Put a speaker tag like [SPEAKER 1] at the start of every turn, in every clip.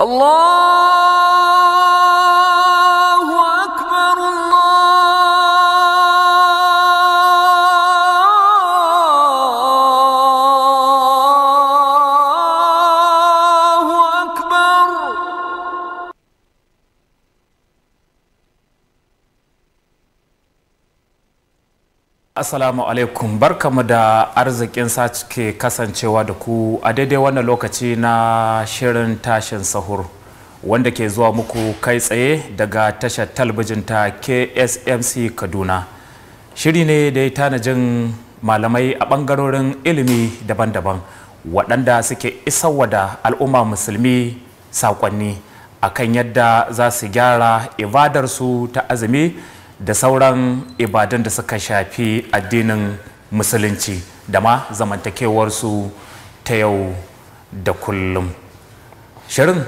[SPEAKER 1] الله
[SPEAKER 2] Assalamu alaikum barkamu da arzikin sake kasancewa da ku a daidai wannan lokaci na shirin tashin sahur wanda ke zuwa muku kai tsaye daga tashar talabijin ta KSMC Kaduna. Shiri ne da ya tanajin malamai a ɓangarorin ilimi daban-daban waɗanda suke isarwa da al'umma musulmi saƙonni akan yadda za su gyara ibadarsu ta azumi da sauran ibadan da suka shafi addinin musulunci da ma zamantakewarsu ta yau da kullum shirin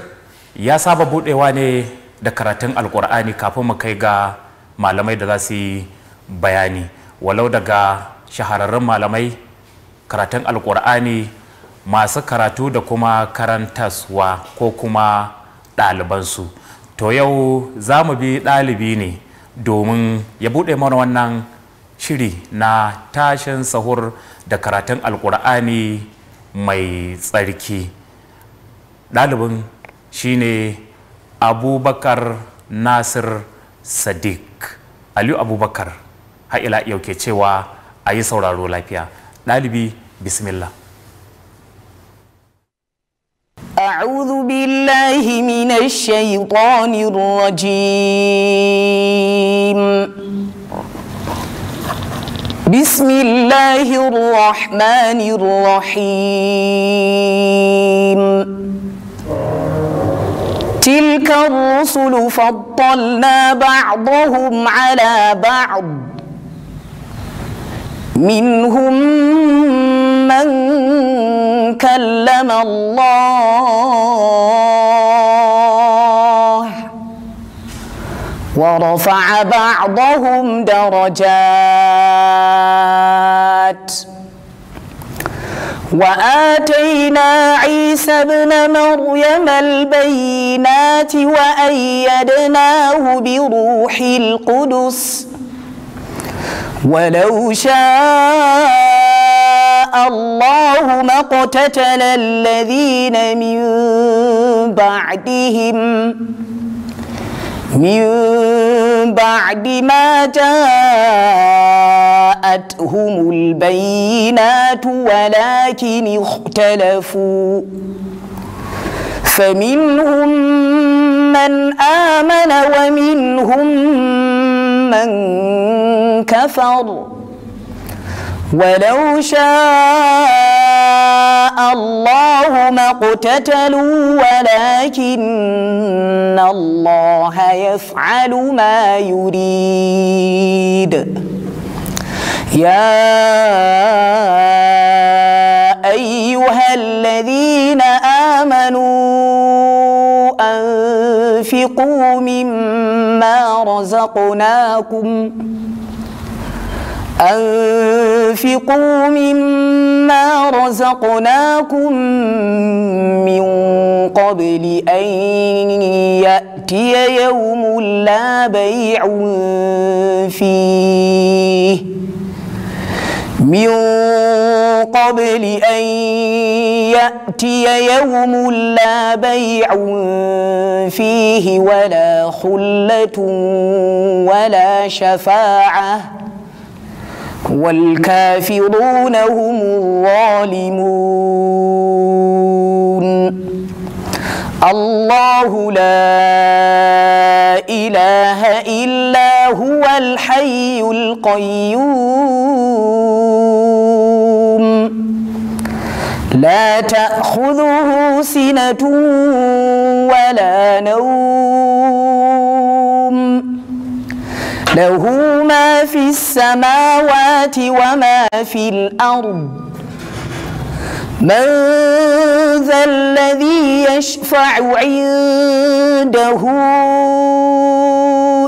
[SPEAKER 2] ya saba budewa ne da karatun alkur'ani kafin mu kai ga malamai da za su yi bayani walau daga shahararrun malamai karatun alkur'ani masu karatu da kuma karantaswa ko kuma ɗalibansu to yau za mu bi ɗalibi ne domin ya buɗe mana wannan shiri na tashin sahur da karatun alkur'ani mai tsarki ɗalibin shine abubakar nasir sadiq aliyu abubakar ha'ila yau ke cewa a yi sauraro lafiya ɗalibi bismillah
[SPEAKER 3] أعوذ بالله من الشيطان الرجيم بسم الله الرحمن الرحيم تلك الرسل فضلنا بعضهم على بعض منهم من كلم الله ورفع بعضهم درجات وآتينا عيسى ابن مريم البينات وأيدناه بروح القدس ولو شاء الله ما اقتتل الذين من بعدهم من بعد ما جاءتهم البينات ولكن اختلفوا فمنهم من آمن ومنهم من كفر ولو شاء الله ما اقتتلوا ولكن الله يفعل ما يريد يا ايها الذين امنوا انفقوا مما رزقناكم أنفقوا مما رزقناكم من قبل أن يأتي يوم لا بيع فيه من قبل أن يأتي يوم لا بيع فيه ولا خلة ولا شفاعة والكافرون هم الظالمون الله لا إله إلا هو الحي القيوم لا تأخذه سنة ولا نوم له ما في السماوات وما في الأرض من ذا الذي يشفع عنده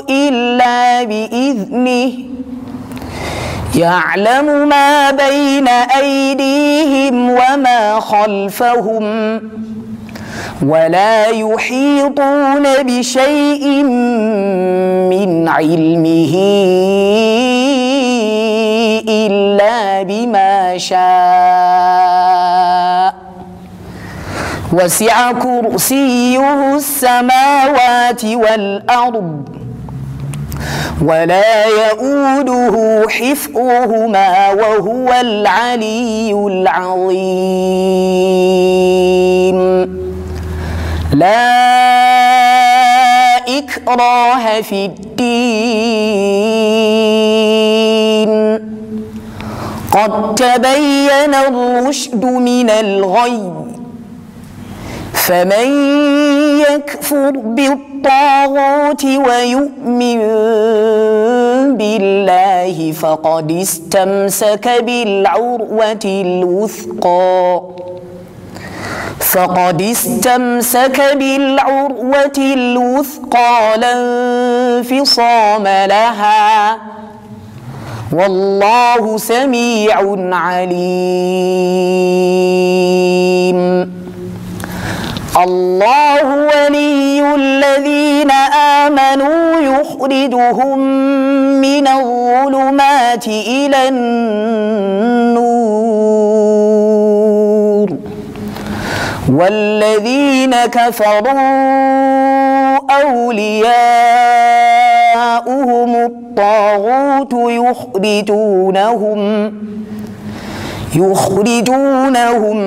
[SPEAKER 3] إلا بإذنه يعلم ما بين أيديهم وما خلفهم ولا يحيطون بشيء من علمه إلا بما شاء وسع كرسيه السماوات والأرض ولا يؤوده حفظهما وهو العلي العظيم لا إكراه في الدين قد تبين الرشد من الغي فمن يكفر بالطاغوت ويؤمن بالله فقد استمسك بالعروة الوثقى فقد استمسك بالعروة الوثقى لا انفصام لها والله سميع عليم الله ولي الذين آمنوا يخرجهم من الظلمات إلى النور والذين كفروا أولياؤهم الطاغوت يخرجونهم يخرجونهم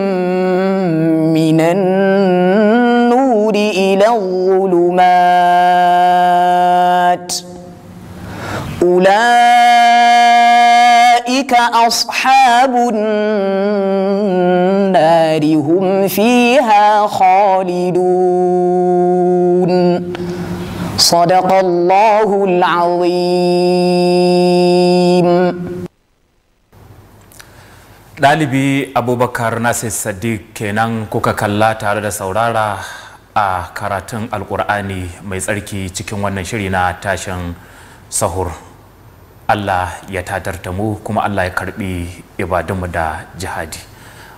[SPEAKER 3] من النور إلى الظلمات أولئك أولئك أصحاب النار هم فيها خالدون صدق الله العظيم
[SPEAKER 2] ɗalibi abubakar nasir sadiq kenan kuka kalla tare da saurara a karatun alkur'ani mai tsarki cikin wannan shiri na tashin sahur Allah ya tatar da mu kuma Allah ya karbi ibadunmu da jihadi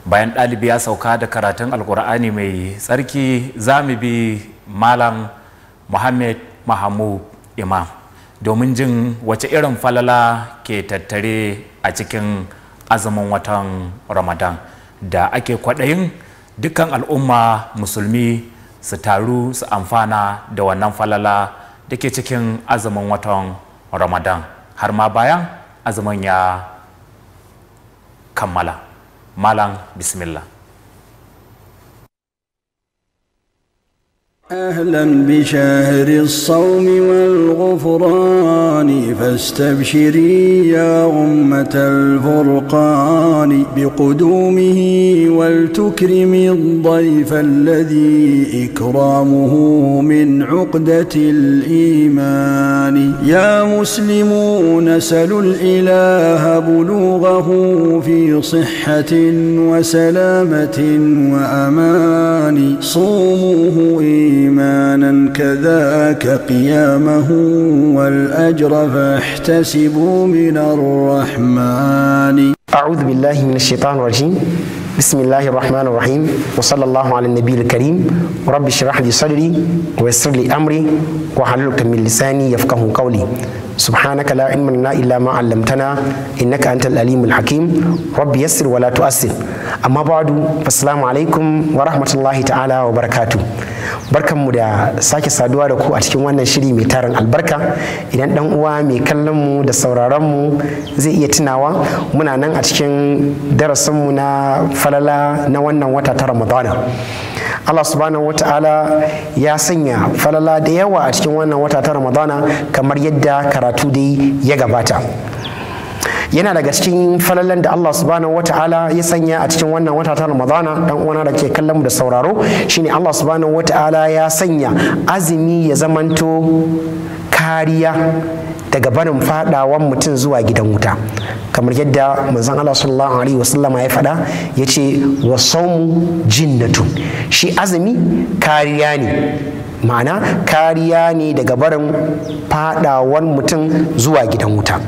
[SPEAKER 2] bayan ɗalibi ya sauka da karatun alkur'ani mai tsarki zamu bi malam muhammad mahamu imam domin jin wace irin falala ke tattare a cikin azumin watan ramadan da ake kwaɗayin dukkan al'umma musulmi su taru su amfana da wannan falala da ke cikin azumin watan ramadan har ma bayan azumin ya kammala malam bismillah
[SPEAKER 4] أهلا بشهر الصوم والغفران فاستبشري يا أمة الفرقان بقدومه ولتكرمي الضيف الذي إكرامه من عقدة الإيمان يا مسلمون سلوا الإله بلوغه في صحة وسلامة وأمان صوموه إيه إيمانا كذاك قيامه والأجر فاحتسبوا من الرحمن أعوذ بالله من الشيطان
[SPEAKER 5] الرجيم بسم الله الرحمن الرحيم وصلى الله على النبي الكريم رب اشرح لي صدري ويسر لي أمري وحلل من لساني يفقه قولي سبحانك لا علم لنا إلا ما علمتنا إنك أنت الأليم الحكيم رب يسر ولا تؤسر أما بعد فالسلام عليكم ورحمة الله تعالى وبركاته barkanmu da sake saduwa da ku a cikin wannan shiri mai tarin albarka idan dan uwa mai kallon mu da sauraron mu zai iya tunawa muna nan a cikin darasin mu na falala na wannan wata ta ramadana Allah subhanahu Ta'ala ya sanya falala da yawa a cikin wannan wata ta ramadana kamar yadda karatu dai ya gabata yana daga cikin falalan da Allah subhanahu wata'ala ya sanya a cikin wannan wata ta Ramadana dan uwana da ke kallon mu da sauraro shine Allah subhanahu wata'ala ya sanya azumi ya zamanto kariya daga barin fadawan mutum zuwa gidan wuta kamar yadda manzon Allah sallallahu alaihi wasallama ya faɗa ya ce wa sawmu jinnatu shi azumi kariya ne ma'ana kariya ne daga barin fadawan mutum zuwa gidan wuta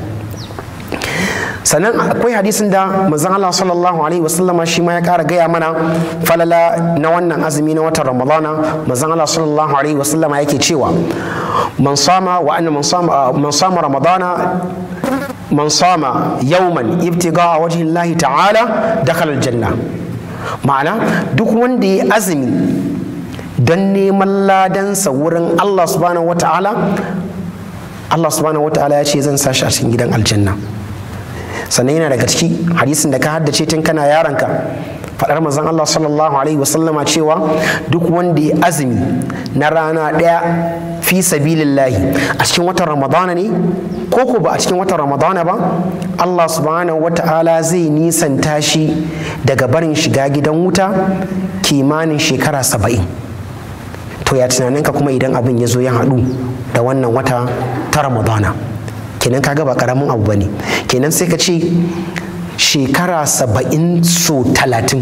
[SPEAKER 5] sannan akwai hadisin da manzon Allah sallallahu alaihi wasallam shi ma ya kara gaya mana falala na wannan azumi na watan Ramadana manzon Allah sallallahu alaihi wasallam yake cewa man sama wa anna man sama man sama Ramadana man sama yawman ibtiga wajhi Allah ta'ala dakhala aljanna ma'ana duk wanda ya azumi don neman ladansa wurin Allah subhanahu wata'ala Allah subhanahu wata'ala ya ce zan sashi a cikin gidan aljanna sannan yana daga ciki hadisin da ka haddace tun kana yaranka faɗar manzon Allah sallallahu alaihi wasallama cewa duk wanda ya azumi na rana ɗaya fi sabilillahi a cikin watan ramadana ne ko ko ba a cikin watan ramadana ba Allah subhanahu ta'ala zai nisanta shi daga barin shiga gidan wuta kimanin shekara saba'in to ya tunaninka kuma idan abin ya zo ya haɗu da wannan wata ta ramadana kenan ka ba karamin abu bane kenan sai ka ce shekara saba'in so talatin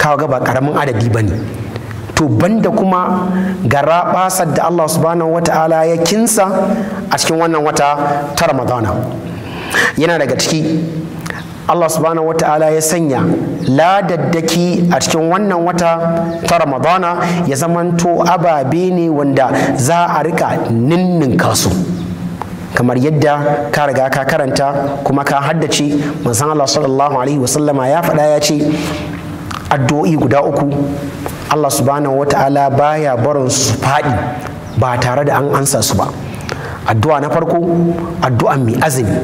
[SPEAKER 5] kaga ba karamin adadi bane to banda kuma gara rabasar da Allah subhanahu wata'ala ya kinsa a cikin wannan wata ta ramadana yana daga ciki Allah subhanahu wata'ala ya sanya ladaddaki a cikin wannan wata ta ramadana ya zamanto ababe ne wanda za a rika ninninka su kamar yadda ka riga ka karanta kuma ka haddace manzon Allah sallallahu alaihi wasallama ya faɗa ya ce addu'o'i guda uku Allah subhanahu wata'ala baya barin su faɗi ba tare da an ansa su ba addu'a na farko addu'a mai azumi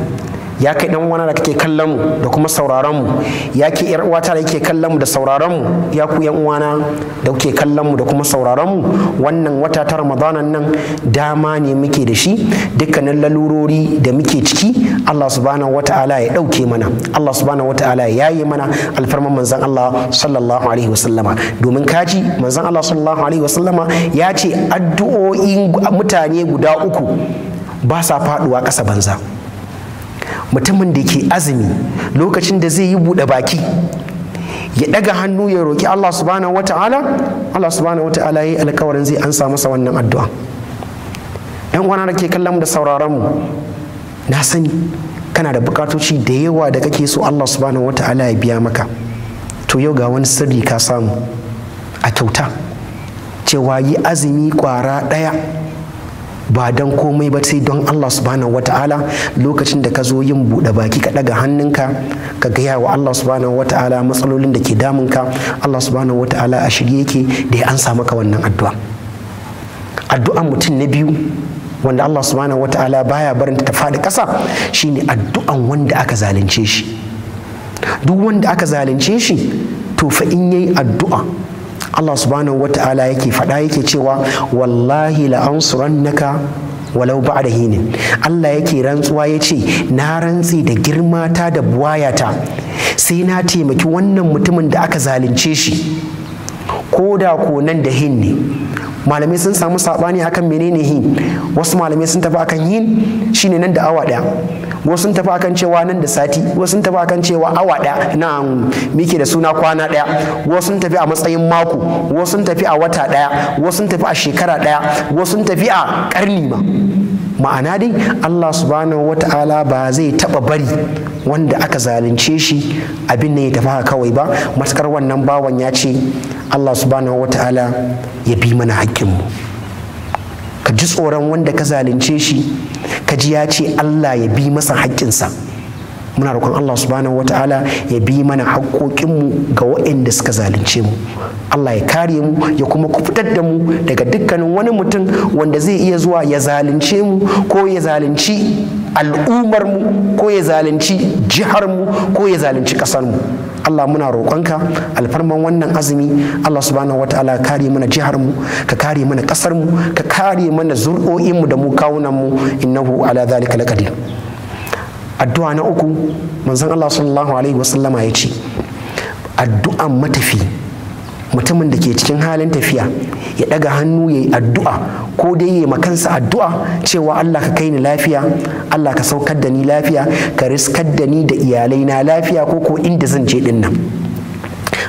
[SPEAKER 5] ya kai dan uwana da kake kallon mu da kuma sauraron mu ya ke yar uwata da kake kallon mu da sauraron mu ya ku yan uwana da kuke kallon mu da kuma sauraron mu wannan wata ta Ramadan nan dama ne muke da shi dukkanin lalurori da muke ciki Allah subhanahu wataala ya dauke mana Allah subhanahu wataala ya yi mana alfarman manzon Allah sallallahu alaihi wasallama domin kaji manzon Allah sallallahu alaihi wasallama ya ce addu'o'in mutane guda uku ba sa faduwa ƙasa banza mutumin da ke azumi lokacin da zai yi buɗe baki ya ɗaga hannu ya roƙi Allah subhanahu wa ta'ala Allah subhanahu wa ta'ala ya yi alƙawarin zai ansa masa wannan addu'a yan uwana da ke kallon da sauraron mu na sani kana da bukatoci da yawa da kake so Allah subhanahu wa ta'ala ya biya maka to yau ga wani sirri ka samu a kyauta cewa yi azumi ƙwara ɗaya ba don komai ba sai don Allah subhanahu wata'ala lokacin da ka zo yin buɗe baki ka ɗaga hannunka ka gaya wa Allah subhanahu wata'ala matsalolin da ke damunka Allah subhanahu wata'ala a shirye yake da ya ansa maka wannan addu'a addu'an mutum na biyu wanda Allah subhanahu wata'ala baya barin ta faɗi ƙasa shine addu'an wanda aka zalunce shi duk wanda aka zalunce shi to fa in yayi addu'a Allah subhanahu wata'ala yake faɗa yake cewa wallahi la naka walau ba da hinin Allah yake rantsuwa ya ce na rantsi da girmata da buwayata sai na taimaki wannan mutumin da aka zalunce shi ko da ko nan da hin ne malamai sun samu sabani akan menene hin wasu malamai sun tafi akan hin shine nan da awa daya wasu sun tafi akan cewa nan da sati wasu sun tafi akan cewa awa daya na muke da suna kwana daya wasu sun tafi a matsayin mako wasu sun tafi a wata daya wasu sun tafi a shekara daya wasu sun tafi a karni ma ma'ana dai Allah subhanahu wata'ala ba zai taba bari wanda aka zalunce shi abin ne ya tafi kawai ba matukar wannan bawan ya ce allah subhanahu ta'ala ya bi mana hakkinmu ka ji tsoron wanda ka zalunce shi ka ji ya ce allah ya bi masa hakkinsa muna roƙon allah subhanahu ta'ala ya bi mana haƙƙoƙinmu ga waɗanda suka zalunce mu allah ya kare mu ya kuma kufutar da mu daga dukkanin wani mutum wanda zai iya zuwa ya zalunce mu ko ya zalunci al'ummarmu ko ya zalunci mu ko ya zalunci mu. Allah muna roƙonka alfarman wannan azumi Allah subhanahu wataala ka kare mana jihar mu ka kare mana ƙasar mu ka kare mana zur'o'in mu da mu kawunan mu innahu ala zalika laqadir addu'a na uku manzon Allah sallallahu alaihi wasallama ya ce addu'an matafi mutumin da ke cikin halin tafiya ya ɗaga hannu ya yi addu'a ko dai ya kansa addu'a cewa Allah ka kai ni lafiya Allah ka saukar da ni lafiya ka riskar da ni da iyalai na lafiya ko ko inda zan je din nan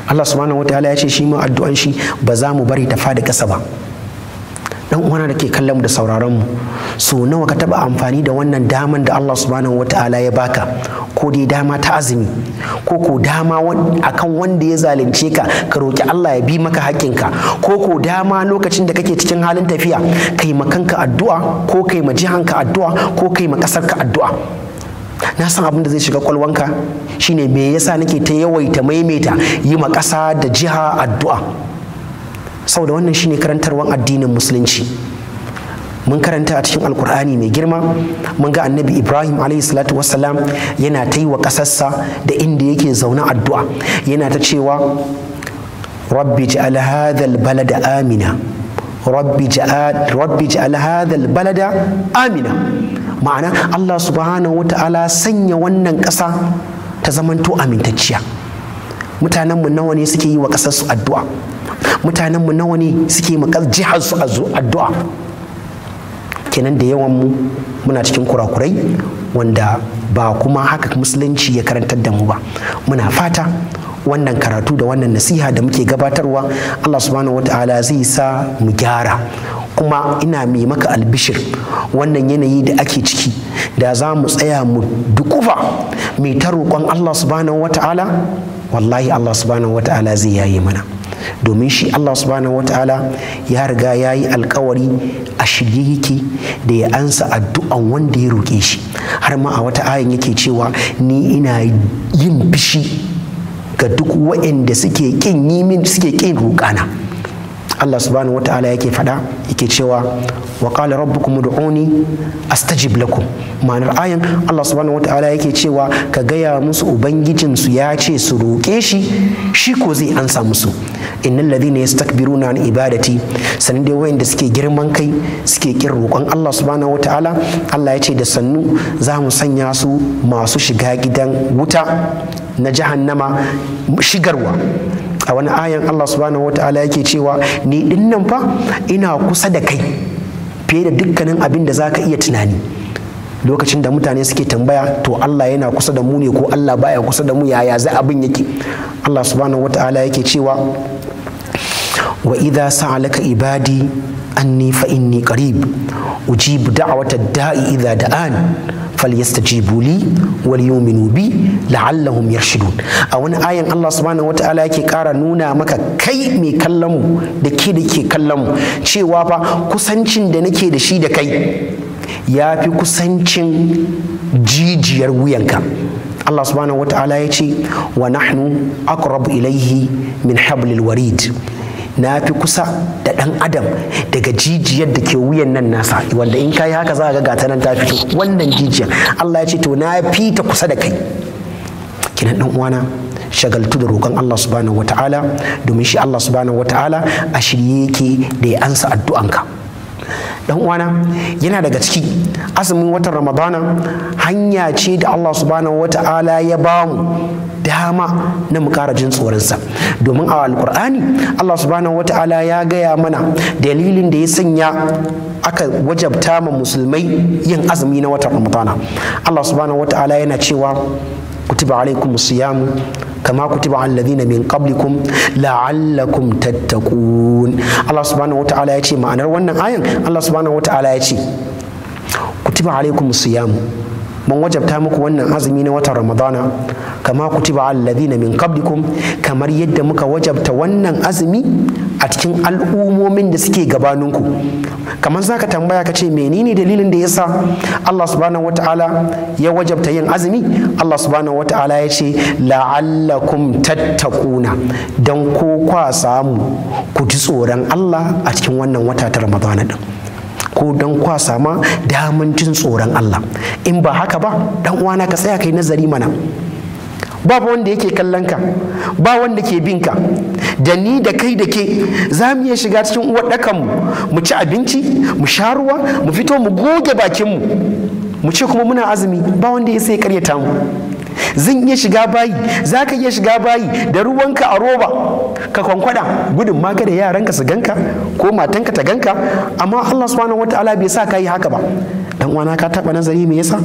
[SPEAKER 5] Allah subhanahu wataala ya ce shi ma addu'an shi ba za mu bari ta fadi ƙasa ba dan uwana da ke kallon mu da sauraron mu so nawa ka taba amfani da wannan daman da Allah subhanahu wataala ya baka ko dai dama ta azumi ko ko dama akan wanda ya zalunce ka ka roki Allah ya bi maka haƙƙinka ko ko dama lokacin da kake cikin halin tafiya kai makanka addu'a ko kai ma jihanka addu'a ko kai ma ƙasarka addu'a na san abin da zai shiga kwalwanka shine me yasa nake ta yawaita maimaita yi ma ƙasa da jiha addu'a saboda wannan shine karantarwar addinin musulunci mun karanta a cikin alkur'ani mai girma mun ga annabi ibrahim salatu wassalam yana ta yi wa ƙasarsa da inda yake zaune addu'a yana ta cewa rabbi ja'al hadha balada amina rabbi ja'al balada amina ma'ana allah subhanahu wata'ala sanya wannan ƙasa ta zamanto amintacciya mutanenmu nawa ne suke yi wa ƙasarsu addu'a Mutanenmu nawa ne suke makar jihar su addu'a kenan da yawan mu muna cikin kurakurai wanda ba kuma haka musulunci ya karantar da mu ba muna fata wannan karatu da wannan nasiha da muke gabatarwa Allah subhanahu ta'ala zai sa mu gyara kuma ina mai maka albishir wannan yanayi da ake ciki da za mu tsaya mu dukufa mai ta roƙon Allah subhanahu ta'ala wallahi Allah subhanahu ta'ala zai yaye mana domin shi Allah subhanahu wataala ya riga ya yi alkawari a shirye yake da ya ansa addu'an wanda ya roƙe shi har ma a wata ayan yake cewa ni ina yin bishi ga duk waɗanda suke ƙin yi min suke ƙin roƙana Allah subhanahu ta'ala yake faɗa yake cewa wa qala rabbukum ud'uni astajib lakum ma'anar ayan Allah subhanahu ta'ala yake cewa ka gaya musu ubangijin su ya ce su roƙe shi shi ko zai ansa musu innal ladhina yastakbiruna an ibadati sanin dai wayanda suke girman kai suke kin roƙon Allah subhanahu ta'ala Allah ya ce da sannu za mu sanya su masu shiga gidan wuta na jahannama shigarwa a wani ayan Allah subhanahu ta'ala yake cewa ni nan fa ina kusa da kai fiye da dukkanin abin da zaka iya tunani lokacin da mutane suke tambaya to Allah yana kusa da mu ne ko Allah baya kusa da mu yaya za abin yake Allah subhanahu ta'ala yake cewa wa idza sa'alaka ibadi anni fa inni qarib ujibu da'watad da'i idza da'an فليستجيبوا لي وليؤمنوا بي لعلهم يرشدون a wani ayan Allah subhanahu wataala yake kara nuna maka kai mai kallamu da ke da ke kallamu cewa fa kusancin da nake da shi da kai ya fi kusancin jijiyar wuyanka Allah subhanahu wataala ya ce wa nahnu aqrabu ilaihi min hablil warid na fi kusa da ɗan adam daga jijiyar da ke wuyan nan nasa wanda in kayi haka za ga gata nan ta fito wannan jijiyar Allah ya ce to na fi ta kusa da kai kinan ɗan uwana shagaltu da roƙon Allah subhanahu wataala domin shi Allah subhanahu wataala a shirye yake da ya ansa addu'anka dan uwana yana daga ciki azumin watan ramadana hanya ce da allah subhanahu wata'ala ya ba mu dama na mu kara jin tsoronsa domin a alkur'ani allah subhanahu wata'ala ya gaya mana dalilin da ya sanya aka wajabta ma musulmai yin azumi na watan ramadana allah subhanahu wata'ala yana cewa kutiba alaikum siyamu kama kutiba alladhina min qablikum la'allakum tattaqun Allah subhanahu wataala ya ce ma'anar wannan ayan Allah subhanahu wataala ya ce kutiba alaikum Siyam. mun wajabta muku wannan azumi na watan ramadana kama kutiba alladhina min qablikum kamar yadda muka wajabta wannan azumi a cikin al'umomin da suke gabaninku kamar ka tambaya ka ce menene dalilin da yasa Allah subhanahu wataala ya wajabta yin azumi Allah subhanahu wataala ya ce la'allakum tattaquna dan ko kwa samu ku ji tsoron Allah a cikin wannan wata ta ramadana din ko don kwasa ma daman jin tsoron Allah in ba haka ba dan uwana ka tsaya kai nazari mana ba wanda yake kallon ka ba wanda ke bin ka da ni da kai da ke za mu iya shiga cikin uwar mu ci abinci mu sha ruwa mu fito mu goge bakinmu mu ce kuma muna azumi ba wanda ya sai karyata mu zan iya shiga bayi za ka iya shiga bayi da ruwanka a roba ka kwankwada gudun da da yaranka su ganka ko matanka ta ganka amma Allah subhanahu ala bai sa ka yi haka ba dan uwana ka taɓa nazari mai yasa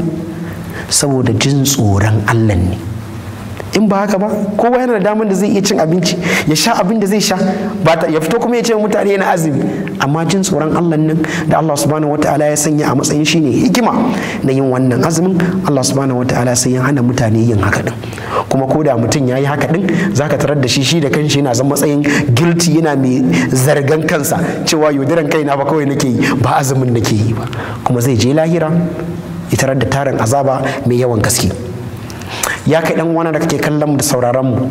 [SPEAKER 5] saboda jin tsoron Allah ne in ba haka ba kowa yana da damar da zai iya cin abinci ya sha abin da zai sha Ba ta ya fito kuma ya ce mutane yana azumi amma jin tsoron Allah nan da Allah subhanahu wataala ya sanya a matsayin shine hikima na yin wannan azumin Allah subhanahu wataala sai ya hana mutane yin haka din kuma ko da mutum ya yi haka din zaka tarar da shi shi da kanshi yana zan matsayin guilty yana mai zargan kansa cewa yaudaran kaina ba kawai nake yi ba azumin nake yi ba kuma zai je lahira ya tarar da tarin azaba mai yawan gaske ya kai dan wani da kake kallon mu da sauraron mu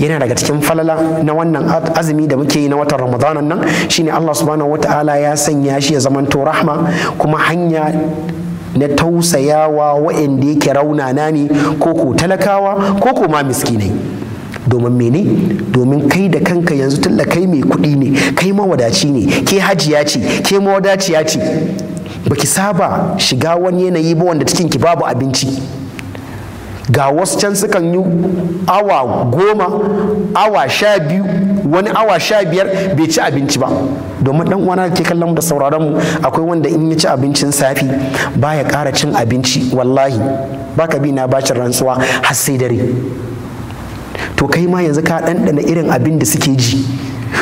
[SPEAKER 5] yana daga cikin falala na wannan azumi da muke yi na watan Ramadana nan shine Allah subhanahu wataala ya sanya shi ya zamanto rahma kuma hanya na tausayawa waɗanda yake raunana ne ko ko talakawa ko ko ma miskinai domin mene domin kai da kanka yanzu talla kai mai kuɗi ne kai mawadaci ne ke hajiya ce ke mawadaciya ce baki saba shiga wani yanayi ba wanda cikin ki babu abinci ga wasu can sukan yi awa goma awa sha biyu wani awa sha biyar bai ci abinci ba domin dan uwana ke kallon da sauraron mu akwai wanda in ya ci abincin safi baya ƙara cin abinci wallahi baka bi na bacin rantsuwa har sai dare to kai ma yanzu ka ɗanɗana irin abin da suke ji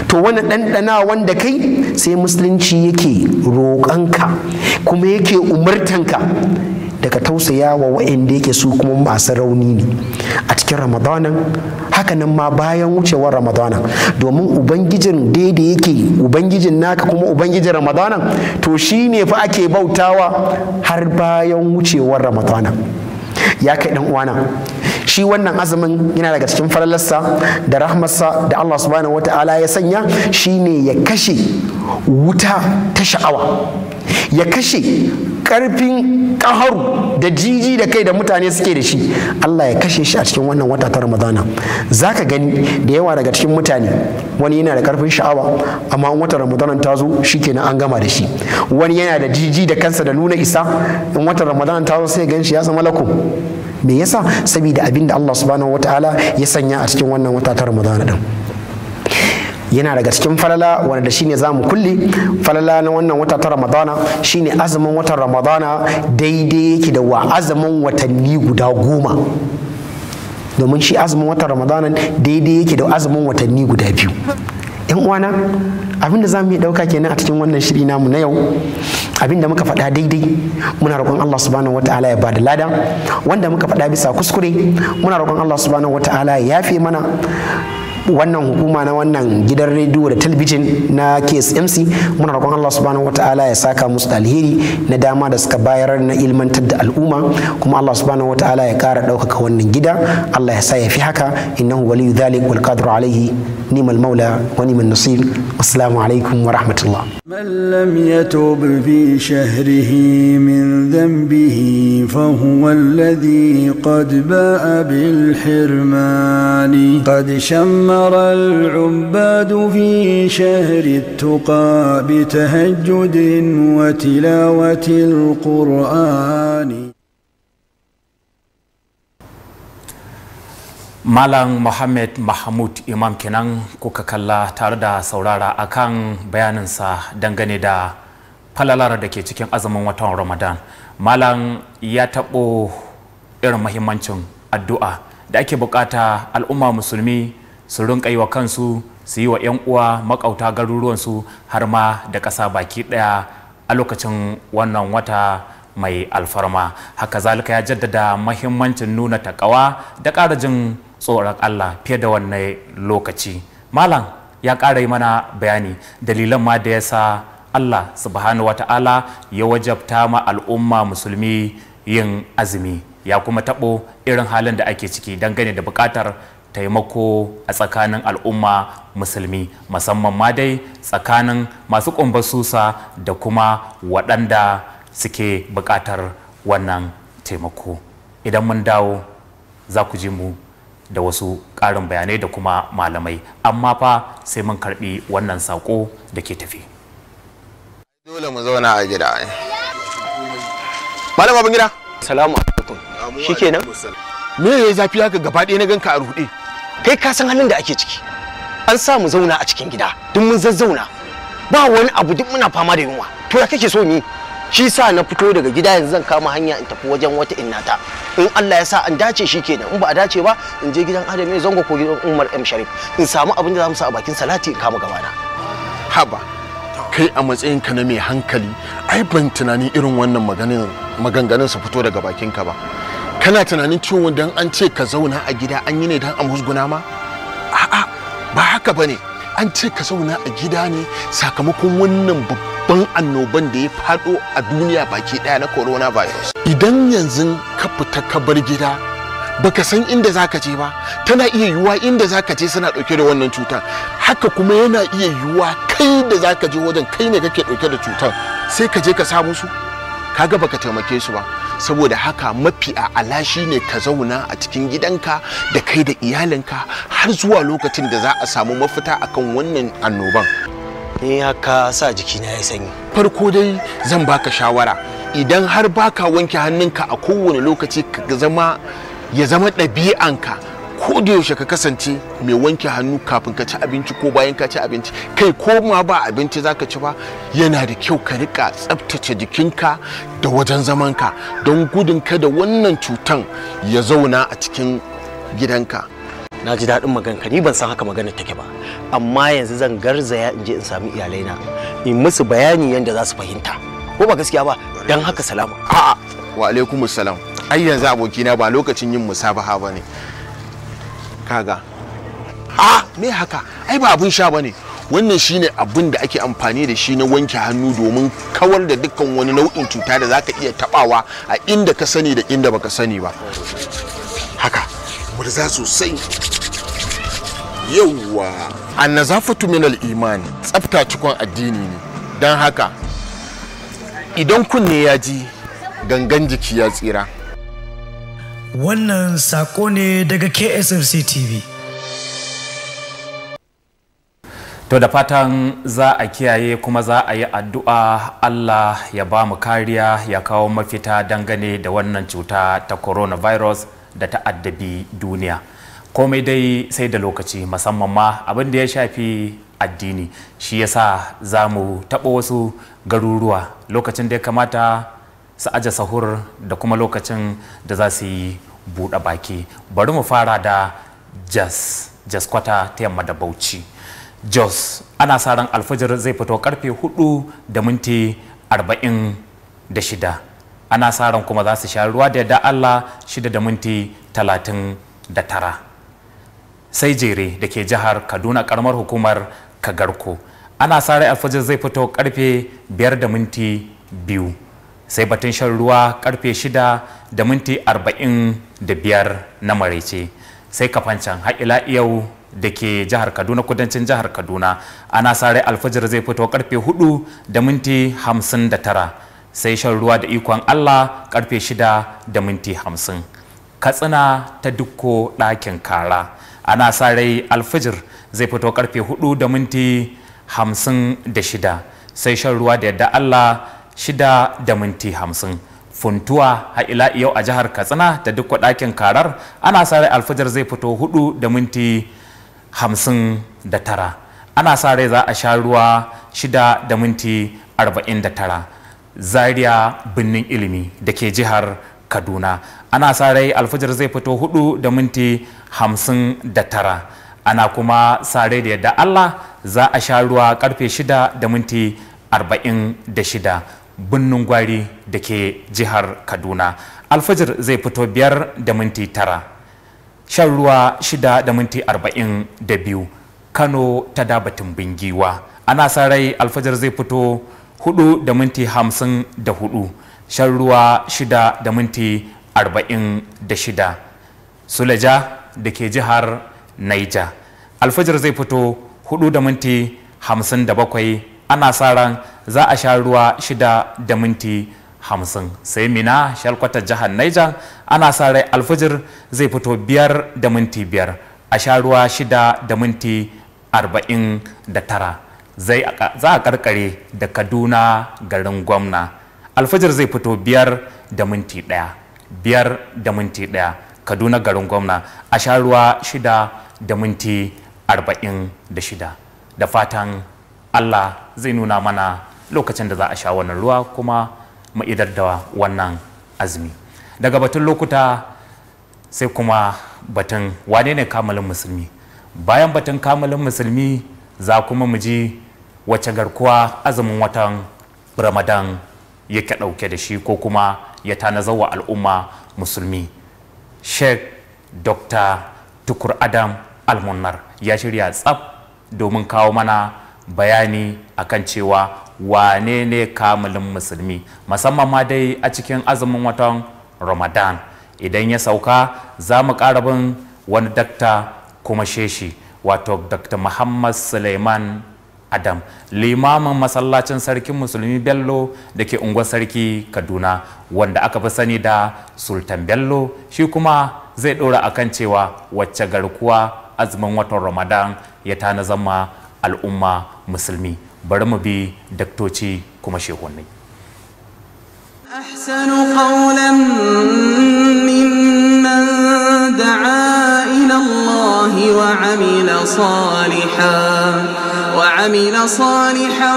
[SPEAKER 5] to wani ɗanɗana wanda kai sai musulunci yake roƙonka kuma yake umartanka daga tausaya wa wa'anda yake su kuma masu rauni ne a cikin ramadanan hakanan ma bayan wucewar ramadanan domin ubangijin da yake ubangijin naka kuma ubangijin ramadanan to shi ne fa ake bautawa har bayan wucewar ramadanan ya kai dan uwana shi wannan azumin yana daga cikin falalarsa da rahmarsa da Allah subhanahu wataala ya sanya shi ne ya kashe wuta ta sha'awa ya kashe karfin kaharu da jiji da kai da mutane suke da shi Allah ya kashe shi a cikin wannan wata ta Ramadana za ka gani da yawa daga cikin mutane wani yana da karfin sha'awa amma in wata Ramadana ta zo shi kenan an gama da shi wani yana da jiji da kansa da nuna isa in wata Ramadana ta zo sai gan shi ya zama lako me yasa saboda abin da Allah subhanahu wataala ya sanya a cikin wannan wata ta Ramadana din yana daga cikin falala wanda shine zamu kulle falala na wannan wata ta ramadana shine azumin watan ramadana daidai yake da wa azumin watanni guda goma domin shi azumin watan ramadana daidai yake da azumin watanni guda biyu yan uwana abin da zamu yi dauka kenan a cikin wannan shiri namu na yau abin da muka faɗa daidai muna roƙon Allah subhanahu wataala ya bada lada wanda muka faɗa bisa kuskure muna roƙon Allah subhanahu wataala ya yafe mana wannan hukuma na wannan gidan rediyo da talbijin na KSMC muna roƙon Allah subhanahu wataala ya saka musu alheri na dama da suka bayar na ilmantar da al'umma kuma Allah subhanahu wataala ya ƙara ɗaukaka wannan gida Allah ya sa ya fi haka innahu waliyu dhalik wal qadru alayhi ni'mal maula wa nimal nasir assalamu alaikum wa rahmatullah
[SPEAKER 4] man lam yatub fi shahrihi min dhanbihi fa huwa alladhi qad ba'a bil hirmani qad shamma استثمر العباد في شهر التقى بتهجد وتلاوة القرآن
[SPEAKER 2] Malam Muhammad Mahmud Imam kenan kuka kalla tare da saurara akan bayaninsa dangane da falalar da ke cikin azumin watan Ramadan. Malam ya taɓo irin mahimmancin addu'a da ake bukata al'umma musulmi su rinka yi wa kansu su yi wa 'yan uwa makauta garuruwansu har ma da ƙasa baki ɗaya a lokacin wannan wata mai alfarma haka zalika ya jaddada mahimmancin nuna takawa da ƙara jin tsoron allah fiye da wannan lokaci malam ya ƙara yi mana bayani dalilan ma da ya sa allah subhanahu wata'ala ya wajabta ma al'umma musulmi yin azumi ya kuma taɓo irin halin da ake ciki dangane da buƙatar taimako a tsakanin al'umma musulmi musamman ma dai tsakanin masu ƙumbar susa da kuma waɗanda suke buƙatar wannan taimako idan mun dawo za ku ji mu da wasu ƙarin bayanai da kuma malamai amma fa sai mun karɓi wannan saƙo da ke tafi
[SPEAKER 6] dole mu zauna a gida malam bin gida salamu
[SPEAKER 7] alaikum shikenan me yayi zafi haka gaba ɗaya na ganka a ruɗe kai ka san halin da ake ciki an sa mu zauna a cikin gida duk mun zazzauna ba wani abu duk muna fama da yunwa to ya kake so ni shi sa na fito daga gida yanzu zan kama hanya in tafi wajen wata innata in Allah ya sa an dace shi kenan in ba a dace ba in je gidan Adam ne zango ko gidan Umar M Sharif in samu abin da za mu sa a bakin salati in kama gabana haba
[SPEAKER 6] kai a matsayin ka na mai hankali ai ban tunanin irin wannan maganganun su fito daga bakin ka ba kana tunanin ciwon don an ce ka zauna a gida an yi ne dan a musguna ma a'a ba haka ba ne an ce ka zauna a gida ne sakamakon wannan babban annoban da ya fado a duniya baki daya na coronavirus idan yanzu ka fita ka bar gida baka san inda zaka je ba tana iya yiwuwa inda zaka je suna ɗauke da wannan cutar haka kuma yana iya yiwuwa kai da zaka je wajen kai ne kake ɗauke da cutar sai ka je ka samu su kaga baka taimake su ba saboda haka mafi a alashi ne ka zauna a cikin gidanka da kai da iyalinka har zuwa lokacin da za a samu mafita akan wannan annoban ni haka sa jikina ya sanyi farko dai zan baka shawara idan har baka wanke hannunka a kowane lokaci ka zama ya zama ɗabi'anka ko da yaushe ka kasance mai wanke hannu kafin ka ci abinci ko bayan ka ci abinci kai ko ma ba abinci za ka ci ba yana da kyau ka rika tsaftace jikinka da wajen zamanka don gudun kada wannan
[SPEAKER 7] cutan ya zauna a cikin gidanka na ji daɗin magana ka ni ban san haka magana take ba amma yanzu zan garzaya in je in sami iyalaina in musu bayani yadda za su fahimta ko ba gaskiya ba don haka salama a'a wa alaikumus salam
[SPEAKER 6] ai yanzu abokina ba lokacin yin musabaha ba ne kaga a me haka ai ba abun sha bane wannan shine abin da ake amfani da shi na wanke hannu domin kawar da dukkan wani nau'in cuta da zaka iya tabawa a inda ka sani da inda baka sani ba haka murza sosai yawwa annazafatu min al-iman tsafta cikon addini ne dan haka idan kunne ya ji gangan jiki ya tsira
[SPEAKER 8] Wannan sako ne daga KSFC TV.
[SPEAKER 2] To da fatan za a kiyaye kuma za a yi addu'a Allah ya ba mu kariya ya kawo mafita dangane da wannan cuta ta coronavirus da ta addabi duniya. Komai dai sai da lokaci musamman ma abin da ya shafi addini shi yasa za mu taɓa wasu garuruwa lokacin da ya kamata su aja sahur da kuma lokacin da za su yi buɗe baki bari mu fara da jas jas kwata ta yamma da bauchi jos ana sa ran alfajir zai fito karfe 4 da minti 46 ana sa ran kuma za su sha ruwa da yadda allah 6 da minti 39 sai jere da ke jihar kaduna karamar hukumar kagarko ana sa ran alfajir zai fito karfe biyar da minti biyu. sai batun shan ruwa karfe shida da minti arba'in da biyar na maraice sai kafancan haƙila yau da ke jihar kaduna kudancin jihar kaduna ana sare alfajir zai fito karfe hudu da minti hamsin da tara sai shan ruwa da ikon allah karfe shida da minti hamsin katsina ta dukko ɗakin kara ana sare alfajir zai fito karfe hudu da minti hamsin da shida sai shan ruwa da yadda allah shida da minti hamsin funtuwa a ila yau a jihar katsina da duk ɗakin karar ana sa rai alfajar zai fito hudu da minti hamsin da tara ana sa rai za a sha ruwa shida da minti arba'in da tara zaria birnin ilimi da ke jihar kaduna ana sa rai alfajar zai fito hudu da minti hamsin da tara ana kuma sa rai da yadda allah za a sha ruwa karfe shida da minti arba'in da shida birnin gwari da ke jihar kaduna alfajir zai fito biyar da minti tara shan ruwa shida da minti arba'in da biyu kano ta dabatin bingiwa ana sa rai alfajar zai fito hudu da minti hamsin da hudu shan ruwa shida da minti arba'in da shida suleja da ke jihar naija alfajar zai fito hudu da minti hamsin da bakwai ana sa ran za a sha ruwa shida da minti hamsin sai mina shalkwata jihar niger ana sa rai alfijir zai fito biyar da minti biyar a sha ruwa shida da minti arba'in da tara za a karkare da kaduna garin gwamna alfijir zai fito biyar da minti ɗaya biyar da minti ɗaya kaduna garin gwamna a sha ruwa shida da minti arba'in da shida da fatan allah zai nuna mana lokacin da za a sha wannan ruwa kuma mu idar da wannan azumi daga batun lokuta sai kuma batun wane ne kamalin musulmi bayan batun kamalin musulmi za kuma mu ji wacce garkuwa azumin watan ramadan yake ɗauke da shi ko kuma ya tana wa al'umma musulmi sheikh dr tukur adam almunnar ya shirya tsab domin kawo mana bayani akan cewa wane ne musulmi musamman ma dai a cikin azumin watan ramadan idan ya sauka za mu ƙara bin wani dakta kuma sheshi wato dr muhammad suleiman adam limamin masallacin sarkin musulmi bello da ke unguwar sarki kaduna wanda aka fi sani da sultan bello shi kuma zai ɗora a kan cewa wacce garkuwa azumin watan ramadan ya tana zama al'umma musulmi bari mu bi daktoci kuma shehunni
[SPEAKER 4] أحسن قولا ممن
[SPEAKER 3] دعا إلى الله وعمل صالحا وعمل صالحا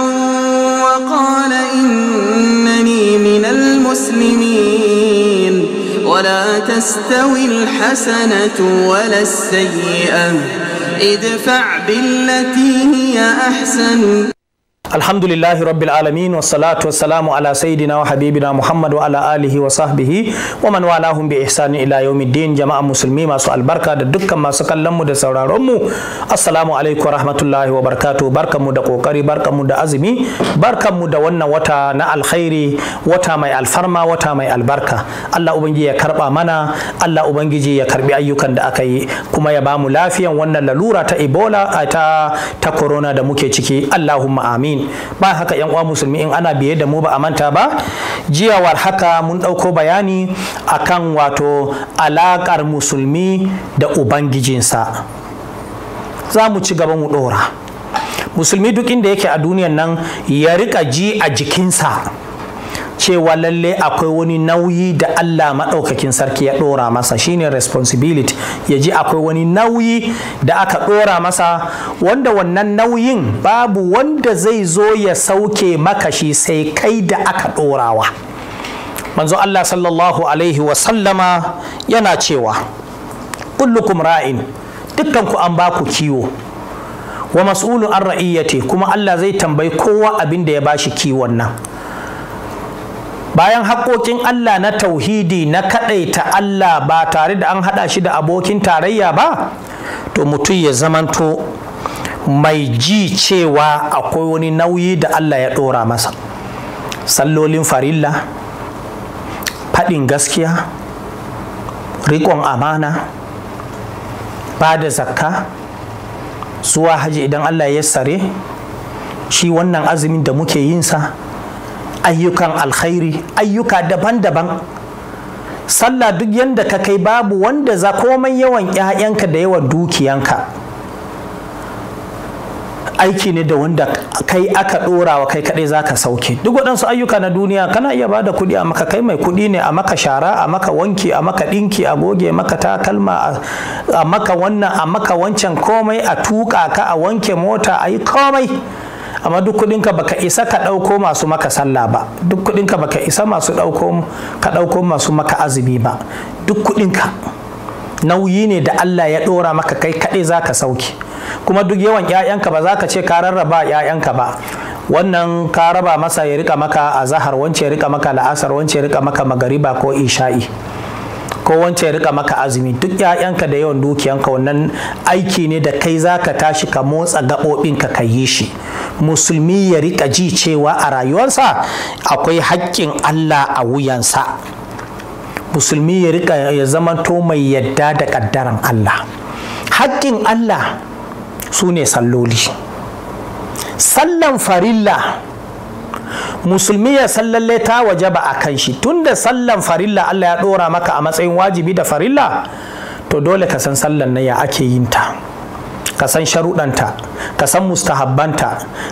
[SPEAKER 3] وقال إنني من المسلمين ولا
[SPEAKER 8] تستوي الحسنة ولا السيئة ادفع بالتي هي أحسن alhamdulillahi rabbil alamin wa salatu wa salamu ala sayidina wa habibina muhammad wa ala alihi wa sahbihi wa man walahum bi ihsanin ila yawmiddin jama'a musulmi masu albarka da dukkan masu kallon mu da sauraron mu assalamu alaikum rahmatullahi wa barakatuh barkanmu da kokari barkanmu da azumi barkanmu da wannan wata na alkhairi wata mai alfarma wata mai albarka Allah ubangiji ya karba mana Allah ubangiji ya karbi ayyukan da aka yi kuma ya bamu lafiyan wannan lalura ta ebola ta ta corona da muke ciki Allahumma amin ba haka yan uwa musulmi in ana biye da mu ba a manta ba jiyawar haka mun ɗauko bayani akan wato alaƙar musulmi da ubangijinsa za mu ci gaba mu ɗora musulmi duk inda yake a duniyan nan ya riƙa ji a jikinsa cewa lalle akwai wani nauyi da Allah maɗaukakin sarki ya ɗora masa shine responsibility ya ji akwai wani nauyi da aka ɗora masa wanda wannan nauyin babu wanda zai zo ya sauke makashi sai kai da aka ɗorawa manzo Allah sallallahu alaihi wasallama yana cewa kullukum ra'in ku an baku kiwo wa mas'ulun an ra'iyyati kuma Allah zai tambayi kowa abin da ya bashi kiwon nan bayan haƙoƙin Allah na tauhidi na kaɗaita Allah ba tare da an haɗa shi da abokin tarayya ba to mutum ya zamanto mai ji cewa akwai wani nauyi da Allah ya ɗora masa sallolin farilla faɗin gaskiya riƙon amana ba da zakka zuwa haji idan Allah ya sare shi wannan azumin da muke yinsa ayyukan alkhairi ayyuka daban-daban sallah duk yadda ka kai babu wanda za komai yawan 'ya'yanka da yawan dukiyanka aiki ne da wanda kai aka ɗora kai kaɗai za ka sauke duk waɗansu ayyuka na duniya kana iya ba da kuɗi a maka kai mai kuɗi ne a maka shara a maka wanki a maka ɗinki a goge maka takalma a maka wannan a maka wancan komai a tuƙa ka a wanke mota a yi komai amma duk kudinka baka isa ka dauko masu maka sallah ba duk kudinka baka isa masu dauko ka dauko masu maka azumi ba duk kudinka nauyi ne da Allah ya ɗora maka kai kadai zaka ka sauki kuma duk yawan 'ya'yanka ba za ka ce ka rarraba 'ya'yanka ba wannan ka raba masa ya rika maka azahar wance ya rika maka la'asar wance ya rika maka magariba ko isha'i ko wance ya rika maka azumi duk ƴaƴanka da yawan dukiyanka wannan aiki ne da kai zaka tashi ka motsa gaɓoɓin ka ka yi shi musulmi ya riƙa ji cewa a rayuwarsa akwai haƙƙin Allah a wuyansa musulmi ya riƙa ya zama to mai yadda da ƙaddaran Allah haƙƙin Allah su ne salloli sallan farilla musulmi ya sallalle ta waje ba a kan shi tunda sallan farilla Allah ya ɗora maka a matsayin wajibi da farilla to dole ka san sallan na ya ake yin ta ka san sharuɗanta ka san mustahabbanta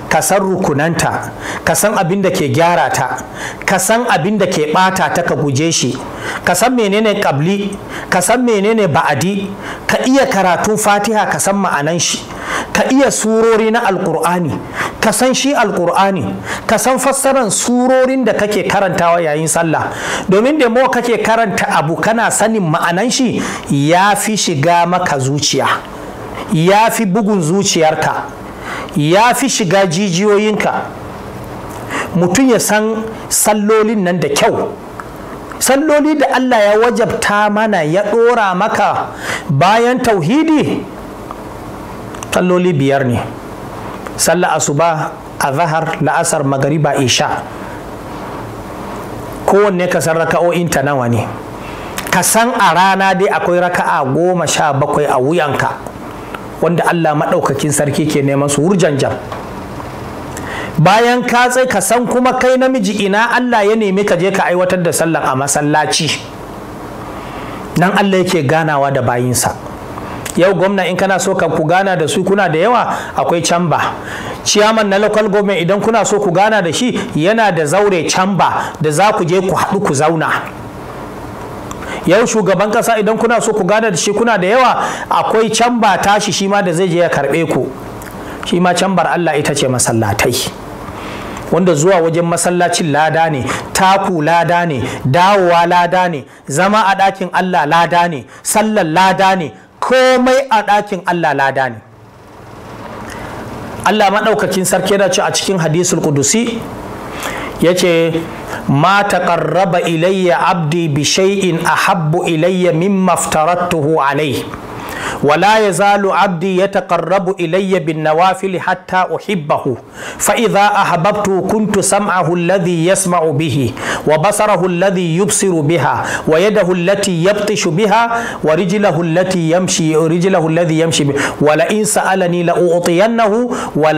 [SPEAKER 8] ka san rukunanta ka san abin da ke gyara ta ka san abin da ke ɓata ta ka guje shi ka san menene ƙabli ka san menene ba'adi ka iya karatun fatiha ka san ma'anan shi ka iya surori na alkur'ani ka san shi alkur'ani ka san fassaran surorin da kake karantawa yayin sallah domin da mo kake karanta abu kana sanin ma'anan shi ya fi shiga maka zuciya ya fi bugun zuciyarka ya fi shiga jijiyoyinka mutum ya san sallolin nan da kyau salloli da Allah ya wajabta mana ya ɗora maka bayan tauhidi salloli biyar ne sallah asuba a zahar la'asar magariba isha kowanne ka san raka'o'in ta nawa ne ka san a rana dai akwai raka'a goma sha bakwai a wuyanka wanda Allah maɗaukakin sarki ke neman su wurjanjan bayan ka tsai ka san kuma kai namiji ina Allah ya nemi ka je ka aiwatar da sallan, a masallaci nan Allah yake ganawa da bayinsa yau gwamna in kana so ka ku gana da su kuna da yawa akwai camba ciyaman na local government idan kuna so ku gana da shi yana da zaure camba da za ku je ku haɗu ku zauna yau shugaban kasa idan kuna so ku gane da shi kuna da yawa akwai can ba tashi shi ma da zai je ya karbe ku shi ma can bar Allah ita ce masallatai wanda zuwa wajen masallacin lada ne taku lada ne dawowa lada ne zama a ɗakin Allah lada ne sallar lada ne komai a ɗakin Allah lada ne Allah maɗaukakin sarki yana ci a cikin hadisul kudusi ya ce ma taƙarraba ilayya abdi bi shay'in ahabbu ilayya mimma maftarattuhu alai wala ya zalu abdi ya taƙarrabu ilayya bin nawafili hatta uhibbahu fa idza ahbabtu kuntu sam'ahu alladhi yasma'u bihi wa basarahu alladhi yubsiru biha wa yadahu allati yabtishu biha wa rijlahu allati yamshi rijlahu alladhi yamshi biha wa la in sa'alani la u'tiyannahu wa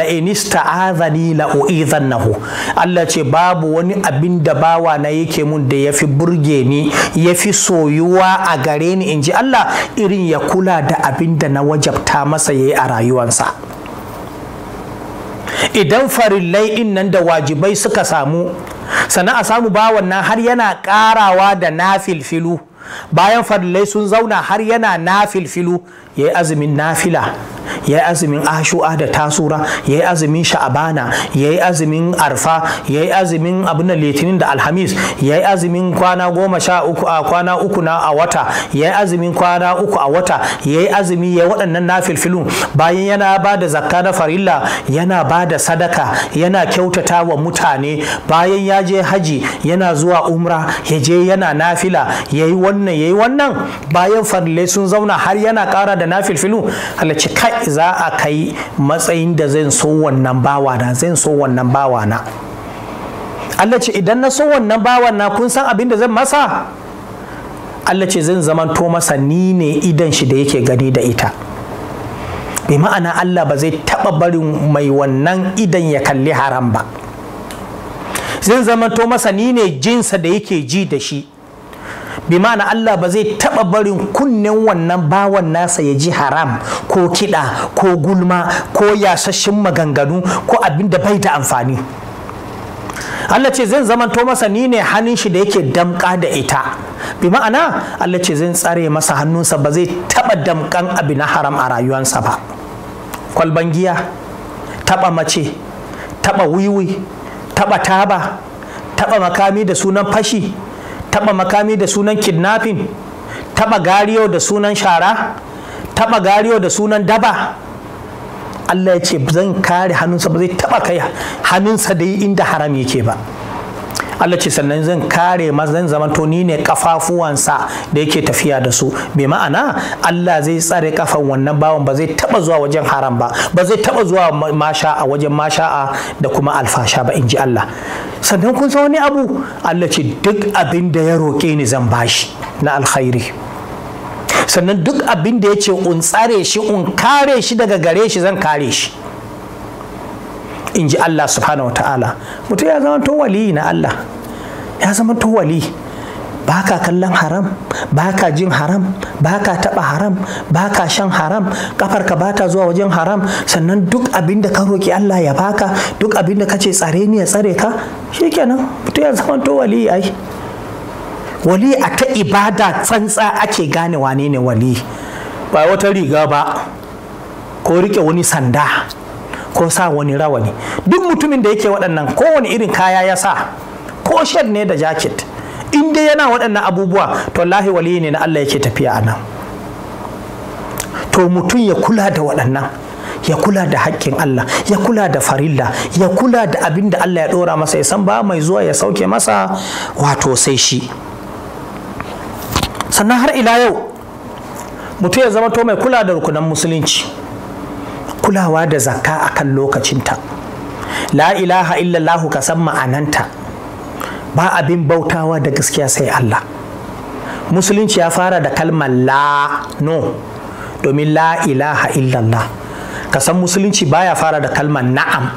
[SPEAKER 8] Allah ce babu wani abin da bawa na yake mun da yafi burge ni yafi soyuwa a gare ni inji Allah irin ya kula da abin da na wajabta masa ya yi a rayuwansa idan farillai in nan da wajibai suka samu sannan a samu bawan nan har yana karawa da na filfilu bayan farillai sun zauna har yana na filfilu ya yi azumin nafila ya yi azumin ashu'a da tasura ya yi azumin sha'abana ya yi azumin arfa ya yi azumin abin litinin da alhamis ya yi azumin kwana goma sha uku a kwana uku na a wata ya yi azumin kwana uku a wata ya yi azumi ya waɗannan na nafilfilun bayan yana ba da zakka na farilla yana ba da sadaka yana kyautata wa mutane bayan ya je haji yana zuwa umra ya je yana nafila ya yi wannan ya yi wannan bayan farillai sun zauna har yana kara da na filfilu Allah ce kai za a kai matsayin da zan so wannan bawa na zan so wannan bawa na Allah ce idan na so wannan bawa na kun san abin da zan masa Allah ce zan zamanto masa ni ne idan shi da yake gani da ita bi ma'ana Allah ba zai taɓa barin mai wannan idan ya kalli haram ba zan zamanto masa ni ne jinsa da yake ji da shi bi ma'ana Allah ba zai taɓa barin kunnen wannan bawan nasa ya ji haram ko kiɗa ko gulma ko yasashin maganganu ko abin da bai da amfani Allah ce zan zamanto masa ni ne hannun shi da yake damƙa da ita bi ma'ana Allah ce zan tsare masa hannunsa ba zai taɓa damƙan abu na haram a rayuwansa ba kwalban giya taɓa mace taɓa wiwi taɓa taba taɓa makami da sunan fashi taɓa makami da sunan kidnapping taɓa gariyo da sunan shara taɓa gariyo da sunan daba Allah ya ce zan kare hannunsa ba zai taɓa kai hannunsa da inda haram yake ba Allah ce sannan zan kare mazan zan zamanto ni ne kafafuwansa da yake tafiya da su bi ma'ana Allah zai tsare kafan wannan bawan ba zai taba zuwa wajen haram ba ba zai taba zuwa masha a wajen masha'a da kuma alfasha ba in ji Allah sannan kun san wani abu Allah ce duk abin da ya roƙe ni zan bashi na alkhairi sannan duk abin da ya ce un tsare shi un kare shi daga gare shi zan kare shi in ji Allah subhanahu ta'ala mutum ya zama wali na Allah ya zama to wali baka kallon haram baka jin haram baka taba haram baka shan haram kafarka bata zuwa wajen haram sannan duk abin da ka roki Allah ya baka duk abin da ka ce tsare ni ya tsare ka shikenan mutum ya zama wali ai wali a ta ibada tsantsa ake gane wane ne wali ba wata riga ba ko riƙe wani sanda ko sa wani rawani duk mutumin da yake waɗannan kowane irin kaya ya sa ko shed ne da jacket in dai yana waɗannan abubuwa to wallahi wali ne na Allah yake tafiya a nan to mutum ya kula da waɗannan ya kula da haƙƙin Allah ya kula da farilla ya kula da abin da Allah ya ɗora masa ya san ba mai zuwa ya sauke masa wato sai shi sannan har ila yau mutum ya zama to mai kula da rukunan musulunci kulawa da zakka akan lokacinta la ilaha illallahu ka san ma'ananta ba abin bautawa da gaskiya sai Allah musulunci ya fara da kalmar la no domin la ilaha illallah ka san musulunci baya fara da kalmar na'am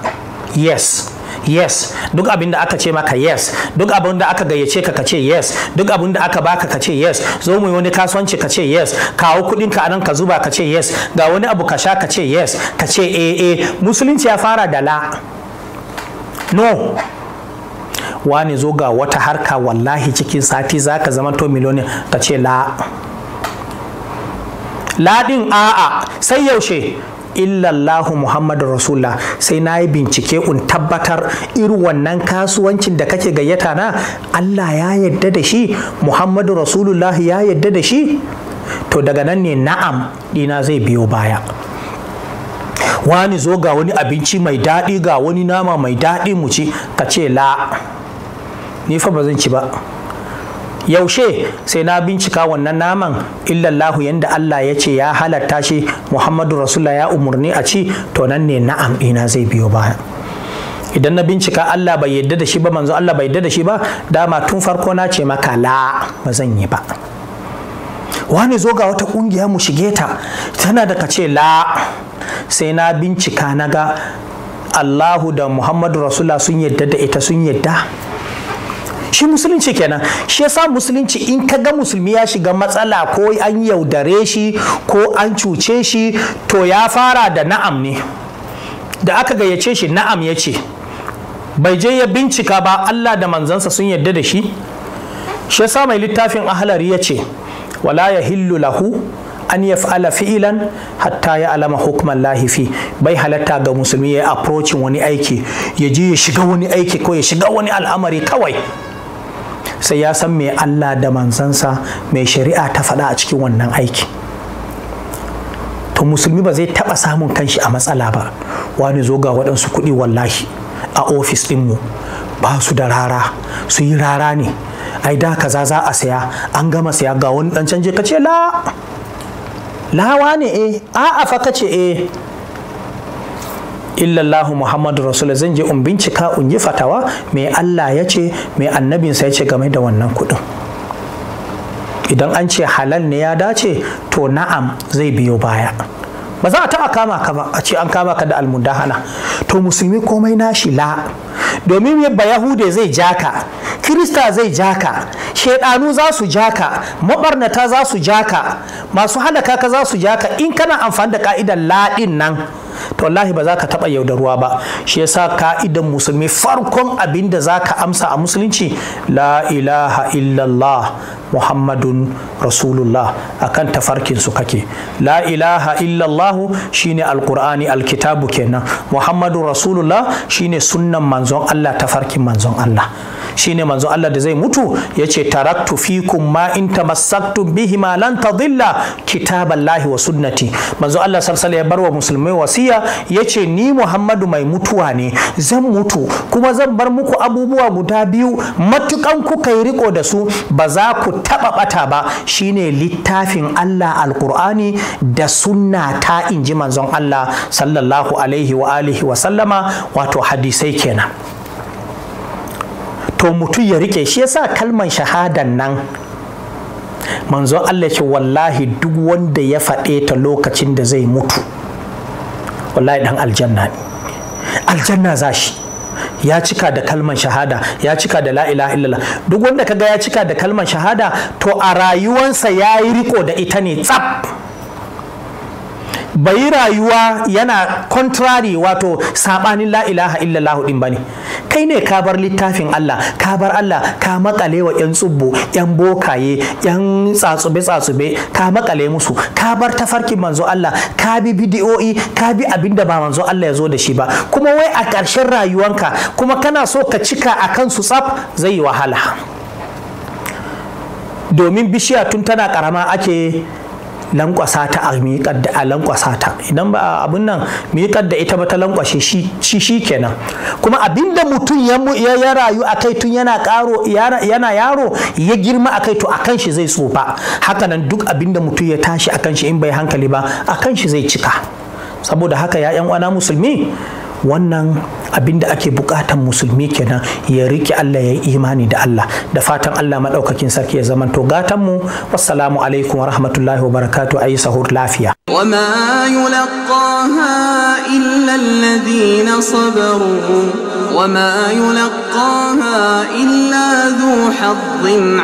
[SPEAKER 8] yes yes duk abin da aka ce maka yes duk abin da aka gayyace ka kace yes duk abin da aka baka ka ce yes zo mu wani kasuwanci ka ce yes kawo kudin ka anan ka zuba ka ce yes ga wani abu ka sha ka ce yes kace ce eh, eh musulunci ya fara da la no wani zo ga wata harka wallahi cikin sati zaka zama to miliyoni ce la ladin a'a sai yaushe illallahu muhammadu rasulullah sai na yi bincike un tabbatar irin wannan kasuwancin da kake gayyata na allah ya yadda da shi muhammadu rasulullah ya yadda da shi to daga nan ne na'am dina zai biyo baya wani zo ga wani abinci mai daɗi ga wani nama mai daɗi mu ci ka ce la ni fa ba zan ci ba yaushe sai na bincika wannan naman illallahu yanda Allah ya ce ya halatta shi Muhammadu Rasulullah ya umurni a ci to nan ne na'am ina zai biyo baya idan na bincika Allah bai yadda da shi ba manzo Allah bai yadda da shi ba dama tun farko na ce maka la ba zan yi ba wani zo ga wata kungiya mu shige ta tana da kace la sai na bincika na ga Allahu da Muhammadu Rasulullah sun yadda da ita sun yadda shi musulunci kenan shi yasa musulunci in ka ga musulmi ya shiga matsala ko an yaudare shi ko an cuce shi to ya fara da na'am ne da aka gayyace shi na'am ya ce bai je ya bincika ba Allah da manzansa sun yarda da shi shi yasa mai littafin ahlari ya ce wala ya hillu lahu an yaf'ala fi'ilan hatta ya alama hukman lahifi bai halatta ga musulmi ya yi approach wani aiki ya je ya shiga wani aiki ko ya shiga wani al'amari kawai sai ya san mai Allah da manzansa mai shari'a ta faɗa a cikin wannan aiki to musulmi ba zai taɓa samun kanshi a matsala ba wani zo ga waɗansu kuɗi wallahi a ofis ɗinmu ba su da rara su yi rara ne ai da kaza za a saya an gama saya ga wani ɗan canje ka ce la lawa ne eh a'a fa ka ce eh illallahu muhammadu rasulullah zan je in bincika in yi fatawa mai Allah ya ce me annabinsa ya ce game da wannan kuɗin idan an ce halal ne ya dace to na'am zai biyo baya ba za a taɓa kama ka ba a ce an kama ka da almudahana to musulmi komai nashi la domin ba yahude zai ja ka kirista zai jaka ka shaidanu za su jaka ka mabarnata za su ja masu halaka ka za su ja ka in kana amfani da ka'idar laɗin nan to wallahi ba za ka taɓa yaudaruwa ba shi yasa ka'idan musulmi farkon abin da za ka amsa a musulunci la ilaha illallah muhammadun rasulullah akan tafarkin su kake la ilaha illallah shine alqur'ani alkitabu kenan muhammadun rasulullah shine sunnan manzon Allah tafarkin manzon Allah shine manzon Allah da zai mutu Ya yace taraktu fikum ma in tamassaktum bihi ma lan tadilla kitaballahi wa sunnati manzon Allah sallallahu alaihi ya barwa musulmai wasiya ya ce ni muhammadu mai mutuwa ne zan mutu kuma zan bar muku abubuwa guda biyu matukan kuka yi riko da su ba za ku taɓa ɓata ba shine littafin allah alkur'ani da sunna ta inji manzon allah sallallahu alaihi wa alihi wa sallama wato hadisai kenan to mutum ya rike shi yasa kalman shahadan nan manzon Allah ce wallahi duk wanda ya faɗe ta lokacin da zai mutu wallahi dan aljanna ne aljanna za shi ya cika da kalman shahada ya cika da la ilaha illallah duk wanda kaga ya cika da kalman shahada to a rayuwansa ya yi riko da ita ne tsab. bai rayuwa yana contrary wato sabanin la ilaha illallah din bane kai ne ka bar littafin Allah ka bar Allah ka makale wa yan tsubbo yan bokaye yan tsatsube tsatsube ka makale musu ka bar tafarkin manzo Allah ka bi bidiyo'i ka bi abinda ba manzo Allah ya zo da shi ba kuma wai a ƙarshen rayuwanka kuma kana so ka cika a kansu tsaf zai yi wahala domin bishiya tun tana karama ake lankwasa ta a miƙar da a lankwasa ta idan ba abun nan miƙar da ita ba ta lankwashe shi shi kenan kuma abinda mutum ya rayu a kai tun yana karo yana yaro ya girma a kai to akan shi zai tsufa hakanan duk abinda mutum ya tashi akan shi in bai hankali ba akan shi zai cika saboda haka ya yan uwana musulmi wannan abin da ake bukatan musulmi kenan ya rike Allah ya yi imani da Allah da fatan Allah madaukakin sarki ya zaman to gatan mu wassalamu alaikum wa rahmatullahi wa barakatu ayi sahur lafiya
[SPEAKER 4] yulqaha
[SPEAKER 3] illa alladhina sabaru wa ma yulqaha
[SPEAKER 2] illa dhu hadhin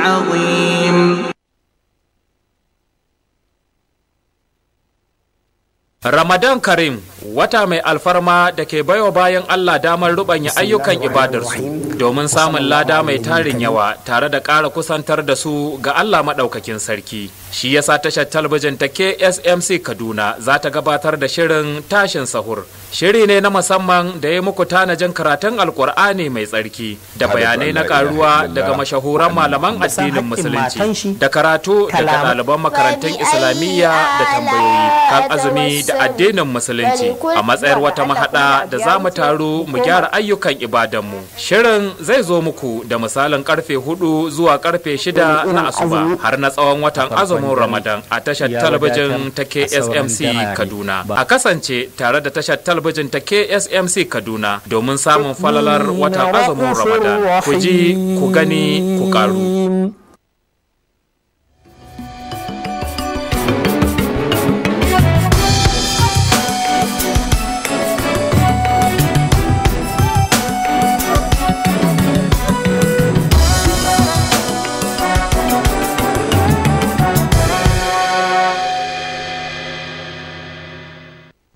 [SPEAKER 2] Ramadan Karim wata mai alfarma da ke baiwa bayan Allah damar rubanya ayyukan ibadarsu domin samun lada mai tarin yawa tare da ƙara kusantar da su ga Allah maɗaukakin sarki shi yasa tashar talabijin ta KSMC Kaduna za ta gabatar da shirin tashin sahur shiri ne na musamman da ya muku tanajin karatun alkur'ani mai tsarki da bayanai na karuwa daga mashahuran malaman addinin musulunci da karatu daga ɗaliban makarantun islamiyya da tambayoyi kan azumi da addinin musulunci a matsayar wata mahaɗa da za mu taro mu gyara ayyukan ibadanmu. Shirin zai zo muku da misalin karfe hudu zuwa karfe shida na asuba har na tsawon watan azumin Ramadan a tashar talabijin ta KSMC Kaduna. A kasance tare da tashar talabijin ta KSMC Kaduna domin samun falalar watan azumin Ramadan. Ku ji, ku gani, ku karu.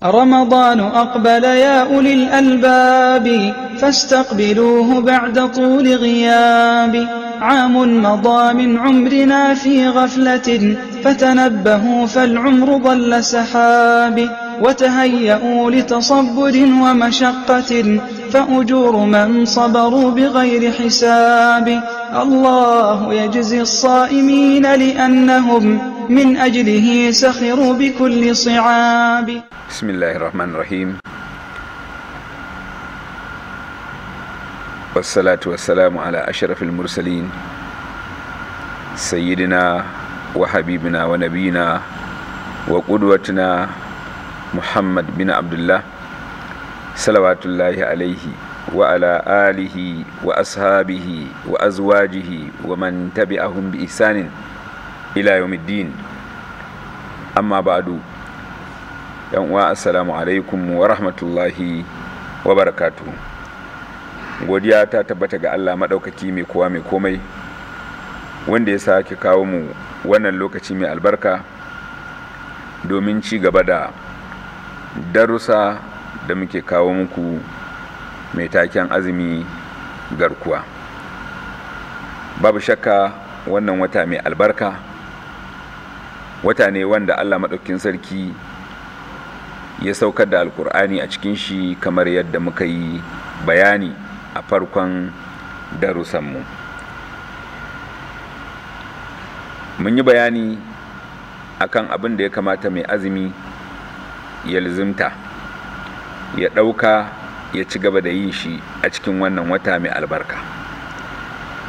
[SPEAKER 4] رمضان أقبل يا أولي الألباب فاستقبلوه بعد طول غياب عام مضى من عمرنا في غفلة فتنبهوا فالعمر ضل سحاب وتهيئوا لتصبر ومشقة فأجور من صبروا بغير حساب الله يجزي الصائمين لأنهم من أجله سخروا بكل صعاب
[SPEAKER 9] بسم الله الرحمن الرحيم والصلاة والسلام على أشرف المرسلين سيدنا وحبيبنا ونبينا وقدوتنا muhammad bin abdullah salawatullahi alaihi wa ala alihi wa ashabihi wa azwajihi wa man tabi'ahum bi ihsanin ila yawmiddin amma ba'du yan uwa assalamu alaikum wa rahmatullahi wa barakatuhu godiya ta tabbata ga Allah maɗaukaki mai kowa mai komai wanda ya sake kawo mu wannan lokaci mai albarka domin ci gaba da darussa da muke kawo muku mai taken azumi garkuwa babu shakka wannan wata mai albarka wata ne wanda allah maɗaukin sarki ya saukar da alkur'ani a cikin shi kamar yadda muka yi bayani a farkon darussanmu mun yi bayani akan abin da ya kamata mai azumi ya lizimta ya ɗauka ya ci gaba da yin shi a cikin wannan wata mai albarka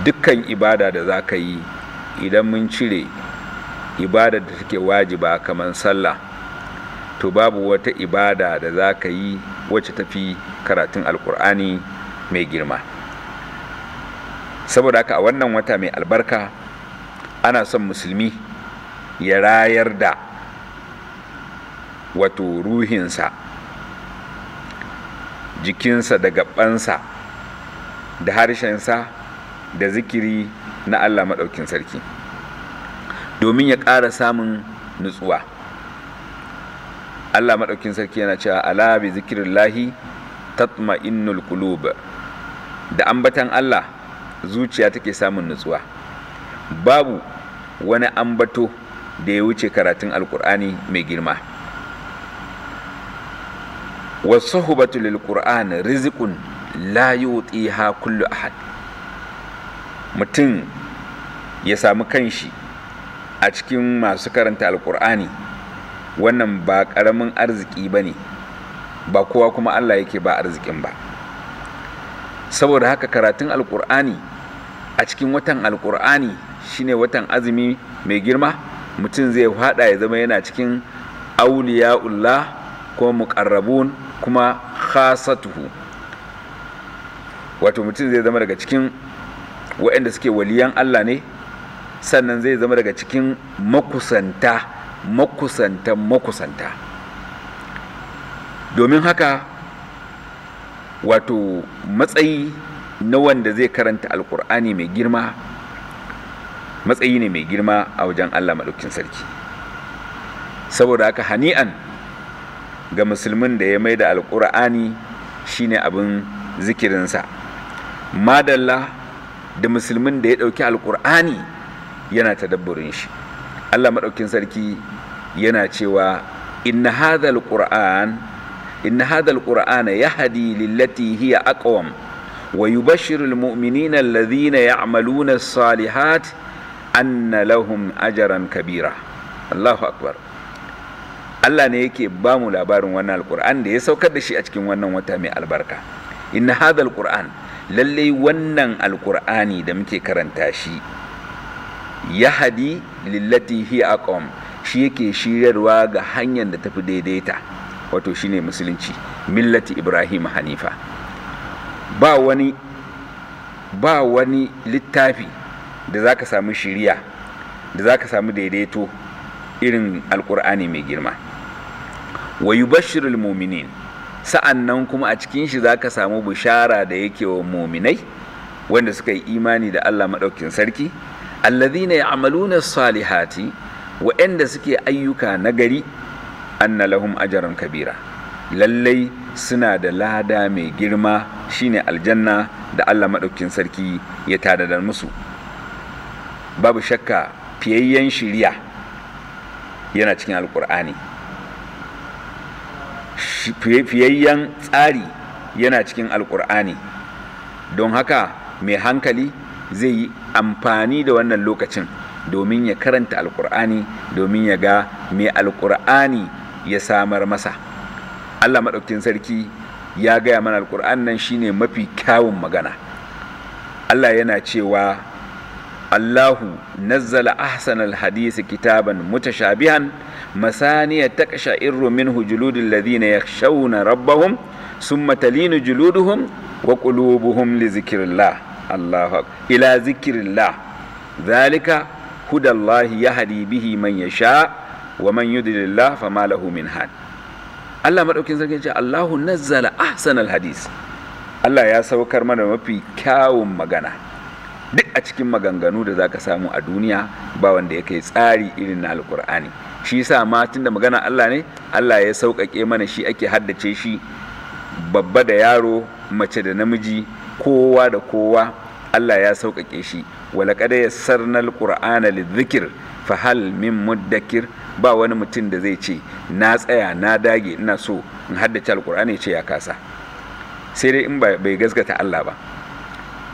[SPEAKER 9] dukkan ibada da za ka yi idan mun cire ibada da take wajiba kamar sallah to babu wata ibada da za ka yi wacce tafi karatun alkur'ani mai girma saboda haka a wannan wata mai albarka ana son musulmi ya rayar da wato ruhinsa jikinsa da gabansa da harshensa da zikiri na Allah maɗaukin sarki domin ya ƙara samun nutsuwa Allah maɗaukin sarki yana cewa ala bi zikirin lahi innul kulub da ambatan Allah zuciya take samun nutsuwa babu wani ambato da ya wuce karatun Alƙur'ani mai girma wasahubatu lil qur'an rizqun la yutiha kullu ahad mutum ya samu kanshi a cikin masu karanta alkur'ani wannan ba ƙaramin arziki ba ne ba kowa kuma allah yake ba arzikin ba saboda haka karatun alkur'ani a cikin watan alkur'ani shine watan azumi mai girma mutum zai hada ya zama yana cikin auliya'ullah ko muqarrabun kuma khasatuhu wato mutum zai zama daga cikin waɗanda suke waliyan Allah ne sannan zai zama daga cikin makusanta makusanta makusanta domin haka wato matsayi na wanda zai karanta alkur'ani mai girma matsayi ne mai girma a wajen Allah maɗaukin sarki saboda haka hani'an ga musulmin da ya mai da alƙur'ani shine abin zikirinsa madalla da musulmin da ya ɗauki alƙur'ani yana ta tadabburin shi allah maɗaukin sarki yana cewa inna hadhal qur'an inna hadhal ya yahdi lillati hiya aqwam wa yubashshiru almu'minina alladhina ya'maluna as-salihat anna lahum ajran kabira allahu akbar Allah ne yake ba mu labarin wannan alkur'an da ya saukar da shi a cikin wannan wata mai albarka inna hadha alkur'an lallai wannan alkur'ani da muke karanta shi yahadi lillati hi aqam shi yake shiryarwa ga hanyar da tafi daidaita wato shine musulunci millati ibrahim hanifa ba wani ba wani littafi da zaka samu shiriya da zaka samu daidaito irin alkur'ani mai girma wa yubashshirul mu'minin sa'annan kuma a cikin shi za ka samu bishara da yake wa mu'minai wanda suka yi imani da Allah Maɗaukin sarki alladhina ya'maluna salihati wa'anda suke ayyuka nagari anna lahum ajaran kabira lallai suna da lada mai girma shine aljanna da Allah Maɗaukin sarki ya tadadar musu babu shakka fiyayyen shiriya yana cikin alkur'ani fiyayyen tsari yana cikin alkur'ani don haka mai hankali zai yi amfani da wannan lokacin domin ya karanta alkur'ani domin ya ga mai alkur'ani ya samar masa allah maɗaukin sarki ya gaya mana alkur'an nan shine mafi kyawun magana allah yana cewa Allahu nazzala ahsanal hadisi kitaban mutashabihan masaniya taqsha'irru minhu juludul ladhina yakhshawna rabbahum summa talinu juluduhum wa qulubuhum li zikrillah Allahu ila zikrillah dhalika hudallahi yahdi bihi ya sha, wa man yudlillah fama lahu min had Allah madaukin sarki ce Allahu nazzala ahsanal hadis Allah ya saukar mana mafi kyawun magana duk a cikin maganganu da za ka samu a duniya ba wanda ya kai tsari irin na alkur'ani shi yasa ma tun da magana Allah ne Allah ya sauƙaƙe mana shi ake haddace shi babba da yaro mace da namiji kowa da kowa Allah ya sauƙaƙe shi walaƙada ya sarnal ƙur'ana lizzikir fahal min muddakir ba wani mutum da zai ce na tsaya na dage ina so in haddace alkur'ani ce ya kasa sai dai in bai gaskata Allah ba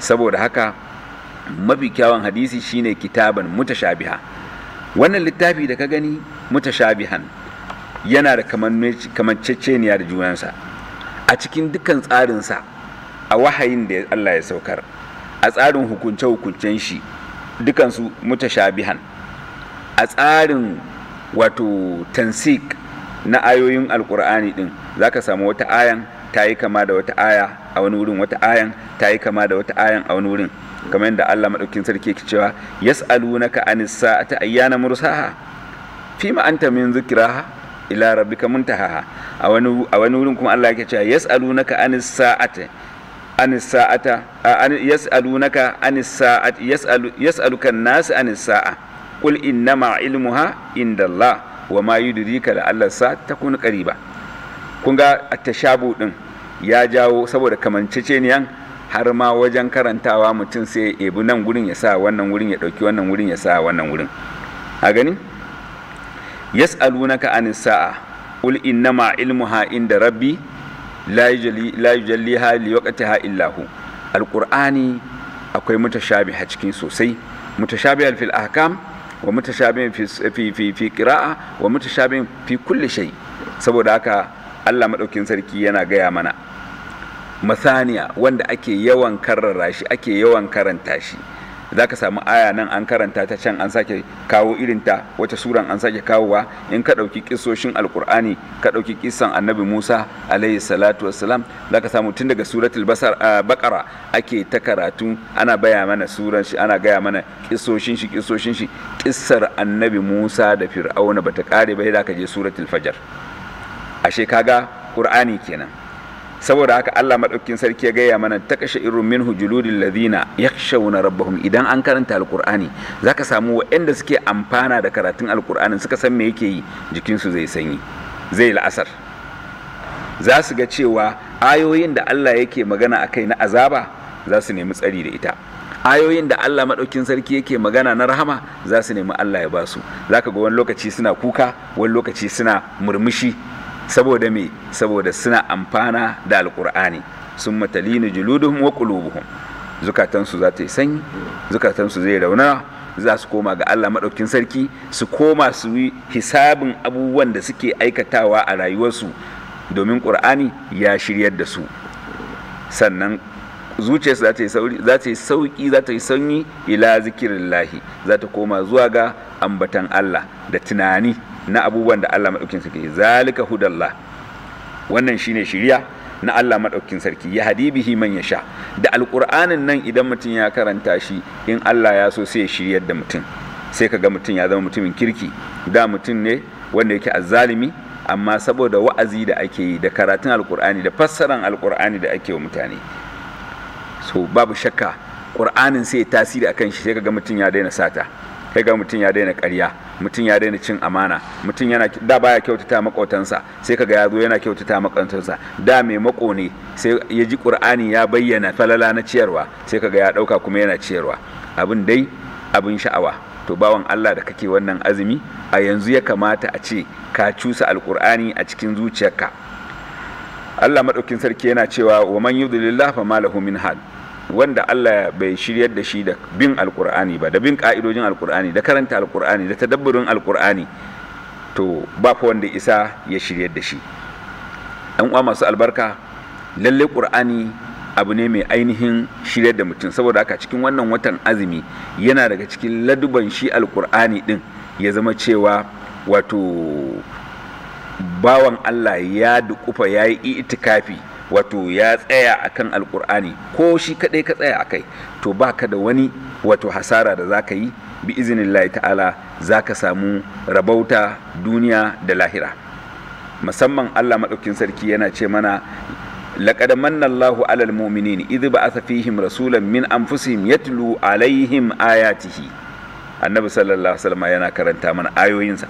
[SPEAKER 9] saboda haka mafi kyawun hadisi shine kitaban mutashabiha wannan littafi da ka gani mutashabihan yana da kamanceceniya da junansa a cikin dukkan tsarinsa a wahayin da Allah ya saukar a tsarin hukunce-hukuncen shi dukansu mutashabihan a tsarin wato tansik na ayoyin alkur'ani din zaka samu wata ayan ta yi kama da wata aya a wani wurin wata ayan ta yi kama da wata ayan a wani wurin kamar yadda Allah maɗaukin sarki yake cewa yas'alunaka anis sa'ati ayyana mursaha fima anta min zikraha ila rabbika muntahaha a wani a wani wurin kuma Allah yake cewa ka anis sa'ati anis sa'ata yas'alunaka anis sa'ati yas'alu yas'aluka an-nas anis sa'a qul innama ilmuha Allah, wa ma yudrika sa ta takun qariba kun ga at-tashabu din ya jawo saboda kamanceceniyan har ma wajen karantawa mutum sai ya ebi nan gurin ya sa wannan gurin ya ɗauki wannan gurin ya sa wannan gurin a gani alunaka anis sa'a qul innama ilmuha inda rabbi la hali, li waqtiha illa hu alqur'ani akwai a cikin sosai mutashabiha fil ahkam wa mutashabi fi fi fi wa mutashabi fi kulli shay saboda haka Allah madaukin sarki yana gaya mana masaniya wanda ake yawan karrara shi ake yawan karanta shi za ka samu aya nan an karanta ta can an sake kawo irinta wata suran an sake kawowa in ka ɗauki kisoshin alkur'ani ka ɗauki kisan annabi musa alayhi salatu wassalam za ka samu tun daga suratul bakara ake ta karatu ana baya mana suran shi ana gaya mana kisoshin shi kisoshin shi annabi musa da fir'auna ba ta kare ba da ka je suratul fajar ashe kaga ƙur'ani kenan saboda haka Allah madaukin sarki ya gaya mana ta kashe irin minhu juludil ladina yakhshawna rabbahum idan an karanta alqur'ani zaka samu waɗanda suke amfana da karatun alqur'ani suka san me yake yi jikinsu zai sanyi zai la'asar za su ga cewa ayoyin da Allah yake magana a kai na azaba za su nemi tsari da ita ayoyin da Allah maɗaukin sarki yake magana na rahama za su nemi Allah ya ba basu zaka ga wani lokaci suna kuka wani lokaci suna murmushi saboda me saboda suna amfana da alkur'ani sun matalini juluduhum wa qulubuhum zukatansu za ta yi sanyi zukatansu zai rauna za su koma ga Allah maɗaukin sarki su koma su yi hisabin abubuwan da suke aikatawa a rayuwarsu domin ƙur'ani ya shiryar da su sannan zuciyarsu za ta yi sauƙi za ta yi sanyi ila zikirin lahi za ta koma zuwa ga ambatan Allah da tunani na abubuwan da Allah maɗaukin sarki zalika hudallah wannan shine shirya na Allah maɗaukin sarki ya hadi hadibihi man ya sha. da alƙur'anin nan idan mutum ya karanta shi in Allah ya so sai ya shiryar da mutum sai ka ga mutum ya zama mutumin kirki da mutum ne wanda yake azzalimi amma saboda wa'azi da ake yi da karatun Alƙur'ani da fassaran Alƙur'ani da ake wa mutane so babu shakka ƙur'anin sai tasiri akan shi sai ka ga mutum ya daina sata sai ga mutum ya daina ƙarya mutum ya daina cin amana mutum yana da baya kyautata makotansa sai kaga ya zo yana kyautata makotansa da mai mako ne sai ya ji qur'ani ya bayyana falala na ciyarwa sai kaga ya dauka kuma yana ciyarwa abin dai abin sha'awa to bawan Allah da kake wannan azumi a yanzu ya kamata a ce ka cusa alqur'ani a cikin zuciyarka Allah madaukin sarki yana cewa wa man yudlillah fa malahu min hal wanda Allah bai shiryar da shi da bin alkur'ani ba da bin ka'idojin alkur'ani da karanta alkur'ani da tadabburin alkur'ani to ba fa wanda isa ya shiryar da shi ɗan uwa masu albarka lalle ƙur'ani abu ne mai ainihin shiryar da mutum saboda haka cikin wannan watan azumi yana daga cikin laduban shi alkur'ani din ya zama cewa wato bawan Allah ya dukufa ya yi itikafi wato ya tsaya a kan alƙur'ani ko shi kaɗai ka tsaya a kai to ba ka da wani wato hasara da za ka yi bi izinin lai ta'ala za ka samu rabauta duniya da lahira musamman allah maɗaukin sarki yana ce mana laƙad manna allahu alal mu'minin idh ba'atha fihim rasulan min anfusihim yatlu alaihim ayatihi annabi sallallahu alaihi yana karanta mana ayoyinsa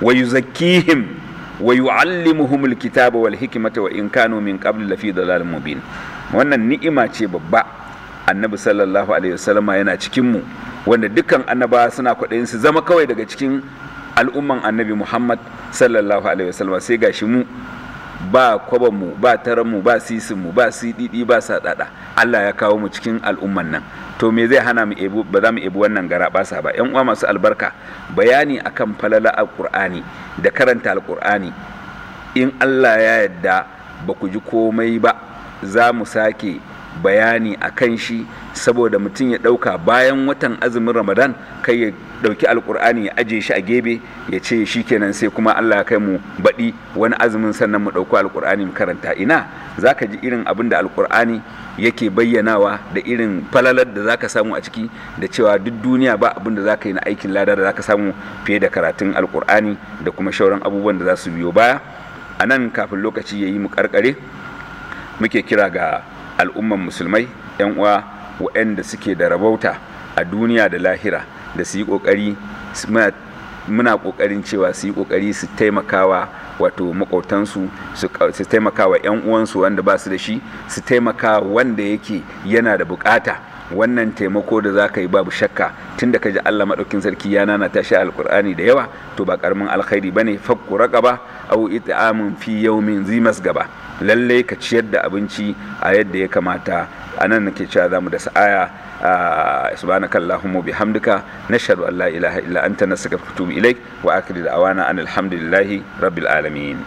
[SPEAKER 9] wa yuzakkihim wa yu'allimuhum alkitaba wal hikmata wa in kanu min qabl mubin wannan ni'ima ce babba annabi sallallahu alaihi wasallama yana cikin mu wanda dukkan annabawa suna kwaɗayin su zama kawai daga cikin al'umman annabi muhammad sallallahu alaihi wasallama sai gashi mu ba kwaban mu ba taran mu ba sisin mu ba sididi ba sadada Allah ya kawo mu cikin al'umman nan to me zai hana mu ebu ba za mu ebu wannan gara basa ba yan uwa masu albarka bayani akan falala alqur'ani da karanta alqur'ani in Allah ya yadda ba ku ji komai ba za mu sake bayani a kan shi saboda mutum ya ɗauka bayan watan azumin ramadan kai ya ɗauki alkur'ani ya aje shi a gebe ya ce shi kenan sai kuma allah ya kai mu baɗi wani azumin sannan mu ɗauki alkur'ani mu karanta ina za ka ji irin abin da alkur'ani yake bayyanawa da irin falalar da za ka samu a ciki da cewa duk duniya ba abin da za ka yi na aikin ladar da za ka samu fiye da karatun alkur'ani da kuma shauran abubuwan da za su biyo baya a nan kafin lokaci ya yi mu karkare muke kira ga al'umman musulmai yan uwa waɗanda suke da rabauta a duniya da lahira da su yi ƙoƙari muna ƙoƙarin cewa su yi ƙoƙari su taimakawa wato maƙotansu su taimakawa 'yan uwansu wanda ba su da shi su taimaka wanda yake yana da buƙata wannan taimako da za ka yi babu shakka tunda ka ji Allah maɗaukin sarki ya nana ta sha alkur'ani da yawa to ba karamin alkhairi ba bane fakku raqaba aw it'amun fi min zimas gaba Lallai ka ciyar da abinci a yadda ya kamata A nan nake cewa zamu da sa'aya subhanakallahumma bihamdika nashhadu an la ilaha illa anta nastaghfiruka wa atubu ilaik wa akhiru da'wana anil hamdulillahi rabbil alamin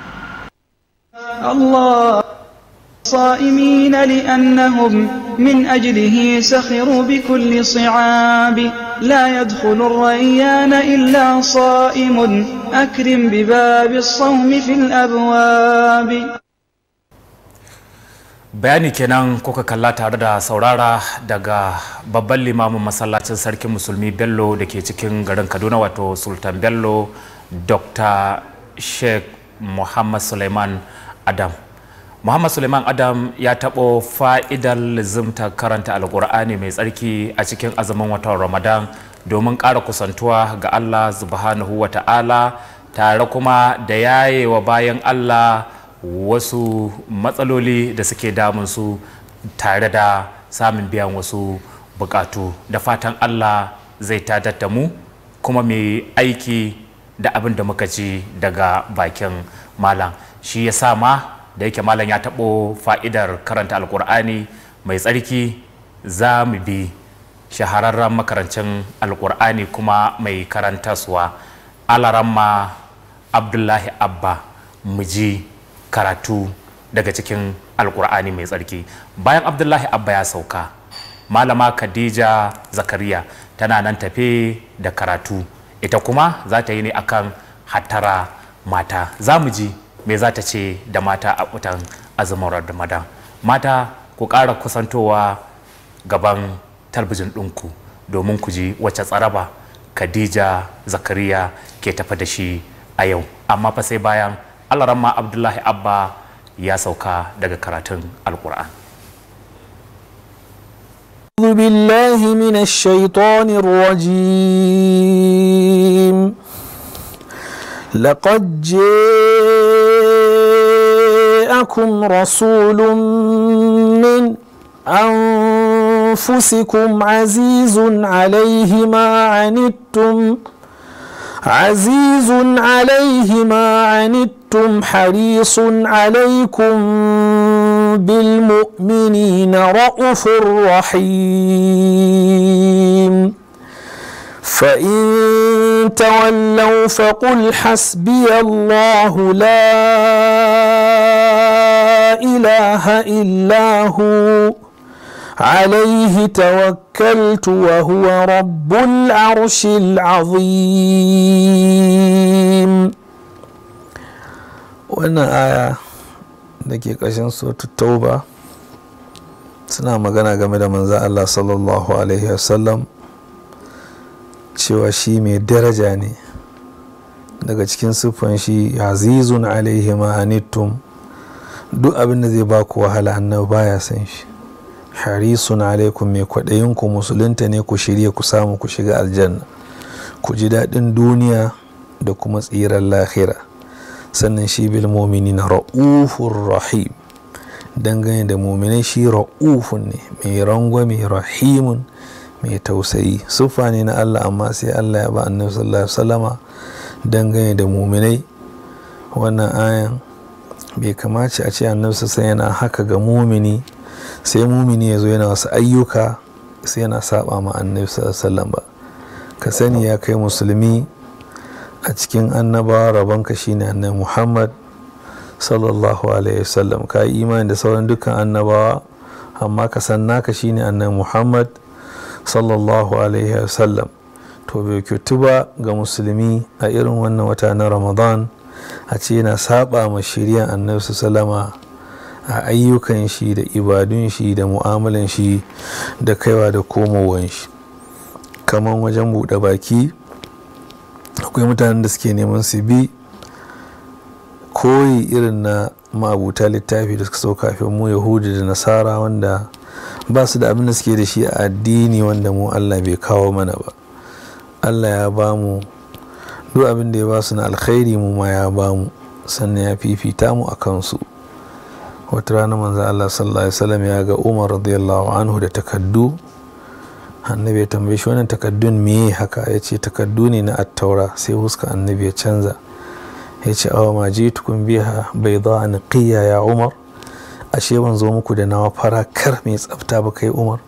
[SPEAKER 4] صائمين لأنهم من أجله سخروا بكل صعاب لا يدخل الريان إلا صائم أكرم بباب الصوم في الأبواب
[SPEAKER 2] bayani kenan kuka kalla tare da saurara daga babban limamin masallacin sarkin musulmi bello da ke cikin garin kaduna wato sultan bello dr sheikh muhammad suleiman adam Muhammad Suleiman Adam ya taɓo fa'idar lizimta karanta alkur'ani mai tsarki a cikin azumin watan Ramadan domin ƙara kusantuwa ga Allah subhanahu wa ta'ala tare kuma da wa bayan Allah wasu matsaloli da suke damunsu tare da samun biyan wasu buƙatu, da fatan Allah zai tatatta mu kuma mai aiki da abin da muka ci daga bakin malam shi ya sa ma da yake malam ya taɓo fa'idar karanta alkur'ani mai tsarki za mu bi shahararren makarancin alkur'ani kuma mai karantarsuwa alaramma abdullahi abba mu ji karatu daga cikin alkur'ani mai tsarki bayan abdullahi abba ya sauka malama khadija zakariya tana nan tafe da karatu ita kuma za ta yi ne akan hatara mata za mu ji me za ta ce da mata a kutan azumin ramadan mata ku ƙara kusantowa gaban talbijin ɗinku domin ku ji wacce tsaraba khadija zakariya ke tafa da shi a yau amma fa sai bayan alarama abdullahi abba ya sauka daga karatun
[SPEAKER 10] alkur'an أعوذ بالله من الشيطان الرجيم لقد جئ جاءكم رسول من أنفسكم عزيز عليه ما عنتم عزيز عليه ما عنتم حريص عليكم بالمؤمنين رؤوف رحيم فإن تولوا فقل حسبي الله لا إله إلا هو عليه توكلت وهو رب العرش العظيم wannan aya da ke ƙashin sautu tauba suna magana game da manza Allah sallallahu cewa shi mai daraja ne daga cikin siffan shi azizun alaihi ma'anittum duk abin da zai baku wahala annabi baya san shi harisun alaikum mai kwaɗayin ku musulunta ne ku shirya ku samu ku shiga aljanna ku ji daɗin duniya da kuma tsiran lahira sannan shi bil na ra'ufun rahim dangane da muminai shi ra'ufun ne mai rangwame rahimun mai tausayi sufa ne na Allah amma sai Allah ya ba annabi sallallahu alaihi wasallama dangane da muminai wannan ayan bai kamace a ce annabi sai yana haka ga mumini sai mumini ya zo yana wasu ayyuka sai yana saba ma annabi sallallahu ba ka sani ya kai musulmi a cikin annabawa rabonka shine annabi muhammad sallallahu alaihi wasallam ka yi imani da sauran dukkan annabawa amma ka san naka shine annabi muhammad sallallahu alaihi wasallam to bai kyautu ga musulmi a irin wannan wata na ramadan a ce na saba ma shirya annabi sallama a ayyukan shi da ibadun shi da mu'amalan shi da kaiwa da komowan shi kamar wajen buɗe baki akwai mutanen da suke neman su bi koyi irin na ma'abuta littafi da suka so kafin mu yahudi da nasara wanda ba su da abin da suke da shi a addini wanda mu Allah bai kawo mana ba Allah ya ba mu duk abin da ya ba su na alkhairi mu ma ya ba mu sannan ya fifita mu a kansu wata rana manzan Allah sallallahu alaihi wasallam ya ga Umar radiyallahu anhu da takaddu annabi ya tambaye shi wannan takaddun me haka ya ce takaddu ne na attaura sai huska annabi ya canza ya ce awa ma ji tukun biha bai za a ya Umar ashe ban zo muku da nawa farakar mai tsafta ba kai umar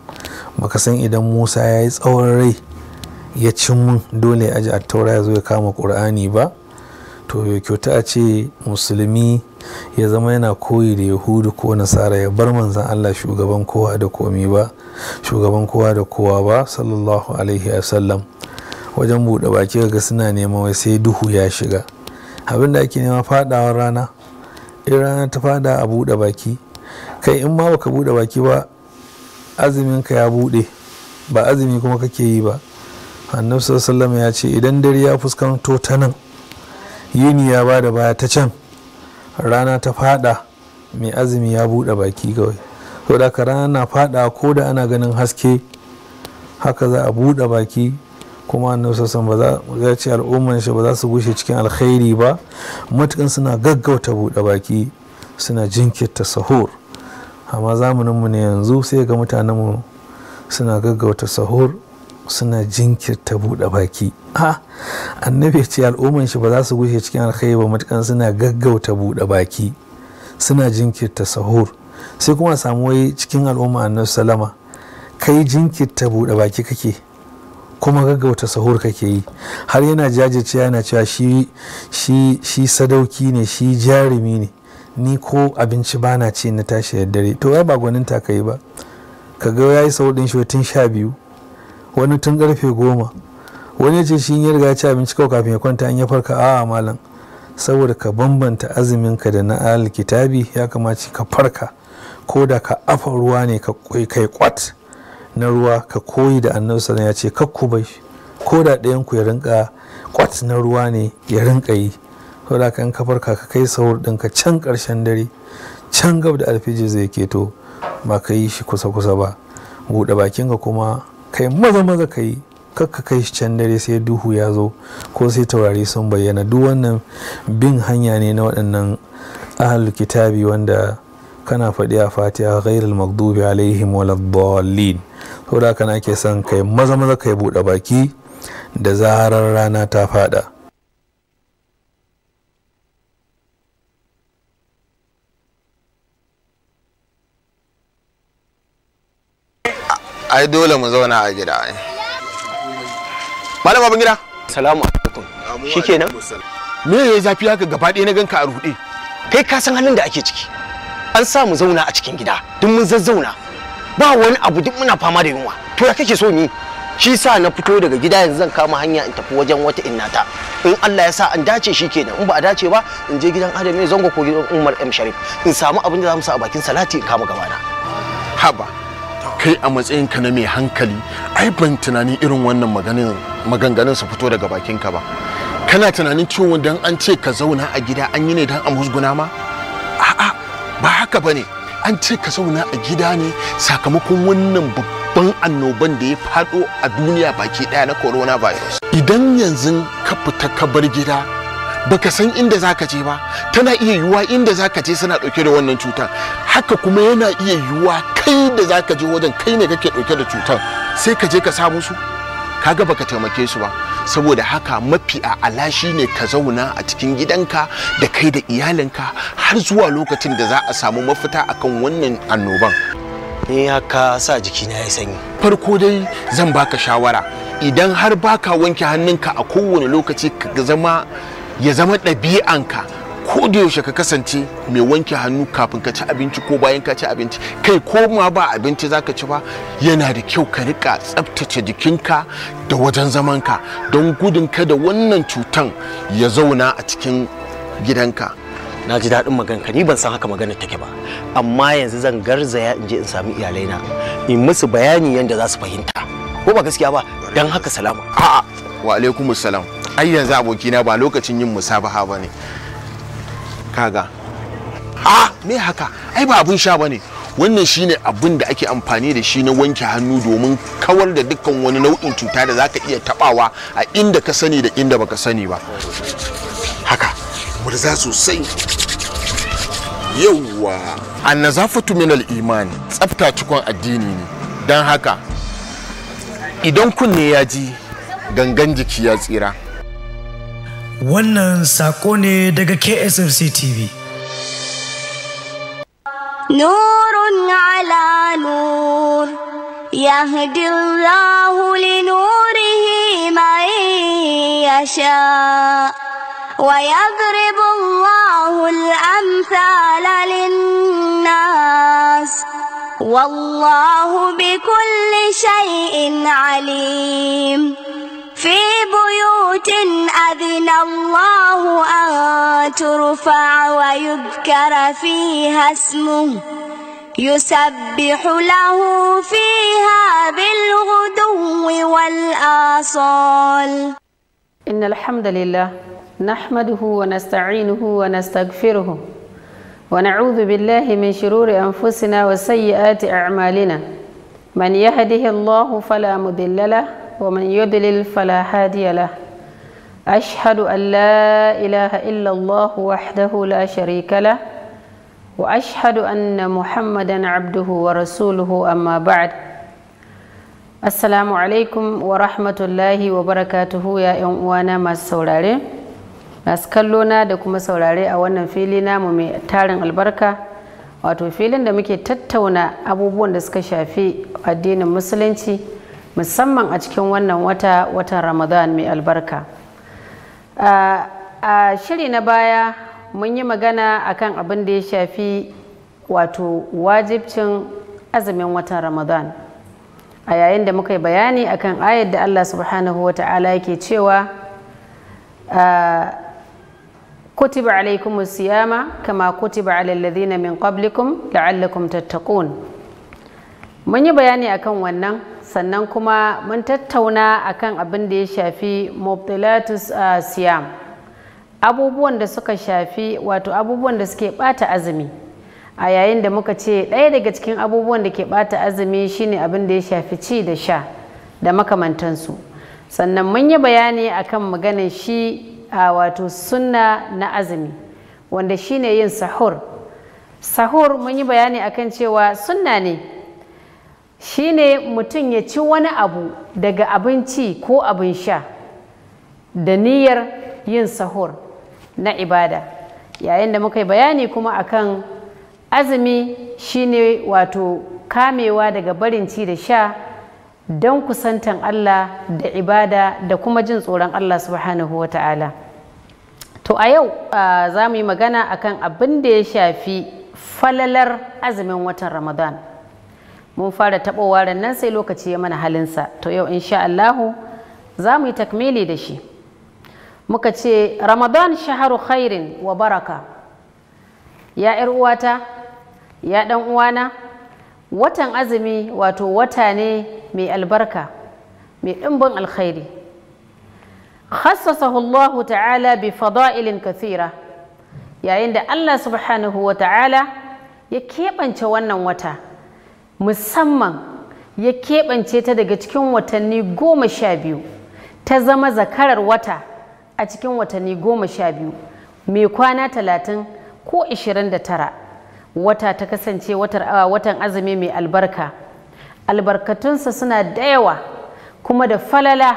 [SPEAKER 10] baka san idan musa ya yi tsawon rai ya cin mun dole aji a taura ya zo ya kama ƙur'ani ba to ya kyauta a ce musulmi ya zama yana koyi da yahudu ko nasara ya bar manzan allah shugaban kowa da komi ba shugaban kowa da kowa ba sallallahu alaihi wasallam wajen buɗe baki ga suna neman wai sai duhu ya shiga abin da ake nema fadawar rana in rana ta fada a buɗe baki kai in ma baka bude baki ba azumin ka ya bude ba azumi kuma kake yi ba annabi sallallahu ya ce idan dare ya fuskanto ta nan yini ya bada baya ta can rana ta fada mai azumi ya bude baki kawai to da ka rana na fada ko da ana ganin haske haka za a bude baki kuma annabi sassan ba za ce al'umman shi ba za su gushe cikin alkhairi ba matukan suna gaggauta buɗe baki suna jinkirta sahur amma zamaninmu ne yanzu sai ga mutanenmu suna gaggauta sahur suna jinkirta buɗe baki a annabi ce al'umman shi ba za su gushe cikin alkhairi ba matukan suna gaggauta buɗe baki suna jinkirta sahur sai kuma samu wai cikin al'umma annabi salama kai jinkirta buɗe baki kake kuma gaggauta sahur kake yi har yana jajirce yana cewa shi shi sadauki ne shi jarumi ne ni ko abinci bana na ci na tashi da dare to ya ba gwanin ta kai ba ka ga yayi saudin shi tun sha biyu wani tun karfe goma wani ce shi ya riga ci abinci kawai kafin ya kwanta an ya farka a malam saboda ka bambanta azumin ka da na alkitabi ya kamaci ka farka ko da ka afa ruwa ne ka kai kwat na ruwa ka koyi da annabi sallallahu ya ce kakku bai ko da ɗayan ku ya rinka kwat na ruwa ne ya rinka yi saboda kan kafar ka kai sahur ka can karshen dare can gab da alfiji zai keto ba ka yi shi kusa-kusa ba buɗe ka kuma kai maza maza ka yi kakka kai shi can dare sai duhu ya zo ko sai taurari sun bayyana duk wannan bin hanya ne na waɗannan ahlul kitabi wanda kana faɗi a fatiha ghairul maghdubi alaihim waladdallin saboda kana ke son kai maza maza kai buɗe baki da zarar rana ta faɗa
[SPEAKER 6] ai dole mu zauna a gida ai
[SPEAKER 7] malam abin gida assalamu alaikum shikenan me yayi zafi haka gaba ɗaya na ganka a ruɗe kai ka san halin da ake ciki an sa mu zauna a cikin gida duk mun zazzauna ba wani abu duk muna fama da yunwa to ya kake so ni shi sa na fito daga gida yanzu zan kama hanya in tafi wajen wata innata in Allah ya sa an dace shi kenan in ba a dace ba in je gidan Adam zango ko gidan Umar M Sharif in samu abin da za mu sa a bakin salati in kama gabana
[SPEAKER 6] haba kai a matsayinka na mai hankali ai ban tunanin irin wannan maganganun su fito daga bakinka ba kana tunanin cewa dan an ce ka zauna a gida an yi ne dan a musguna ma a'a ba haka bane an ce ka zauna a gida ne sakamakon wannan babban annoban da ya fado a duniya baki daya na coronavirus idan yanzu ka fita ka bar gida baka san inda zaka je ba tana iya yiwuwa inda zaka je suna dauke da wannan cutar haka kuma yana iya yiwuwa kai da zaka je wajen kai ne kake dauke da cutar sai ka je ka samu su kaga baka taimake su ba saboda haka mafi a shi ne ka zauna a cikin gidanka da kai da iyalinka har zuwa lokacin da za a samu mafita akan wannan annoban ni haka sa na ya sanyi farko dai zan baka shawara idan har baka wanke hannunka a kowane lokaci ka zama ya zama ɗabi'anka ko da yaushe ka kasance mai wanke hannu kafin ka ci abinci ko bayan ka ci abinci kai ko ma ba abinci zaka ci ba yana da kyau ka rika tsaftace jikinka
[SPEAKER 7] da wajen zamanka don gudun kada wannan cutan ya zauna a cikin gidanka na ji daɗin ka, ni ban san haka magana take ba amma yanzu zan garzaya in je in sami iyalaina in musu bayani yadda za su fahimta ko ba gaskiya ba don haka salama a'a wa alaikumus salam ai yanzu abokina ba lokacin yin musabaha ba ne
[SPEAKER 6] kaga a me haka ai ba abun sha ba ne wannan shine abin da ake amfani da shi na wanke hannu domin kawar da dukkan wani nau'in cuta da zaka iya tabawa a inda ka sani da inda baka sani ba haka murza sosai yauwa annazafatu min al-iman tsafta cikon addini ne dan haka idan kunne ya ji gangan jiki ya tsira
[SPEAKER 8] Wannan sako ne daga KSFC TV. Nurun
[SPEAKER 1] ala nur, yahdi Allahu li nurihi man yasha, wa yadribu Allahu al-amthala lin-nas. والله بكل شيء عليم في بيوت أذن الله أن ترفع ويذكر فيها اسمه
[SPEAKER 11] يسبح له فيها بالغدو والآصال إن الحمد لله نحمده ونستعينه ونستغفره ونعوذ بالله من شرور أنفسنا وسيئات أعمالنا من يهده الله فلا مضل له ومن يضلل فلا هادي له أشهد أن la إله إلا الله وحده لا شريك له وأشهد أن محمدا عبده ورسوله أما بعد Assalamu alaikum wa rahmatullahi wa barakatuhu ya ‘yan uwana masu saurare, masu kallo na da kuma saurare a wannan fili namu mai tarin albarka, wato filin da muke tattauna abubuwan da suka shafi addinin musulunci musamman a cikin wannan wata watan ramadan mai albarka a shiri na baya mun yi magana akan abin da ya shafi wato wajibcin azumin watan ramadan a yayin da muka yi bayani akan ayar da allah subhanahu wa ta'ala yake cewa kutiba alaikum siyama kama kutiba alal ladina min qablikum la'allakum tattaqun mun yi bayani akan wannan sannan kuma mun tattauna akan abin da ya shafi mubtilatus a uh, siyam abubuwan da suka shafi wato abubuwan da suke bata azumi a yayin da muka ce ɗaya daga cikin abubuwan da ke bata azumi shine abin da ya shafi ci da sha da makamantansu sannan mun yi bayani akan maganin shi a uh, wato sunna na azumi wanda shine yin sahur sahur mun yi bayani akan cewa sunna ne shine mutum ya ci wani abu daga abinci ko abin sha da niyyar yin sahur na ibada yayin da muka yi bayani kuma akan azumi shine wato kamewa daga barin ci da sha don kusantan Allah da ibada da kuma jin tsoron Allah subhanahu wa ta'ala to a yau za mu yi magana akan abin da ya shafi falalar azumin watan ramadan mun fara taɓowa nan sai lokaci ya mana halinsa to yau insha Allahu za mu yi takmili da shi muka ce ramadan shaharu khairin wa baraka ya ‘yar uwata ya ɗan uwana watan azumi wato wata ne mai albarka mai ɗimbin alkhairi khassasahu Allah ta'ala bi fada'ilin kathira yayin da Allah subhanahu wa ta'ala ya keɓance wannan wata musamman ya keɓance ta daga cikin watanni goma sha biyu ta zama zakarar wata a cikin watanni goma sha biyu mai kwana talatin ko ishirin da tara wata ta kasance watan azumi mai albarka albarkatunsa suna da yawa kuma da falala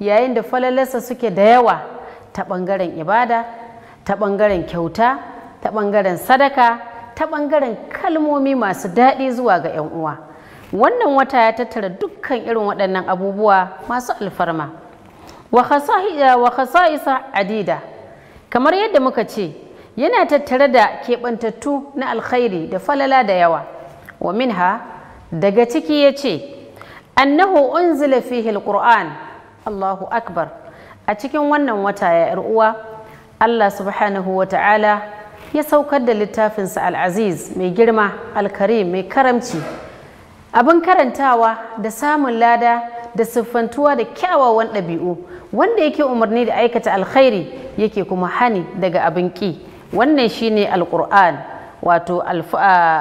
[SPEAKER 11] yayin da falalarsa suke da yawa ta ɓangaren ibada ta ɓangaren kyauta ta ɓangaren sadaka ta ɓangaren kalmomi masu daɗi zuwa ga 'yan uwa wannan wata ya tattara dukkan irin waɗannan abubuwa masu alfarma wa khasa'isa adida kamar yadda muka ce yana tattare da keɓantattu na alkhairi da falala da yawa wa minha daga ciki ya ce annahu unzila fihi alquran allahu akbar a cikin wannan wata ya 'yar uwa allah subhanahu wa ta'ala ya saukar da littafinsa al'aziz mai girma alkarim mai karamci abin karantawa da samun lada da siffantuwa da kyawawan ɗabi'u wanda yake umarni da aikata alkhairi yake kuma hani daga abin ƙi wannan shine alƙur'an wato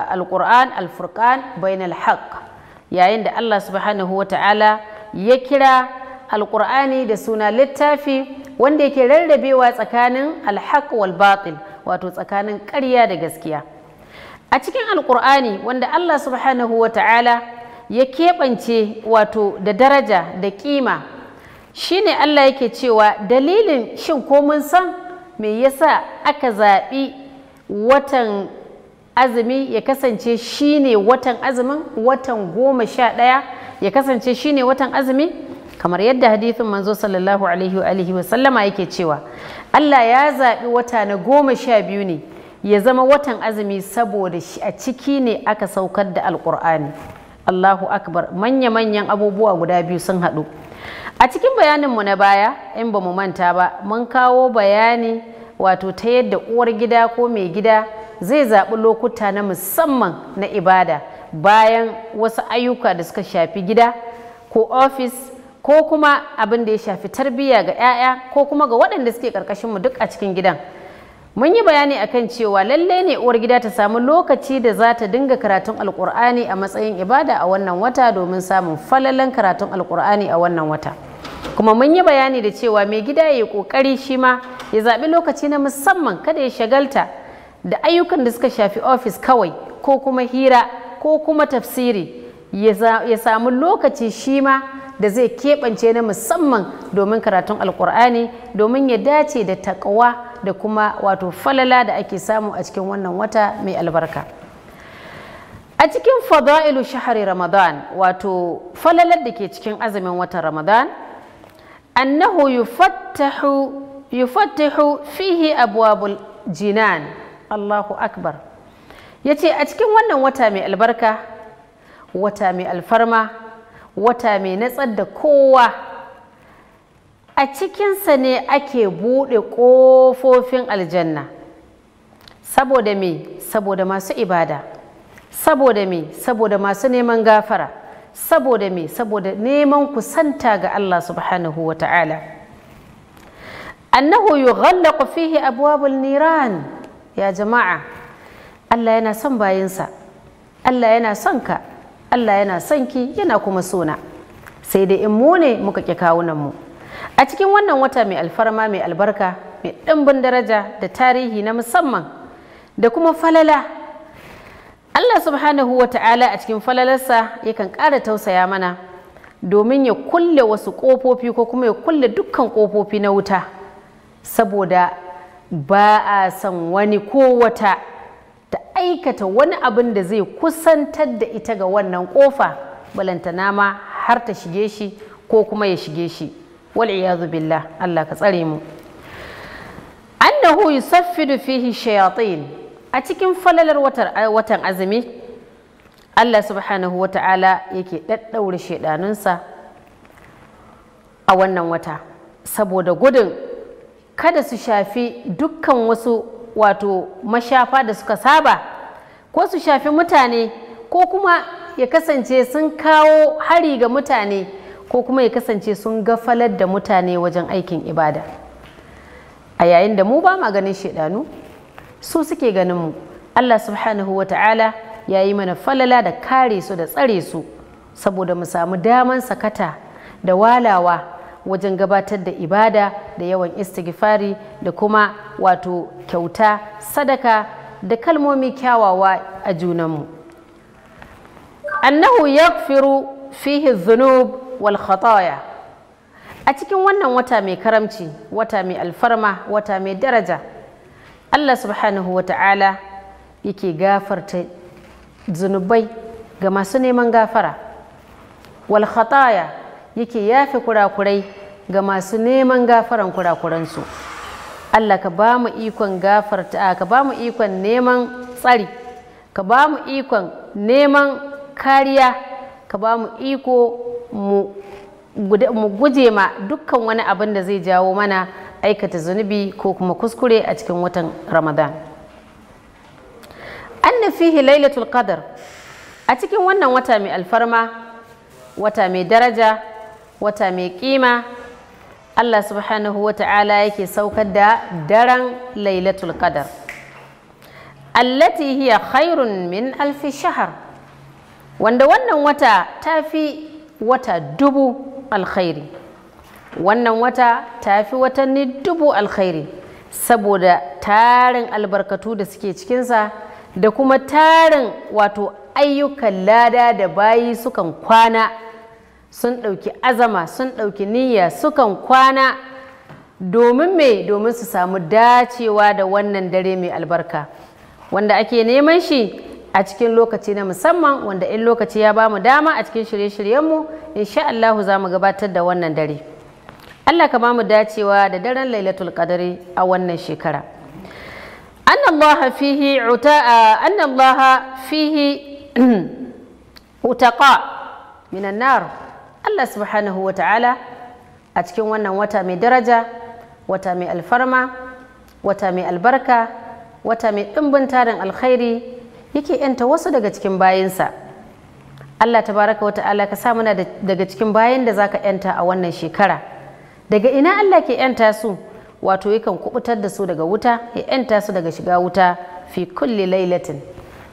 [SPEAKER 11] alƙur'an Alfurqan, bainal alhaq. yayin da allah subhanahu wa ta'ala ya kira alƙur'ani da suna littafi wanda yake rarrabewa tsakanin alhaq wal batil wato tsakanin ƙarya da gaskiya a cikin alkur'ani wanda allah subhanahu wa ta'ala ya keɓance wato da daraja da ƙima shine allah yake cewa dalilin shin ko mun san me yasa aka zaɓi watan azumi ya kasance shine watan azumin watan goma sha ɗaya ya kasance shine watan azumi kamar yadda hadithin manzo sallallahu alaihi wa alihi wa sallama yake cewa Allah ya zaɓi wata na goma sha biyu ne ya zama watan azumi saboda shi a ciki ne aka saukar da alƙur'ani Allahu akbar manya-manyan abubuwa guda biyu sun haɗu a cikin bayaninmu na baya in ba mu manta ba mun kawo bayani wato ta yadda uwar gida ko mai gida zai zaɓi lokuta na musamman na ibada bayan wasu ayyuka da suka shafi gida ko ofis ko kuma abin da ya shafi tarbiyya ga 'ya'ya ko kuma ga waɗanda suke ƙarƙashinmu duk a cikin gidan mun yi bayani akan cewa lalle ne uwar gida ta samu lokaci da za ta dinga karatun alkur'ani a matsayin ibada a wannan wata domin samun falalan karatun alkur'ani a wannan wata kuma mun yi bayani da cewa mai gida ya yi kokari shi ma ya zaɓi lokaci na musamman kada ya shagalta da ayyukan da suka shafi ofis kawai ko kuma hira ko kuma tafsiri ya samu lokaci shi ma da zai keɓance na musamman domin karatun alkur'ani domin ya dace da takawa da kuma wato falala da ake samu a cikin wannan wata mai albarka a cikin fada'ilu shahari ramadan wato falalar da ke cikin azumin watan ramadan annahu yufattahu fihi abwabul jinan allahu akbar ya ce a cikin wannan wata mai albarka wata mai alfarma wata mai natsar da kowa a cikinsa ne ake buɗe ƙofofin aljanna saboda me saboda masu ibada saboda me saboda masu neman gafara saboda me saboda neman kusanta ga Allah subhanahu wa ta'ala annahu yughallaqu fihi abwabul niran ya jama'a Allah yana son bayinsa Allah yana son ka Allah yana son ki yana kuma sona sai dai in mu ne muka ƙi nan mu a cikin wannan wata mai alfarma mai albarka mai ɗimbin daraja da tarihi na musamman da kuma falala Allah subhanahu wa ta'ala a cikin falalarsa yakan ƙara tausaya mana domin ya kulle wasu ƙofofi ko kuma ya kulle dukkan ƙofofi na wuta saboda ba a san wani ko wata ta aikata wani abin da zai kusantar da ita ga wannan kofa balantana ma har ta shige shi ko kuma ya shige shi wal iyazu billah Allah ka tsare mu annahu yusaffidu fihi shayatin a cikin falalar watan azumi Allah subhanahu wata'ala yake daddaure shedanunsa a wannan wata saboda gudun kada su shafi dukkan wasu wato mashafa da suka saba ko su shafi mutane ko kuma ya kasance sun kawo hari ga mutane ko kuma ya kasance sun gafalar da mutane wajen aikin ibada a yayin da mu ba ma ganin shaidanu su suke ganin mu Allah subhanahu wa ta'ala ya yi mana falala da kare su da tsare su saboda mu samu daman sakata da walawa wajen gabatar da ibada da yawan istighfari da kuma wato kyauta sadaka da kalmomi kyawawa a junanmu annahu ya firu fihi zunub wal khataya a cikin wannan wata mai karamci wata mai alfarma wata mai daraja Allah subhanahu wa ta'ala yake gafarta zunubai ga masu neman gafara wal khataya yake yafe kurakurai ga masu neman gafaran kurakuransu Allah ka ba mu ikon gafarta ah, ka ba mu ikon neman tsari ka ba mu ikon neman kariya ka ba mu iko mu guje ma dukkan wani abin da zai jawo mana aikata zunubi ko kuma kuskure a cikin watan ramadan an fihi lailatul qadar a cikin wannan wata mai alfarma wata mai daraja wata mai kima Allah subhanahu wa ta'ala yake saukar da daren lailatul qadar allati hiya khairun min alfi shahar wanda wannan wata ta fi wata dubu alkhairi wannan wata ta fi watanni dubu alkhairi saboda tarin albarkatu da suke cikinsa da kuma tarin wato ayyukan lada da bayi sukan kwana sun ɗauki azama sun ɗauki niyya sukan kwana domin me domin su samu dacewa da wannan dare mai albarka wanda ake neman shi a cikin lokaci na musamman wanda in lokaci ya bamu dama a cikin shirye-shiryenmu insha Allahu za mu gabatar da wannan dare Allah ka bamu dacewa da daren lailatul kadari a wannan shekara annallaha fihi utaa annallaha fihi utaqa minan nar Allah subhanahu wa ta'ala a cikin wannan wata mai daraja wata mai alfarma wata mai albarka wata mai ɗimbin tarin alkhairi yake yanta wasu daga cikin bayansa Allah tabaraka wa ta'ala ka sa muna daga cikin bayan da za ka yanta a wannan shekara daga ina Allah ke yanta su wato yakan kubutar da su daga wuta ya yanta su daga shiga wuta fi kulli lailatin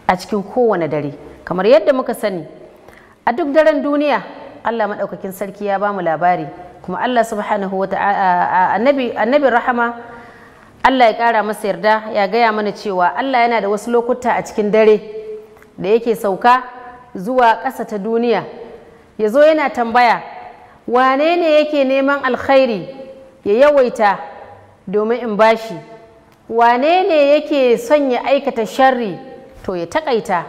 [SPEAKER 11] a cikin kowane dare kamar yadda muka sani a duk daren duniya Allah maɗaukakin sarki ya ba mu labari kuma Allah subhanahu wa ta'ala annabi rahama Allah ya ƙara masa yarda ya gaya mana cewa Allah yana da wasu lokuta a cikin dare da yake sauka zuwa ƙasa ta duniya ya zo yana tambaya wane ne yake neman alkhairi ya yawaita domin in bashi wane ne yake son ya aikata sharri to ya taƙaita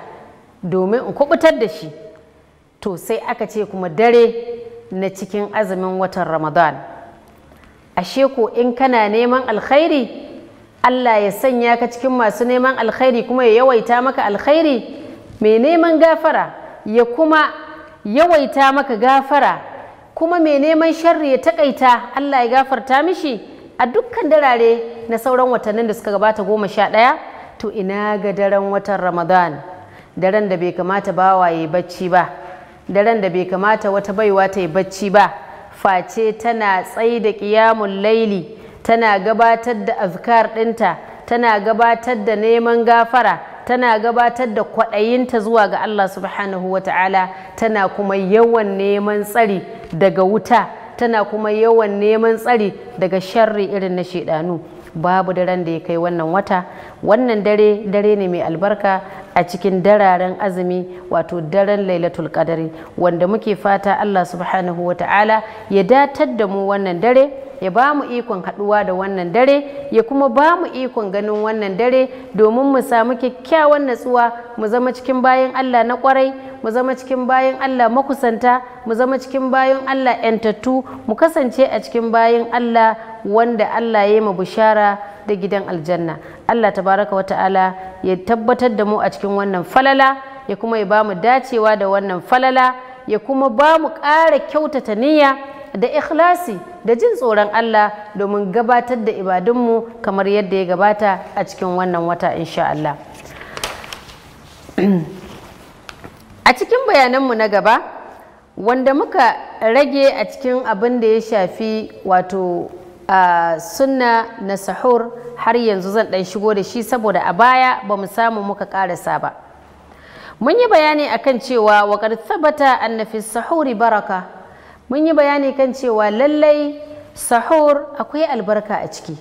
[SPEAKER 11] domin in kuɓutar da shi to sai aka ce kuma dare na cikin azumin watan ramadan ashe ko in kana neman alkhairi Allah ya sanya ka cikin masu neman alkhairi kuma ya yawaita maka alkhairi mai neman gafara ya kuma yawaita maka gafara kuma mai neman sharri ya takaita Allah ya gafarta mishi a dukkan darare na sauran watannin da suka gabata goma sha ɗaya to ina ga daren watan ramadan daren da bai kamata bawaye bacci ba daren da bai kamata wata baiwa ta yi bacci ba face tana tsai da ƙiyamun laili tana gabatar da azkar ɗinta tana gabatar da neman gafara tana gabatar da kwaɗayinta zuwa ga Allah subhanahu wa ta'ala tana kuma yawan neman tsari daga wuta tana kuma yawan neman tsari daga sharri irin na shaidanu babu daren da ya kai wannan wata wannan dare dare ne mai albarka a cikin dararen azumi wato daren lailatul qadari wanda muke fata Allah subhanahu wa ta'ala ya datar da mu wannan dare ya ba mu ikon haɗuwa da wannan dare ya kuma ba mu ikon ganin wannan dare domin mu samu kyakkyawan natsuwa mu zama cikin bayan Allah na kwarai mu zama cikin bayan Allah makusanta mu zama cikin bayan Allah 'yantattu mu kasance a cikin bayan Allah wanda Allah ya yi mu bishara da gidan aljanna Allah tabaraka wa ta'ala ya tabbatar da mu a cikin wannan falala ya kuma ya bamu dacewa da wannan falala ya kuma bamu mu ƙara kyautata niyya da ikhlasi da jin tsoron Allah domin gabatar da ibadunmu kamar yadda ya gabata a cikin wannan wata insha Allah a cikin bayananmu na gaba wanda muka rage a cikin abin da ya shafi wato sunna na sahur har yanzu zan dan shigo da shi saboda a baya ba mu samu muka karasa ba mun yi bayani akan cewa wa qad sabata anna fi sahuri baraka mun yi bayani kan cewa lallai sahur akwai albarka a ciki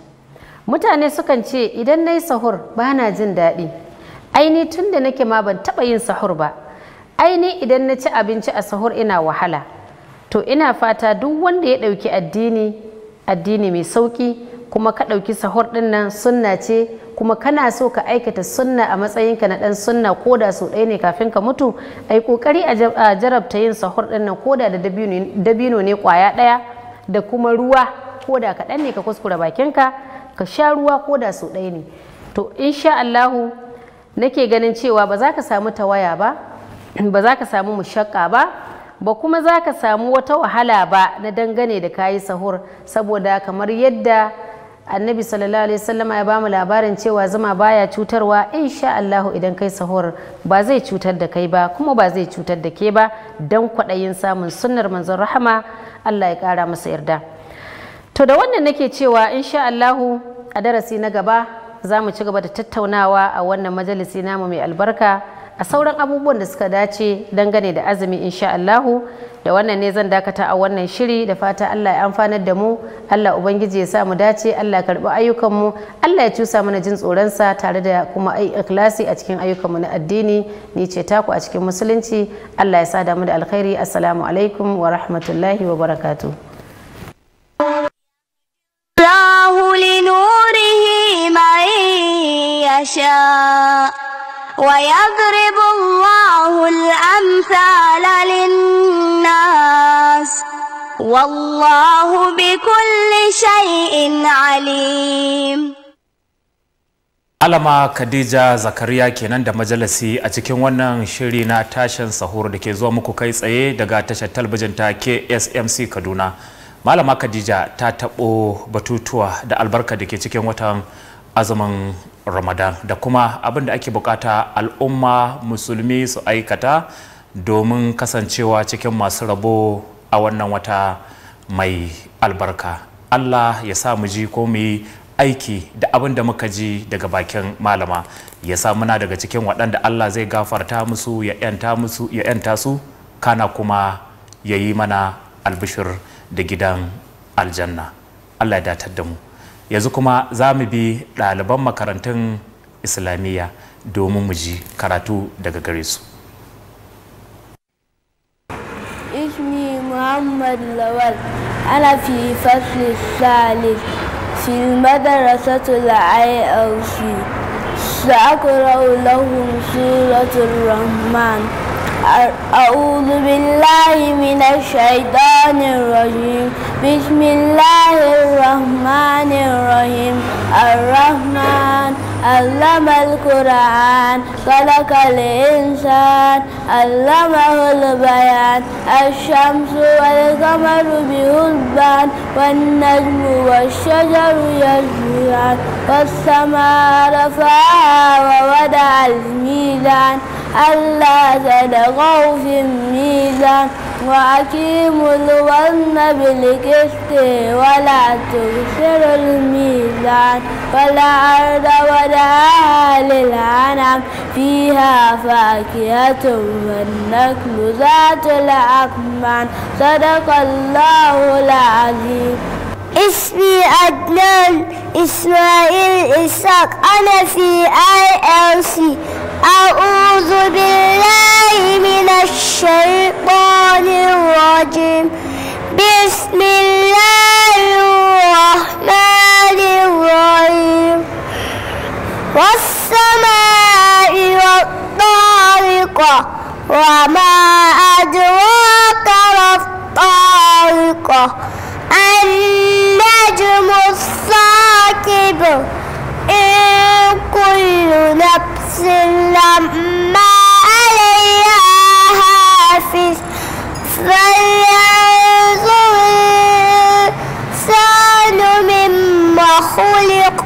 [SPEAKER 11] mutane sukan ce idan nayi sahur ba na jin daɗi aini tun da nake ma ban taɓa yin sahur ba aini idan na ci abinci a sahur ina wahala to ina fata duk wanda ya ɗauki addini addini mai sauki kuma ka ɗauki sahur ɗin nan sunna ce kuma kana so ka aikata sunna a matsayinka na ɗan sunna ko da sau ɗaya ne kafin ka mutu a yi ƙoƙari a jarabta yin sahur ɗin nan ko da dabino ne ƙwaya ɗaya da kuma ruwa ko da kaɗan ne ka kuskura bakinka ka sha ruwa ko da sau ɗaya ne to insha Allahu nake ganin cewa ba za ka samu tawaya ba ba za ka samu mushakka ba ba kuma za ka samu wata wahala ba na dangane da kayi sahur saboda kamar yadda annabi sallallahu alaihi wasallama ya bamu labarin cewa zama baya cutarwa insha Allahu idan kai sahur ba zai cutar da kai ba kuma ba zai cutar da ke ba dan kwaɗayin samun sunnar manzon rahama Allah ya ƙara masa yarda to da wannan nake cewa insha Allahu a darasi na gaba za mu ci gaba da tattaunawa a wannan majalisi namu mai albarka a sauran abubuwan da suka dace dangane da azumi insha Allahu da wannan ne zan dakata a wannan shiri da fata Allah ya amfanar da mu Allah ubangiji ya sa mu dace Allah ya karbi ayyukan mu Allah ya cusa mana jin tsoron sa tare da kuma ikhlasi a cikin ayyukan mu na addini ni ce taku a cikin musulunci Allah ya sada mu da alkhairi assalamu alaikum wa rahmatullahi wa barakatuh li nurihi
[SPEAKER 1] yasha' ويضرب الله الأمثال للناس والله بكل شيء عليم
[SPEAKER 2] Alama Khadija Zakariya kenan da majalisi a cikin wannan shiri na tashin sahur da ke zuwa muku kai tsaye daga tashar talabijin ta KSMC Kaduna. Malama Khadija ta taɓo batutuwa da albarka da ke cikin watan azumin ramadan da kuma abin da ake bukata al'umma musulmi su aikata domin kasancewa cikin masu rabo a wannan wata mai albarka allah ya sa mu ji ko mu yi aiki da abin da muka ji daga bakin malama ya sa muna daga cikin waɗanda allah zai gafarta musu ya yanta musu ya yanta su kana kuma ya yi mana albishir da gidan aljanna allah ya datar da mu yanzu kuma za mu bi ɗaliban makarantun islamiyya domin mu ji karatu daga gare su
[SPEAKER 12] ismi muhammad lawal ana fi fasli salis fi madarasatu la'ayyar shi sa'akura lahum suratul rahman أعوذ بالله من الشيطان الرجيم بسم الله الرحمن الرحيم الرحمن علم القرآن خلق الإنسان علمه البيان الشمس والقمر بحسبان والنجم والشجر يجريان والسماء رفعها ووضع الميزان ألا تلغوا في الميزان وأقيموا الوزن بالقسط ولا تكسروا الميزان والأرض ولا للعنم فيها فاكهة والنكل ذات الأكمان صدق الله العظيم
[SPEAKER 1] اسمي عدنان إسماعيل إسحاق أنا في آي سي أعوذ بالله من الشيطان الرجيم بسم الله الرحمن الرحيم والسماء والطارقة وما أدراك ما النجم الثاقب كل نفس لما عليها حافظ فلينظر الإنسان مما خلق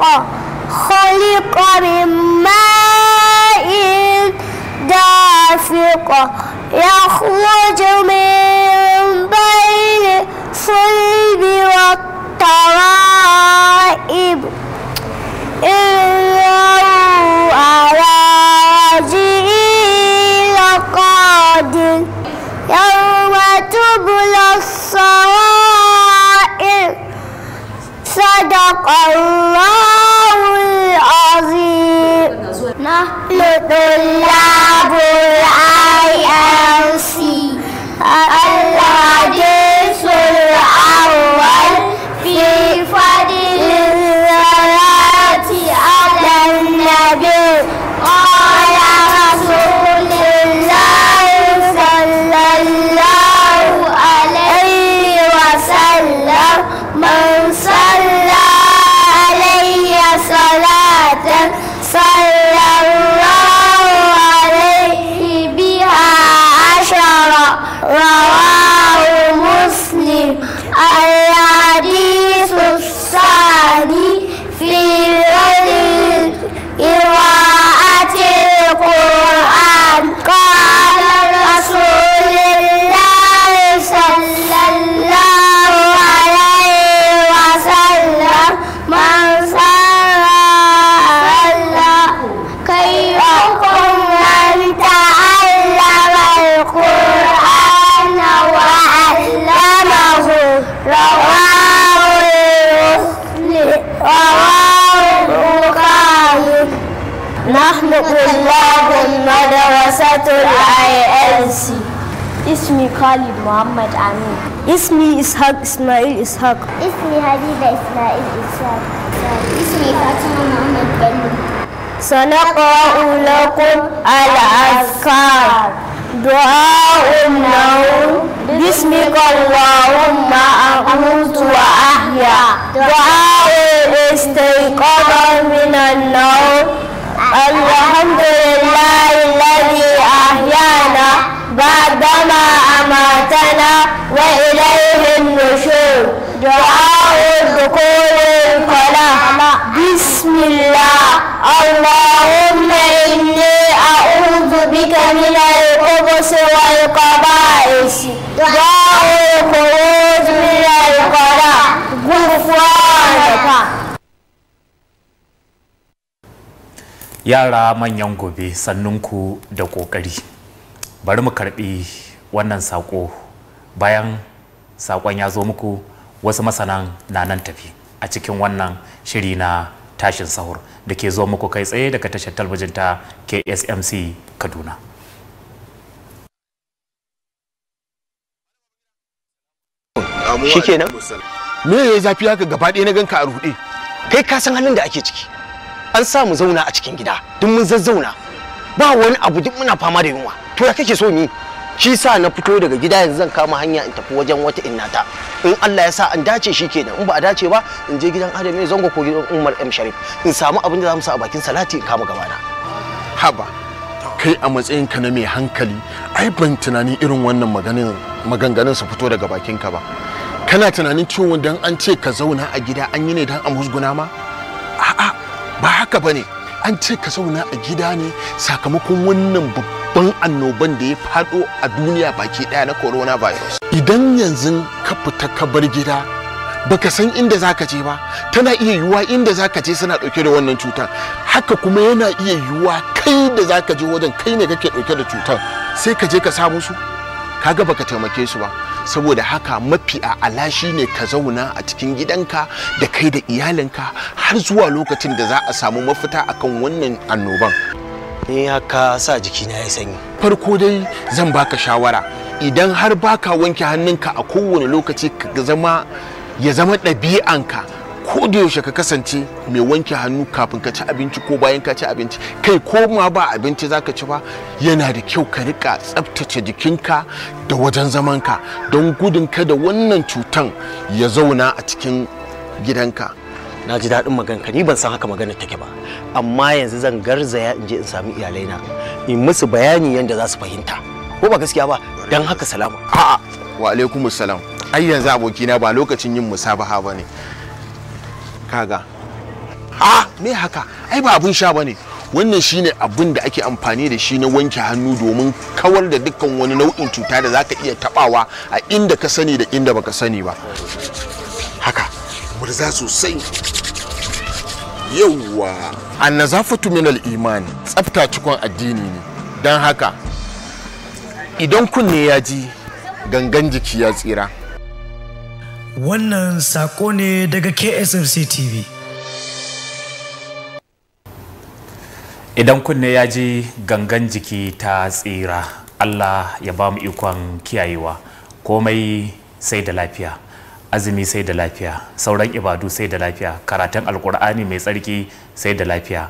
[SPEAKER 1] خلق من ماء دافق يخرج من بين الصلب والترائب ìrọ̀rùn àwọn ọ̀jì ìlọ́kọ̀ọ́dì yọ̀rùwà túbú lọ sọ̀rọ̀ azim nahnu tullabul
[SPEAKER 12] محمد أمين اسمي إسحاق إسماعيل إسحاق اسمي هديدة إسماعيل إسحاق اسمي فاطمة محمد بلو
[SPEAKER 1] سنقرأ لكم الأذكار دعاء النوم باسمك اللهم أموت وأحيا دعاء الاستيقاظ من النوم الحمد لله الذي أحيانا بعدما وإليه النشور دعاء الذكور القلع بسم الله اللهم إني أعوذ بك من القبس والقبائس دعاء الخروج من القلع غفرانك
[SPEAKER 2] yara manyan gobe sannunku da ƙoƙari bari mu karɓi wannan saƙo bayan sakon ya zo muku wasu masanan na nan tafi a cikin wannan shiri na tashin sahur da ke zo muku kai tsaye daga tashar talbijin ta ksmc kaduna shikenan me
[SPEAKER 7] yi zafi haka gaba ɗaya na ganka a ruɗe kai ka san halin da ake ciki an sa mu zauna a cikin gida duk mun zazzauna ba wani abu duk muna fama da yunwa to ya kake so ni shi sa na fito daga gida yanzu zan kama hanya in tafi wajen wata innata in Allah ya sa an dace shi kenan in ba a dace ba in je gidan Adam ne zango ko gidan Umar M Sharif in samu abin da zamu sa a bakin salati in kama gaba na.
[SPEAKER 6] haba kai a matsayin ka na mai hankali ai ban tunanin irin wannan maganin maganganun su fito daga bakin ka ba kana tunanin ciwon dan an ce ka zauna a gida an yi ne dan a musguna ma a'a ba haka bane an ce ka zauna a gida ne sakamakon wannan babban annoban da ya faɗo a duniya baki ɗaya na coronavirus idan yanzu ka fita ka bar gida baka san inda zaka je ba tana iya yiwuwa inda zaka je suna ɗauke da wannan cutar haka kuma yana iya yiwuwa kai da zaka je wajen kai ne kake ɗauke da cutar sai ka je ka samu su kaga baka taimake su ba saboda haka mafi a ala ne ka zauna a cikin gidanka da kai da iyalinka har zuwa lokacin da za a samu mafita akan wannan annoban
[SPEAKER 7] ni haka sa jikina ya sanyi farko dai zan baka shawara
[SPEAKER 6] idan har baka wanke hannunka a kowane lokaci ka zama ya zama ɗabi'anka ko da yaushe ka kasance mai wanke hannu kafin ka ci abinci ko bayan ka ci abinci kai ko ma ba abinci za ka ci ba yana da kyau ka rika tsaftace jikinka
[SPEAKER 7] da wajen zamanka don gudun kada wannan cutan ya zauna a cikin gidanka na ji daɗin maganka ni ban san haka magana take ba amma yanzu zan garzaya in je in sami iyalaina in musu bayani yadda za su fahimta ko ba gaskiya ba don haka salama a'a wa alaikumus salam ai yanzu abokina ba lokacin yin musabaha ba
[SPEAKER 6] ne kaga a ah, me haka ai ba abun sha bane wannan shine abin da ake amfani da shi na wanke hannu domin kawar da dukkan wani nau'in cuta da zaka iya tabawa a inda ka sani da inda baka sani ba haka murza sosai yawwa annazafatu min al-iman tsafta cikon addini ne dan haka idan kunne ya ji gangan jiki ya tsira
[SPEAKER 8] Wannan saƙo ne daga KSFC TV.
[SPEAKER 2] Idan kunne ya ji gangan jiki ta tsira, Allah ya ba mu ikon kiyayewa, komai sai da lafiya, azumi sai da lafiya, sauran ibadu sai da lafiya, karatun alkur'ani mai tsarki sai da lafiya,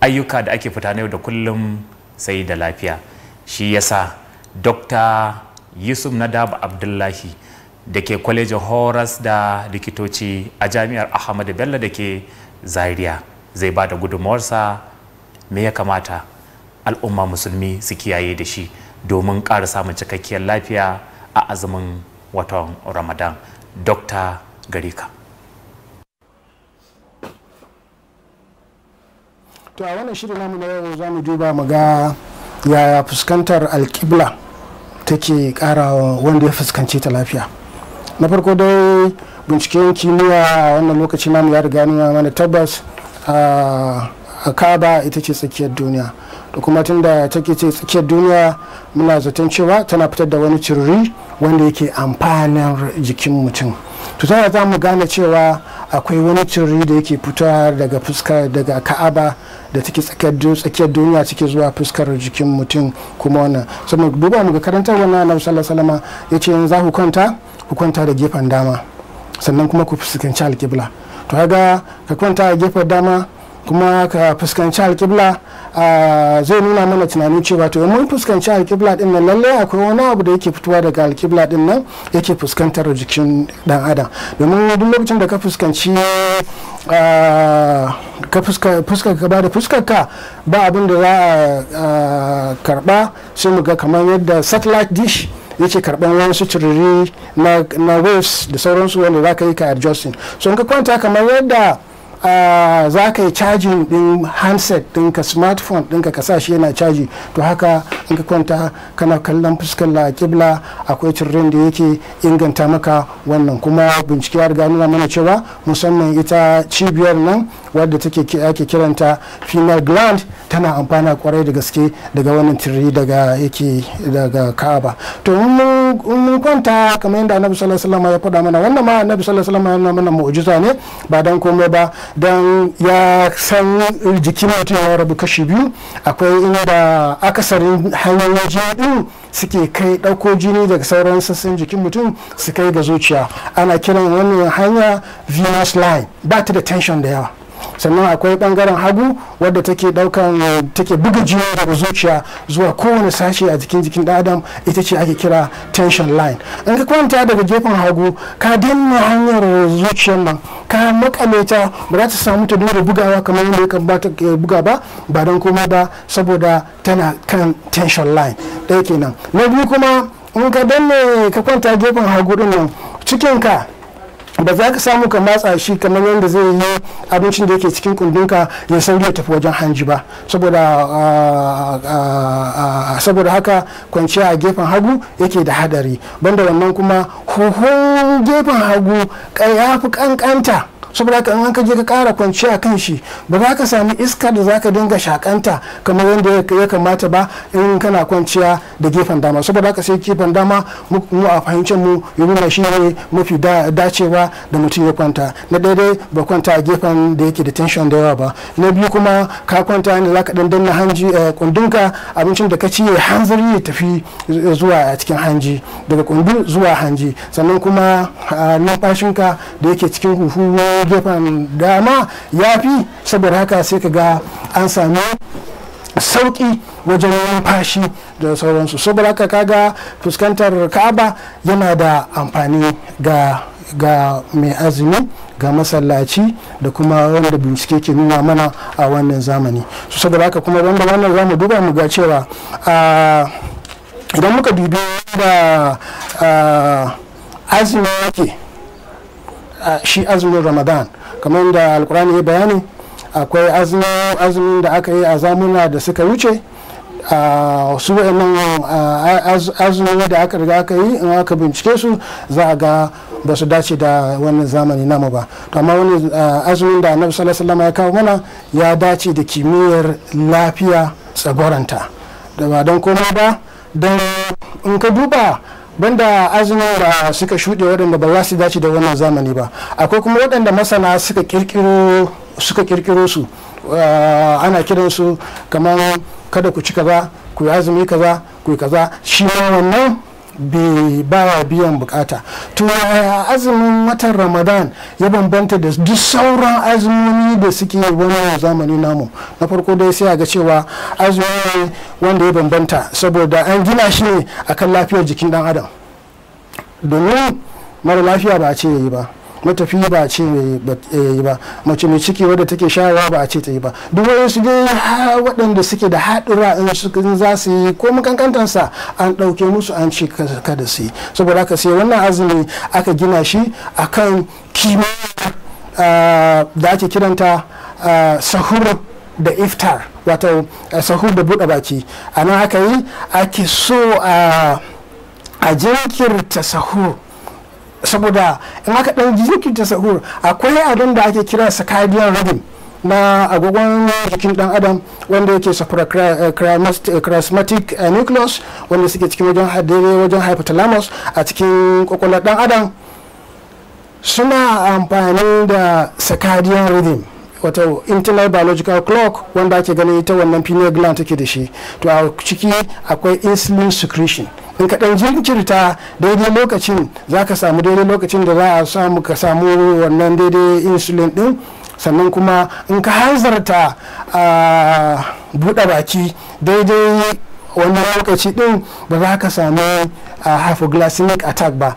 [SPEAKER 2] ayyuka da ake fita na yau da kullum sai da lafiya. Shi yasa, Dr. Yusuf Nadab Abdullahi. da ke kwalejin horas da likitoci a jami'ar ahmadu bello da ke zaria zai ba da gudunmawarsa me ya kamata al'umma musulmi su kiyaye da shi domin ƙara samun cikakkiyar lafiya a azumin watan ramadan dr garika
[SPEAKER 13] to a wannan shirin namu na yau za mu duba mu ga yaya fuskantar alkibla take ƙara wanda ya fuskanci ta lafiya na farko dai binciken kimiyya a wannan lokaci namu ya riga nuna mana tabbas a kaba ita ce tsakiyar duniya da kuma tun da take ce tsakiyar duniya muna zaton cewa tana fitar da wani cirri wanda yake amfanin jikin mutum to tana za mu gane cewa akwai wani cirri da yake fita daga fuska daga ka'aba da take tsakiyar duniya cike zuwa fuskar jikin mutum kuma wannan saboda duba mu ga karantar wannan annabi sallallahu alaihi wasallam yace yanzu za ku kwanta ku kwanta da gefen dama sannan kuma ku fuskanci alkibla to ga ka kwanta a gefen dama kuma ka fuskanci alƙibla zai nuna mana tunani cewa to mun fuskanci alkibla din nan lallai akwai wani abu da yake fitowa daga alƙibla din nan yake fuskantar jikin dan adam domin duk lokacin da ka fuskanci ka fuskar ka bada fuskar ka ba abin da za a karba sai mu ga kamar yadda satellite dish yake karban wasu ciriri na waves da sauransu wanda za ka yi ka adjusting so in ka kwanta kamar yadda Ah, za ka yi cajin din handset ɗinka smartphone ɗinka ka sa shi yana caji to haka in ka kwanta kana kallon fuskar la kibla akwai cirrin da yake inganta maka wannan kuma bincike ya riga nuna mana cewa musamman ita cibiyar nan wadda take ake kiranta female gland tana amfana kwarai da gaske daga wannan tirri daga yake daga ka'aba to mun kwanta kamar yadda annabi sallallahu alaihi wasallam ya faɗa mana wannan ma annabi sallallahu alaihi wasallam ya nuna mana mu'jiza ne ba dan komai ba dan ya san jikin mutum ya rabu kashi biyu akwai inda akasarin hanyoyin jini din suke kai ɗauko jini daga sauran sassan jikin mutum su kai ga zuciya ana kiran wannan hanya venus line ba ta da tension da yawa sannan akwai bangaren hagu wadda take daukan eh, take buga jini daga zuciya zuwa kowane sashe a jikin jikin dan adam ita ce ake kira tension line in ka kwanta daga gefen hagu ka danna hanyar zuciyar nan ka makale ta ba za ta samu ta dora bugawa kamar yadda kan ba ta eh, buga ba ba don kuma ba saboda tana kan tension line ɗaya kenan na biyu kuma in ka danna ka kwanta gefen hagu din nan ka ba za ka samu ka matsa shi kamar yadda zai yi abincin da yake cikin kundinka ya san ya tafi wajen hanji ba ah, ah, ah, saboda haka kwanciya a gefen hagu yake da hadari banda wannan kuma huhun gefen hagu ya fi kankanta saboda haka in ka je ka kara kwanciya kan shi ba za ka sami iska da za ka dinga shakanta kamar yadda ya kamata ba in kana kwanciya da gefen dama saboda haka sai gefen dama mu a fahimcin mu nuna shi ne mafi dacewa da mutum ya kwanta na daidai ba kwanta a gefen da yake da tension da yawa ba na biyu kuma ka kwanta ne za ka dan danna hanji kundinka eh, abincin da ka ci ya hanzari ya tafi zuwa a cikin hanji daga kundin zuwa hanji sannan kuma ah, numfashinka da yake cikin huhu gefen dama ya fi saboda haka sai ka ga an sami sauƙi wajen numfashi da sauransu saboda haka kaga fuskantar ka'aba yana da amfani ga ga mai azumi ga masallaci da kuma wanda bincike ke nuna mana a wannan zamani su saboda haka kuma wanda wannan zamu duba mu ga cewa idan muka dubi da azumi yake shi azumin ramadan kamar da alkurani ya bayani akwai azumin da aka yi a zamuna da suka wuce su wa'annan azumi da aka riga aka yi in aka bincike su za a ga ba su dace da wannan zamani namu ba to amma wani azumin da annabi sallallahu alaihi ya kawo mana ya dace da kimiyyar lafiya tsagoranta da ba don komai ba don in ka duba banda azumar suka shuɗe waɗanda ba za su dace da wannan zamani ba akwai kuma waɗanda masana suka kirkiro suka kirkiro su ah, ana kiransu kamar kada ku ci kaza ku yi azumi kaza ku yi kaza shi wannan baya biyan bukata to azumin watan ramadan ya bambanta da duk sauran azumomi da suke wannan zamani namu na farko dai sai ga cewa azumi wanda ya bambanta saboda an gina shi ne akan lafiyar jikin dan adam domin mara lafiya ba a ce ya yi ba matafi ba a ce ya yi ba mace mai ciki wadda take shawa ba a ce ta yi ba duk su dai waɗanda suke da haɗura in za su yi ko makankantansa an ɗauke musu an ce kada su yi saboda haka sai wannan azumi aka gina shi akan kimiyya da ake kiranta sahur da iftar wato sahur da buɗe baki a nan haka yi ake so a jinkirta sahur saboda in aka ɗan jikin ta sahur akwai abin da ake kira circadian rhythm na agogon jikin dan adam wanda yake safara eh, eh, eh, nucleus wanda suke cikin wajen hadere wajen hypothalamus a cikin kwakwalwar dan adam suna amfani da circadian rhythm wato internal biological clock wanda ake gani ta wannan pineal gland take da shi to a ciki akwai insulin secretion in ka dan jinkirta daidai lokacin za ka samu daidai lokacin da za a samu ka samu wannan daidai insulin ɗin sannan kuma in ka hanzarta a ah, buɗe baki daidai wannan lokaci din ba za ka samu ah, hypoglycemic attack ba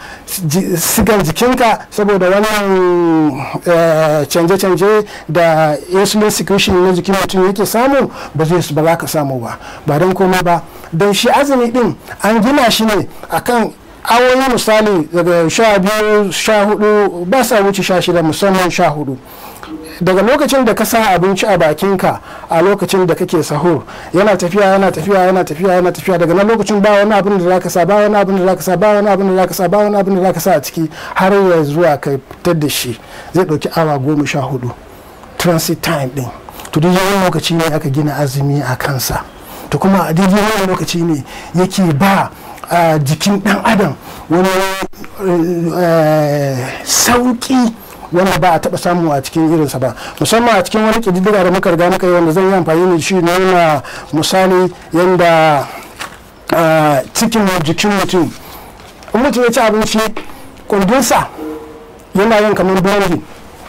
[SPEAKER 13] sigar jikinka saboda wannan eh, canje-canje da insulin secretion na jikin mutum yake samu ba zai su ba za ka samu ba ba don komai ba don shi azumi din an gina shi ne akan awoyi misali daga sha biyu sha hudu ba sa wuce sha shida musamman sha hudu daga lokacin da ka sa abinci a bakinka a lokacin da kake sahur yana tafiya yana tafiya yana tafiya yana tafiya daga nan lokacin ba wani abin da zaka sa ba wani abin da zaka sa ba wani abin da zaka sa ba wani abin da zaka sa a ciki har ya zuwa ka fitar da shi zai dauki awa goma sha hudu transit time din to duk wani lokaci ne aka gina azumi a kansa to kuma a duk wani lokaci ne yake ba ah, jikin dan adam wani eh, sauki wanda ba a taɓa samu a cikin irinsa ba musamman a cikin wani ƙididdiga da muka riga muka yi wanda zan yi amfani da shi nuna misali yadda ah, cikin jikin mutum in mutum ya ci abinci kundinsa yana yin kamar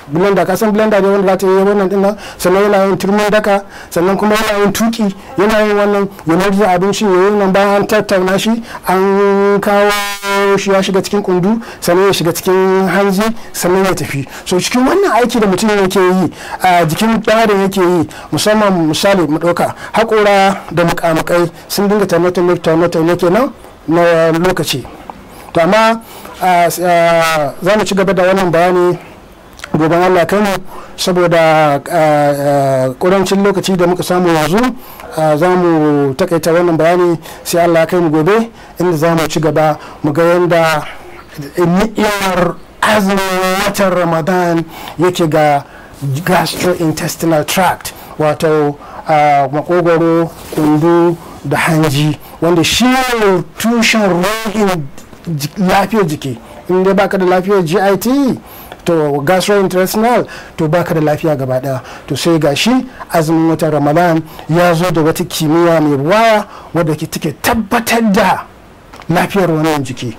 [SPEAKER 13] blending ka san blenda ne wanda za ta yi wannan dinnan sannan yana yin turmin daka sannan kuma yana yin tuki yana yin wannan yana yin abincin ya yi wannan bayan tattauna shi an kawo shi ya shiga cikin kundu sannan ya shiga cikin hanji sannan ya tafi so cikin wannan aiki da mutum yake yi a jikin ɗarin yake yi musamman misali mu ɗauka haƙora da muƙamuƙai sun dinga taimake ke kenan na lokaci to amma za mu ci gaba da wannan bayani gobe Allah kai saboda ƙurancin lokaci da muka samu yanzu Ah, za mu takaita wannan bayani sai allah ya kai mu gobe inda za mu ci gaba mu ga yadda ni'imar azumin watan ramadan yake ga gastrointestinal tract wato ah, makogoro kundu da hanji wanda shi ne tushen ruhin lafiyar jiki inda baka da lafiyar git to gastrointestinal to baka da lafiya gaba daya to sai gashi azumin watan ramadan ya zo da wata kimiyya mai waya wadda take tabbatar da lafiyar wannan
[SPEAKER 2] jiki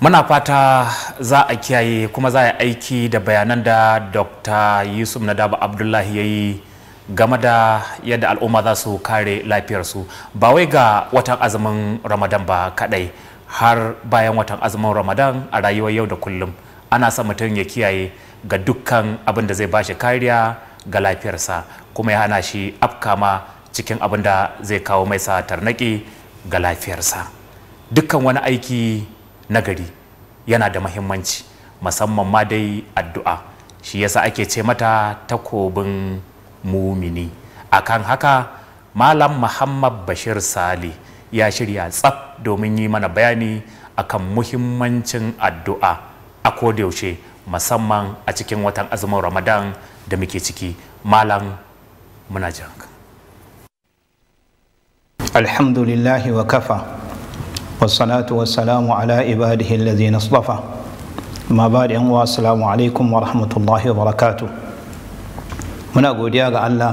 [SPEAKER 2] muna fata za a kiyaye kuma za a aiki da bayanan da dr yusuf nadabu abdullahi ya yi game da yadda al'umma za su kare lafiyarsu ba wai ga watan azumin ramadan ba kadai har bayan watan azumin ramadan a rayuwar yau da kullum ana sa mutum ya kiyaye ga dukkan abin da zai bashi kariya ga lafiyarsa kuma ya hana shi afkama cikin abin da zai kawo mai sa tarnaƙi ga lafiyarsa dukkan wani aiki nagari yana da mahimmanci musamman ma dai addu'a shi yasa ake ce mata takobin mumini akan haka malam muhammad bashir salih ya shirya tsaf domin yi mana bayani akan muhimmancin addu'a a kodayaushe musamman a cikin watan azumin ramadan da muke ciki malam muna jiranka
[SPEAKER 14] alhamdulillahi wa kafa wasalatu wasalamu ala ibadihi allazi nastafa ma ba da yanwa alaikum wa rahmatullahi wa barakatu muna godiya ga allah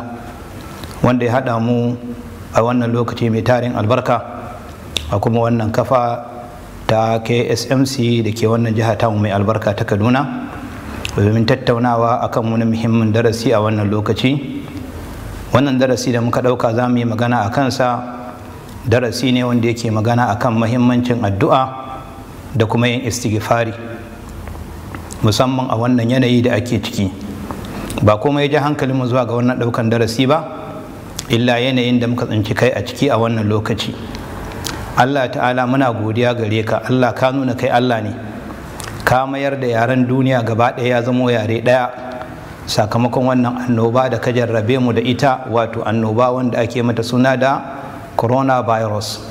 [SPEAKER 14] wanda ya haɗa mu a wannan lokaci mai tarin albarka a kuma wannan kafa ta ksmc da ke wannan jiha tamu mai albarka ta kaduna domin tattaunawa akan wani muhimmin darasi a wannan lokaci wannan darasi da muka ɗauka za mu yi magana a kansa darasi ne wanda yake magana a kan mahimmancin addu'a da kuma yin istighfari musamman a wannan yanayi da ake ciki ba komai ya ji hankalinmu zuwa ga wannan ɗaukan darasi ba illa yanayin da muka tsinci kai a ciki a wannan lokaci allah ta'ala muna godiya gare ka allah ka nuna kai allah ne ka mayar da yaren duniya gaba ɗaya ya zamo yare ɗaya sakamakon wannan annoba da ka jarrabe mu da ita wato annoba wanda ake mata suna da coronavirus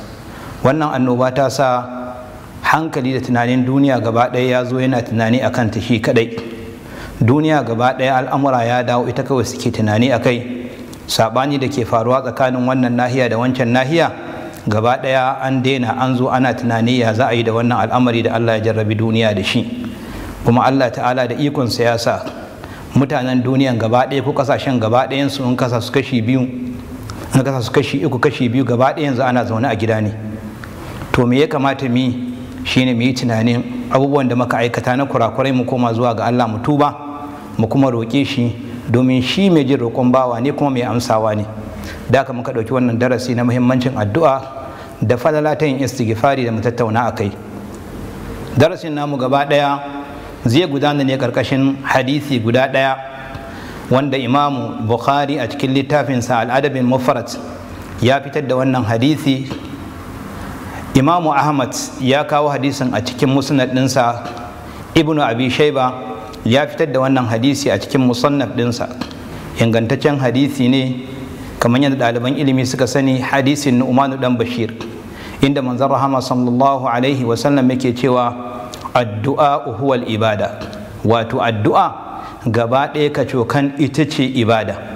[SPEAKER 14] wannan annoba ta sa hankali da tunanin duniya gaba ɗaya ya zo yana tunani akan ta shi kaɗai duniya gaba ɗaya al'amura ya dawo ita kawai suke tunani a kai sabani da ke faruwa tsakanin wannan nahiya da wancan nahiya gaba daya an daina an zo ana tunani ya za a yi da wannan al'amari da Allah ya jarrabi duniya da shi kuma Allah ta'ala da ikon sa ya sa mutanen duniyan gaba daya ko kasashen gaba dayan su in kasa su kashi biyu in kasa su kashi uku kashi biyu gaba daya yanzu ana zaune a gida ne to me ya kamata mi shine mu yi tunanin abubuwan da muka aikata na kurakurai mu koma zuwa ga Allah mu tuba mu kuma roƙe shi domin shi mai jin roƙon bawa ne kuma mai amsawa ne da aka muka ɗauki wannan darasi na muhimmancin addu'a da falala ta yin istighfari da mu a kai darasin namu gaba ɗaya zai gudana ne ƙarƙashin hadisi guda ɗaya wanda imamu bukhari a cikin littafinsa al'adabin mufarat ya fitar da wannan hadisi imamu ahmad ya kawo hadisin a cikin musnad ɗinsa ibnu abi shaiba ya fitar da wannan hadisi a cikin musannaf dinsa ingantaccen hadisi ne kamar yadda ɗaliban ilimi suka sani hadisin nu'manu dan bashir inda manzan rahama sallallahu alaihi wasallam yake cewa addu'a huwal ibada wato addu'a gaba ɗaya ka cokan ita ce ibada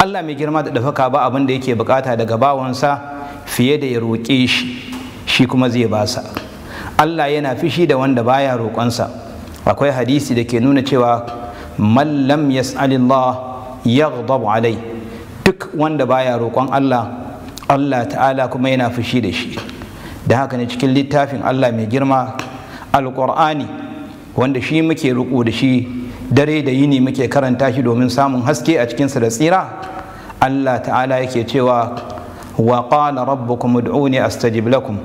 [SPEAKER 14] Allah mai girma da dafaka ba abin da yake bukata daga bawansa fiye da ya roƙe shi shi kuma zai basa Allah yana fishi da wanda baya roƙonsa akwai hadisi da ke nuna cewa mallam yas'alillah yaghdabu alai duk wanda baya roƙon Allah Allah ta'ala kuma yana fushi da shi da haka ne cikin littafin Allah mai girma alƙur'ani wanda shi muke ruku da shi dare da yini muke karanta shi domin samun haske a cikinsa da tsira Allah ta'ala yake cewa wa qala rabbukum ud'uni astajib lakum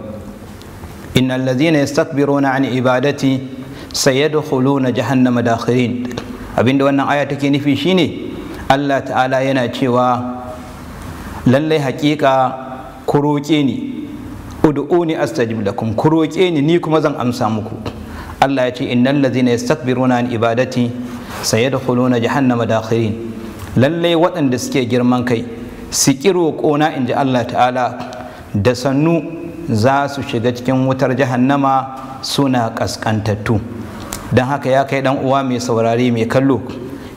[SPEAKER 14] innal ladzina yastakbiruna an ibadati sayadkhuluna jahannama dakhirin abinda wannan aya take nufi shine Allah ta'ala yana cewa lallai hakika ku roƙe ni ud'uni astajib lakum ku roƙe ni ni kuma zan amsa muku Allah ya ce innal ladhina yastakbiruna an ibadati sayadkhuluna jahannama dakhirin lallai waɗanda suke girman kai su ƙi roƙona in ji Allah ta'ala da sannu za su shiga cikin wutar jahannama suna ƙasƙantattu don haka ya kai dan uwa mai saurari mai kallo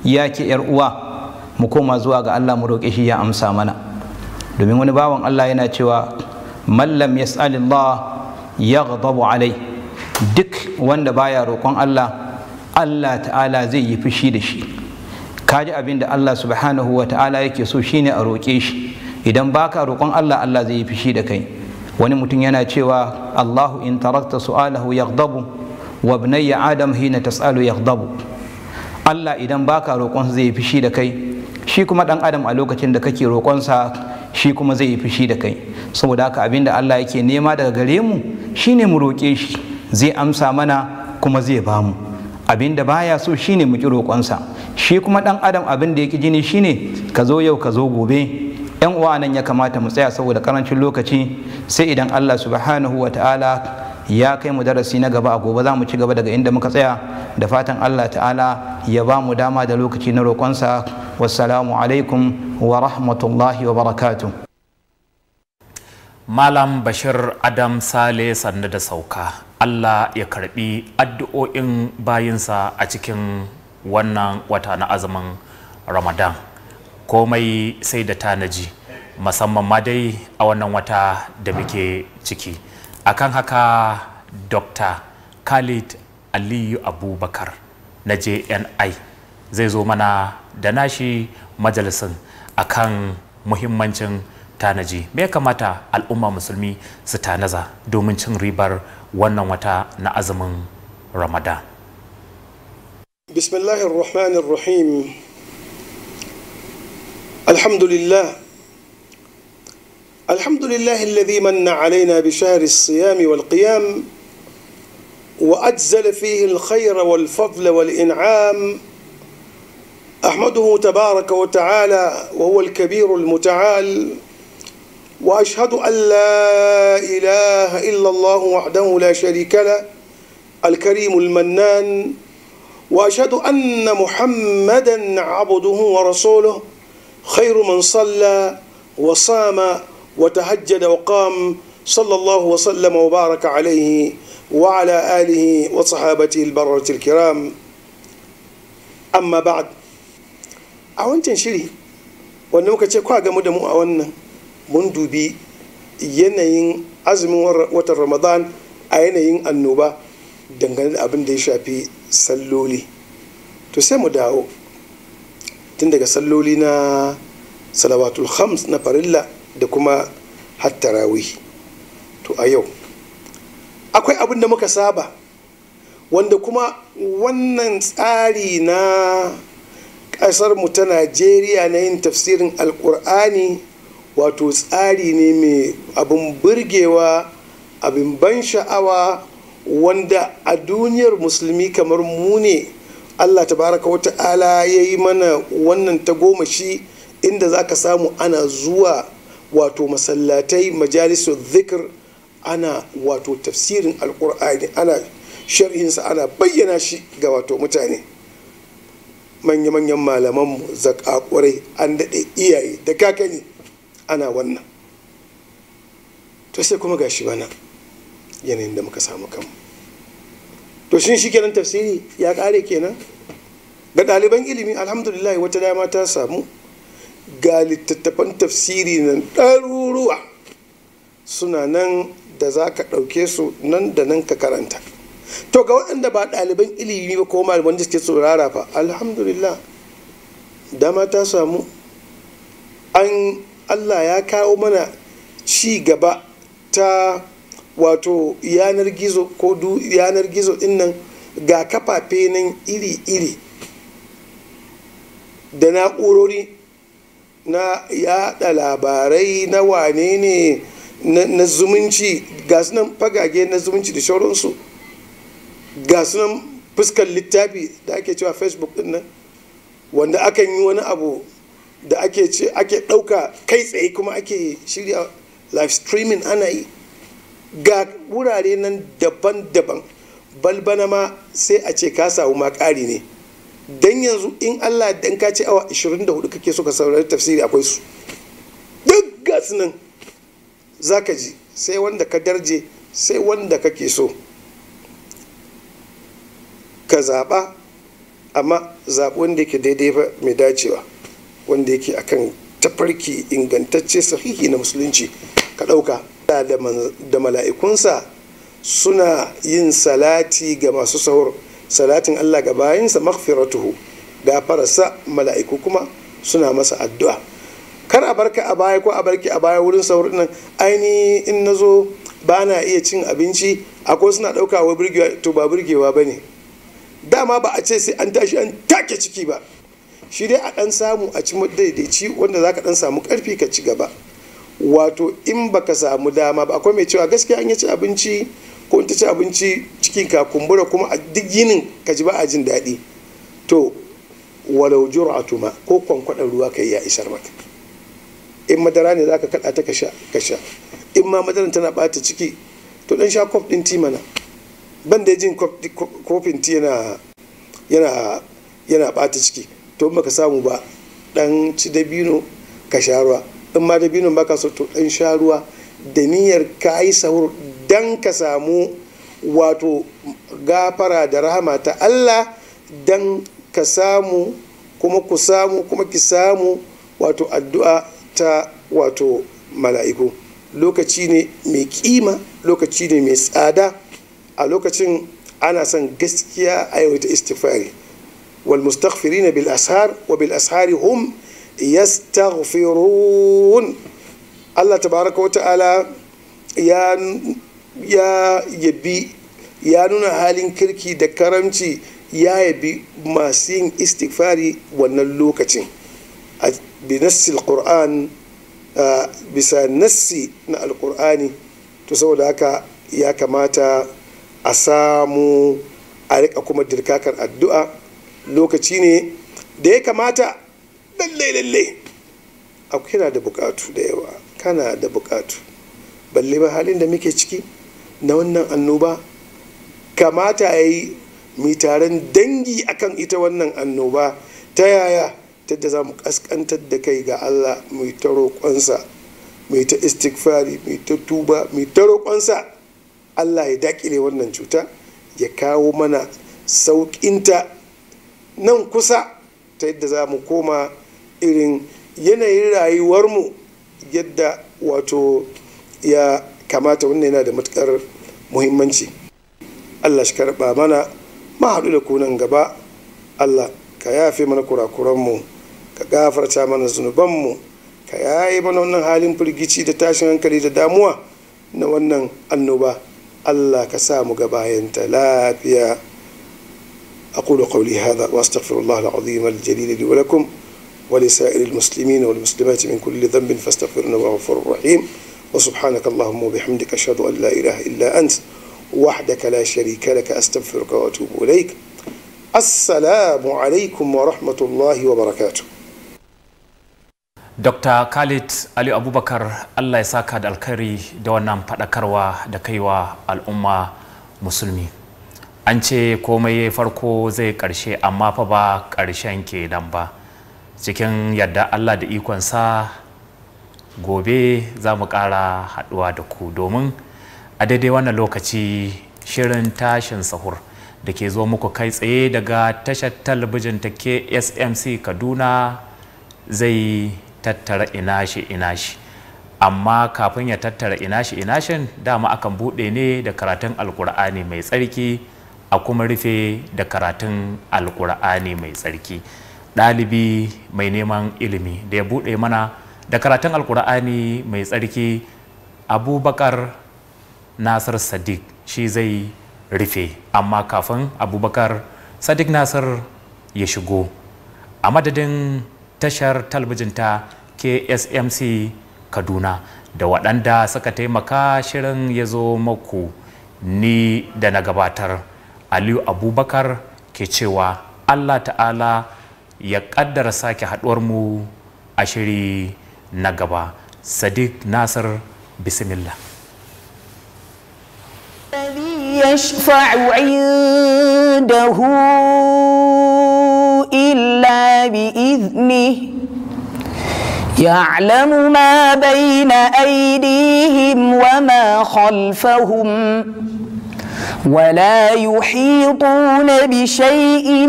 [SPEAKER 14] ya ke yar uwa mu koma zuwa ga Allah mu roƙe shi ya amsa mana domin wani bawan Allah yana cewa mallam yas'alillah yaghdabu alai duk wanda baya roƙon Allah Allah ta'ala zai yi fushi da shi kaji abin da Allah subhanahu wa ta'ala yake so shine a roƙe shi idan baka roƙon Allah Allah zai yi fushi da kai wani mutum yana cewa Allahu in tarakta su'alahu yaghdabu wa ya adam hina tasalu yaghdabu Allah idan baka roƙon zai yi fushi da kai shi kuma dan adam a lokacin da kake roƙonsa shi kuma zai yi fushi da kai saboda haka abinda Allah yake nema daga gare mu shine mu roƙe shi zai amsa mana kuma zai ba bamu abinda baya so shine mu ki roƙonsa shi kuma dan adam abin da yake jini shine ka zo yau ka zo gobe yan uwa nan ya kamata mu tsaya saboda karancin lokaci sai idan Allah subhanahu wa ta'ala ya kai mu darasi na gaba a gobe za mu ci gaba daga inda muka tsaya da fatan Allah ta'ala ya ba mu dama da lokaci na roƙonsa wassalamu alaikum wa rahmatullahi wa barakatu.
[SPEAKER 2] Malam Bashir Adam Sale sannu da sauka Allah ya karbi addu'o'in bayinsa a cikin wannan wata na azumin Ramadan komai sai da tanaji musamman ma dai a wannan wata da muke ciki. akan haka dr khalid aliyu abubakar na jni zai zo mana da nashi majalisin akan muhimmancin tanaji me ya kamata al'umma musulmi su tanaza domin cin ribar wannan wata na azumin ramadan
[SPEAKER 15] bismillahir alhamdulillah الحمد لله الذي من علينا بشهر الصيام والقيام واجزل فيه الخير والفضل والانعام احمده تبارك وتعالى وهو الكبير المتعال واشهد ان لا اله الا الله وحده لا شريك له الكريم المنان واشهد ان محمدا عبده ورسوله خير من صلى وصام وتهجد وقام صلى الله وسلم وبارك عليه وعلى آله وصحابته البررة الكرام amma ba'ad a wancan shiri wanda muka ce kwa game da mu a wannan mun dubi yanayin azumin watan ramadan a yanayin annoba dangane da abin da ya shafi salloli to sai mu dawo tun daga salloli na salawatul khams na farilla da kuma hattarawi to a yau akwai abin da muka saba wanda kuma wannan tsari na mu ta najeriya na yin tafsirin alkur'ani wato tsari ne mai abin burgewa abin ban sha'awa wanda a duniyar musulmi kamar mu ne allah ta tabaraka wata'ala ya yi mana wannan tagomashi inda za ka samu ana zuwa wato masallatai majalisu zikir ana wato tafsirin alkur'ani ana sharhinsa ana bayyana shi ga wato mutane manya-manyan malamanmu zakakurai an daɗe iyaye da kakanni ana wannan to sai kuma gashi bana yanayin da muka samu kanmu to shin shi kenan tafsiri ya ƙare kenan ga ɗaliban ilimi alhamdulillah wata dama ta samu ga littattafan tafsiri nan ɗaruruwa suna nan da za ka ɗauke su nan da nan ka karanta to ga waɗanda ba ɗaliban ilimi ba ko malaman da suke tsorara fa alhamdulillah dama ta samu an allah ya kawo mana ci gaba ta wato yanar gizo ko du yanar gizo dinnan ga kafafe nan iri-iri da na'urori na yada labarai na wane ne na zumunci ga nan fagage na zumunci da shauransu ga nan fuskar littafi da ake cewa facebook din nan wanda akan yi wani abu da ake ce ake ɗauka kai tsaye kuma ake shirya live streaming ana yi ga wurare nan daban-daban balbana ma sai a ce ka samu ma ƙari ne dan yanzu in Allah dan ka ce awa 24 kake so ka saurari tafsiri akwai su duk gas nan zaka ji sai wanda ka darje sai wanda kake so ka zaɓa amma zaɓi wanda yake daidai ba mai dacewa wanda yake akan tafarki ingantacce sahihi na musulunci ka ɗauka da mala'ikunsa suna yin salati ga masu sahur salatin Allah ga bayinsa maghfiratuhu farasa mala'iku kuma suna masa addu'a kar a barka a baya ko a barki a baya wurin saurin nan aini in na zo ba na iya cin abinci akwai suna dauka wa birgewa to ba birgewa ba ne dama ba a ce sai an tashi an take ciki ba shi dai a ɗan samu a ci daidaici wanda za ka ɗan samu karfi ka ci gaba wato in baka samu dama ba akwai mai cewa gaskiya an yi ci abinci ko in ta ci abinci cikin ka kumbura kuma a duk yinin ka ji ba a jin daɗi to walau jur'atu ma ko kwankwaɗan ruwa ka yi ya isar maka in madara ne zaka kaɗa ta ka sha in ma madaran tana ɓata ciki to dan sha kof ɗin ti mana ban da jin kofin ti yana yana ɓata ciki to in baka samu ba dan ci dabino ka sha ruwa in ma dabinon baka so to dan sha ruwa da niyyar ka yi sahur dan ka samu wato gafara da rahama ta Allah dan ka samu kuma ku samu kuma ki samu wato addu'a ta wato mala'iku lokaci ne mai kima lokaci ne mai tsada a lokacin ana son gaskiya a yawaita istifari wal mustaghfirina bil ashar wa bil ashari hum yastaghfirun Allah tabaraka wa ta'ala ya ya yabi ya nuna halin kirki da karamci ya yabi masu yin istighfari wannan lokacin a binassil qur'an bisa nassi na Alƙur'ani to saboda haka ya kamata a samu a rika kuma dirkakar addu'a lokaci ne da ya kamata lallai lallai akwai na da bukatu da yawa kana da bukatu balle ba halin da muke ciki na wannan annoba kamata ya yi mitaren taron dangi akan ita wannan annoba ta yaya da za mu kaskantar da kai ga allah mai ta roƙonsa mai ta istighfari mai ta tuba mai ta roƙonsa allah ya daƙile wannan cuta ya kawo mana sauƙinta nan kusa ta yadda za mu koma irin yanayin rayuwarmu yadda wato ya kamata wannan yana da matukar muhimmanci allah shi karba mana mahaɗu da kunan gaba allah ka yafe mana kurakuranmu ka gafarta mana zunubanmu ka yayi mana wannan halin firgici da tashin hankali da damuwa na wannan annoba allah ka sa mu gabayanta lafiya أقول قولي هذا وأستغفر الله العظيم الجليل لي ولكم ولسائر المسلمين والمسلمات من كل ذنب فاستغفرنا وغفور رحيم وسبحانك اللهم وبحمدك أشهد أن لا إله إلا أنت وحدك لا شريك لك أستغفرك وأتوب إليك Assalamu alaikum wa rahmatullahi wa barakatu.
[SPEAKER 2] Dr. Khalid Ali Abubakar Allah ya saka da alkhairi da wannan faɗakarwa da kaiwa al'umma musulmi. An ce komai farko zai ƙarshe amma fa ba karshen ke nan ba. Cikin yadda Allah da ikonsa gobe za mu kara haduwa da ku domin a daidai wannan lokaci shirin tashin sahur da ke zo muku kai tsaye daga tashar talabijin ta ksmc kaduna zai tattara inashi inashi amma kafin ya tattara inashi inashin dama akan buɗe ne da karatun alkur'ani mai tsarki a kuma rufe da karatun alkur'ani mai tsarki ɗalibi mai neman ilimi da ya buɗe mana da karatun alkur'ani mai tsarki abubakar nasir sadiq shi zai rufe amma kafin abubakar sadiq nasir ya shigo a madadin tashar talbijin ta ksmc kaduna da waɗanda suka taimaka shirin ya zo maku ni da na gabatar aliyu abubakar ke cewa allah ta'ala ya ƙaddara sake haɗuwar mu a shiri صديق ناصر sadiq nasir bismillah
[SPEAKER 3] يشفع عنده إلا بإذنه يعلم ما بين أيديهم وما خلفهم ولا يحيطون بشيء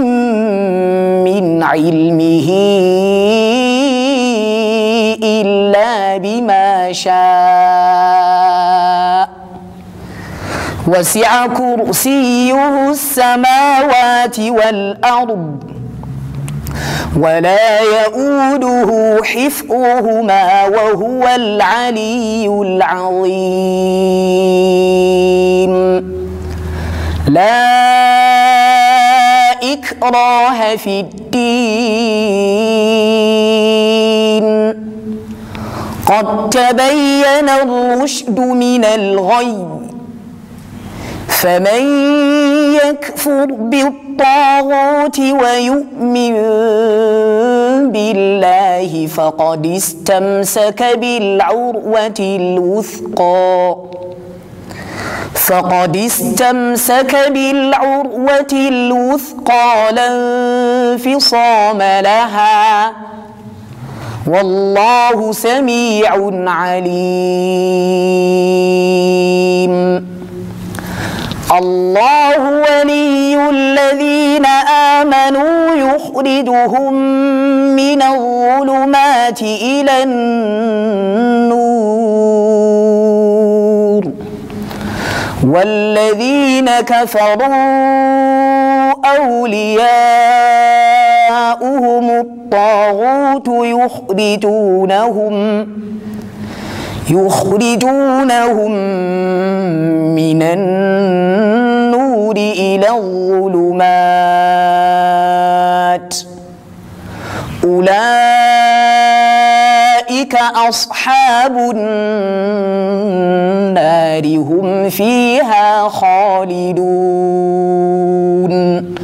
[SPEAKER 3] من علمه إلا بما شاء وسع كرسيه السماوات والأرض ولا يؤوده حفظهما وهو العلي العظيم لا إكراه في الدين قد تبين الرشد من الغي فمن يكفر بالطاغوت ويؤمن بالله فقد استمسك بالعروة الوثقى فقد استمسك بالعروة الوثقى لا انفصام لها والله سميع عليم الله ولي الذين آمنوا يخرجهم من الظلمات إلى النور والذين كفروا أولياء آباؤهم الطاغوت يخرجونهم يخرجونهم من النور إلى الظلمات أولئك أصحاب النار هم فيها خالدون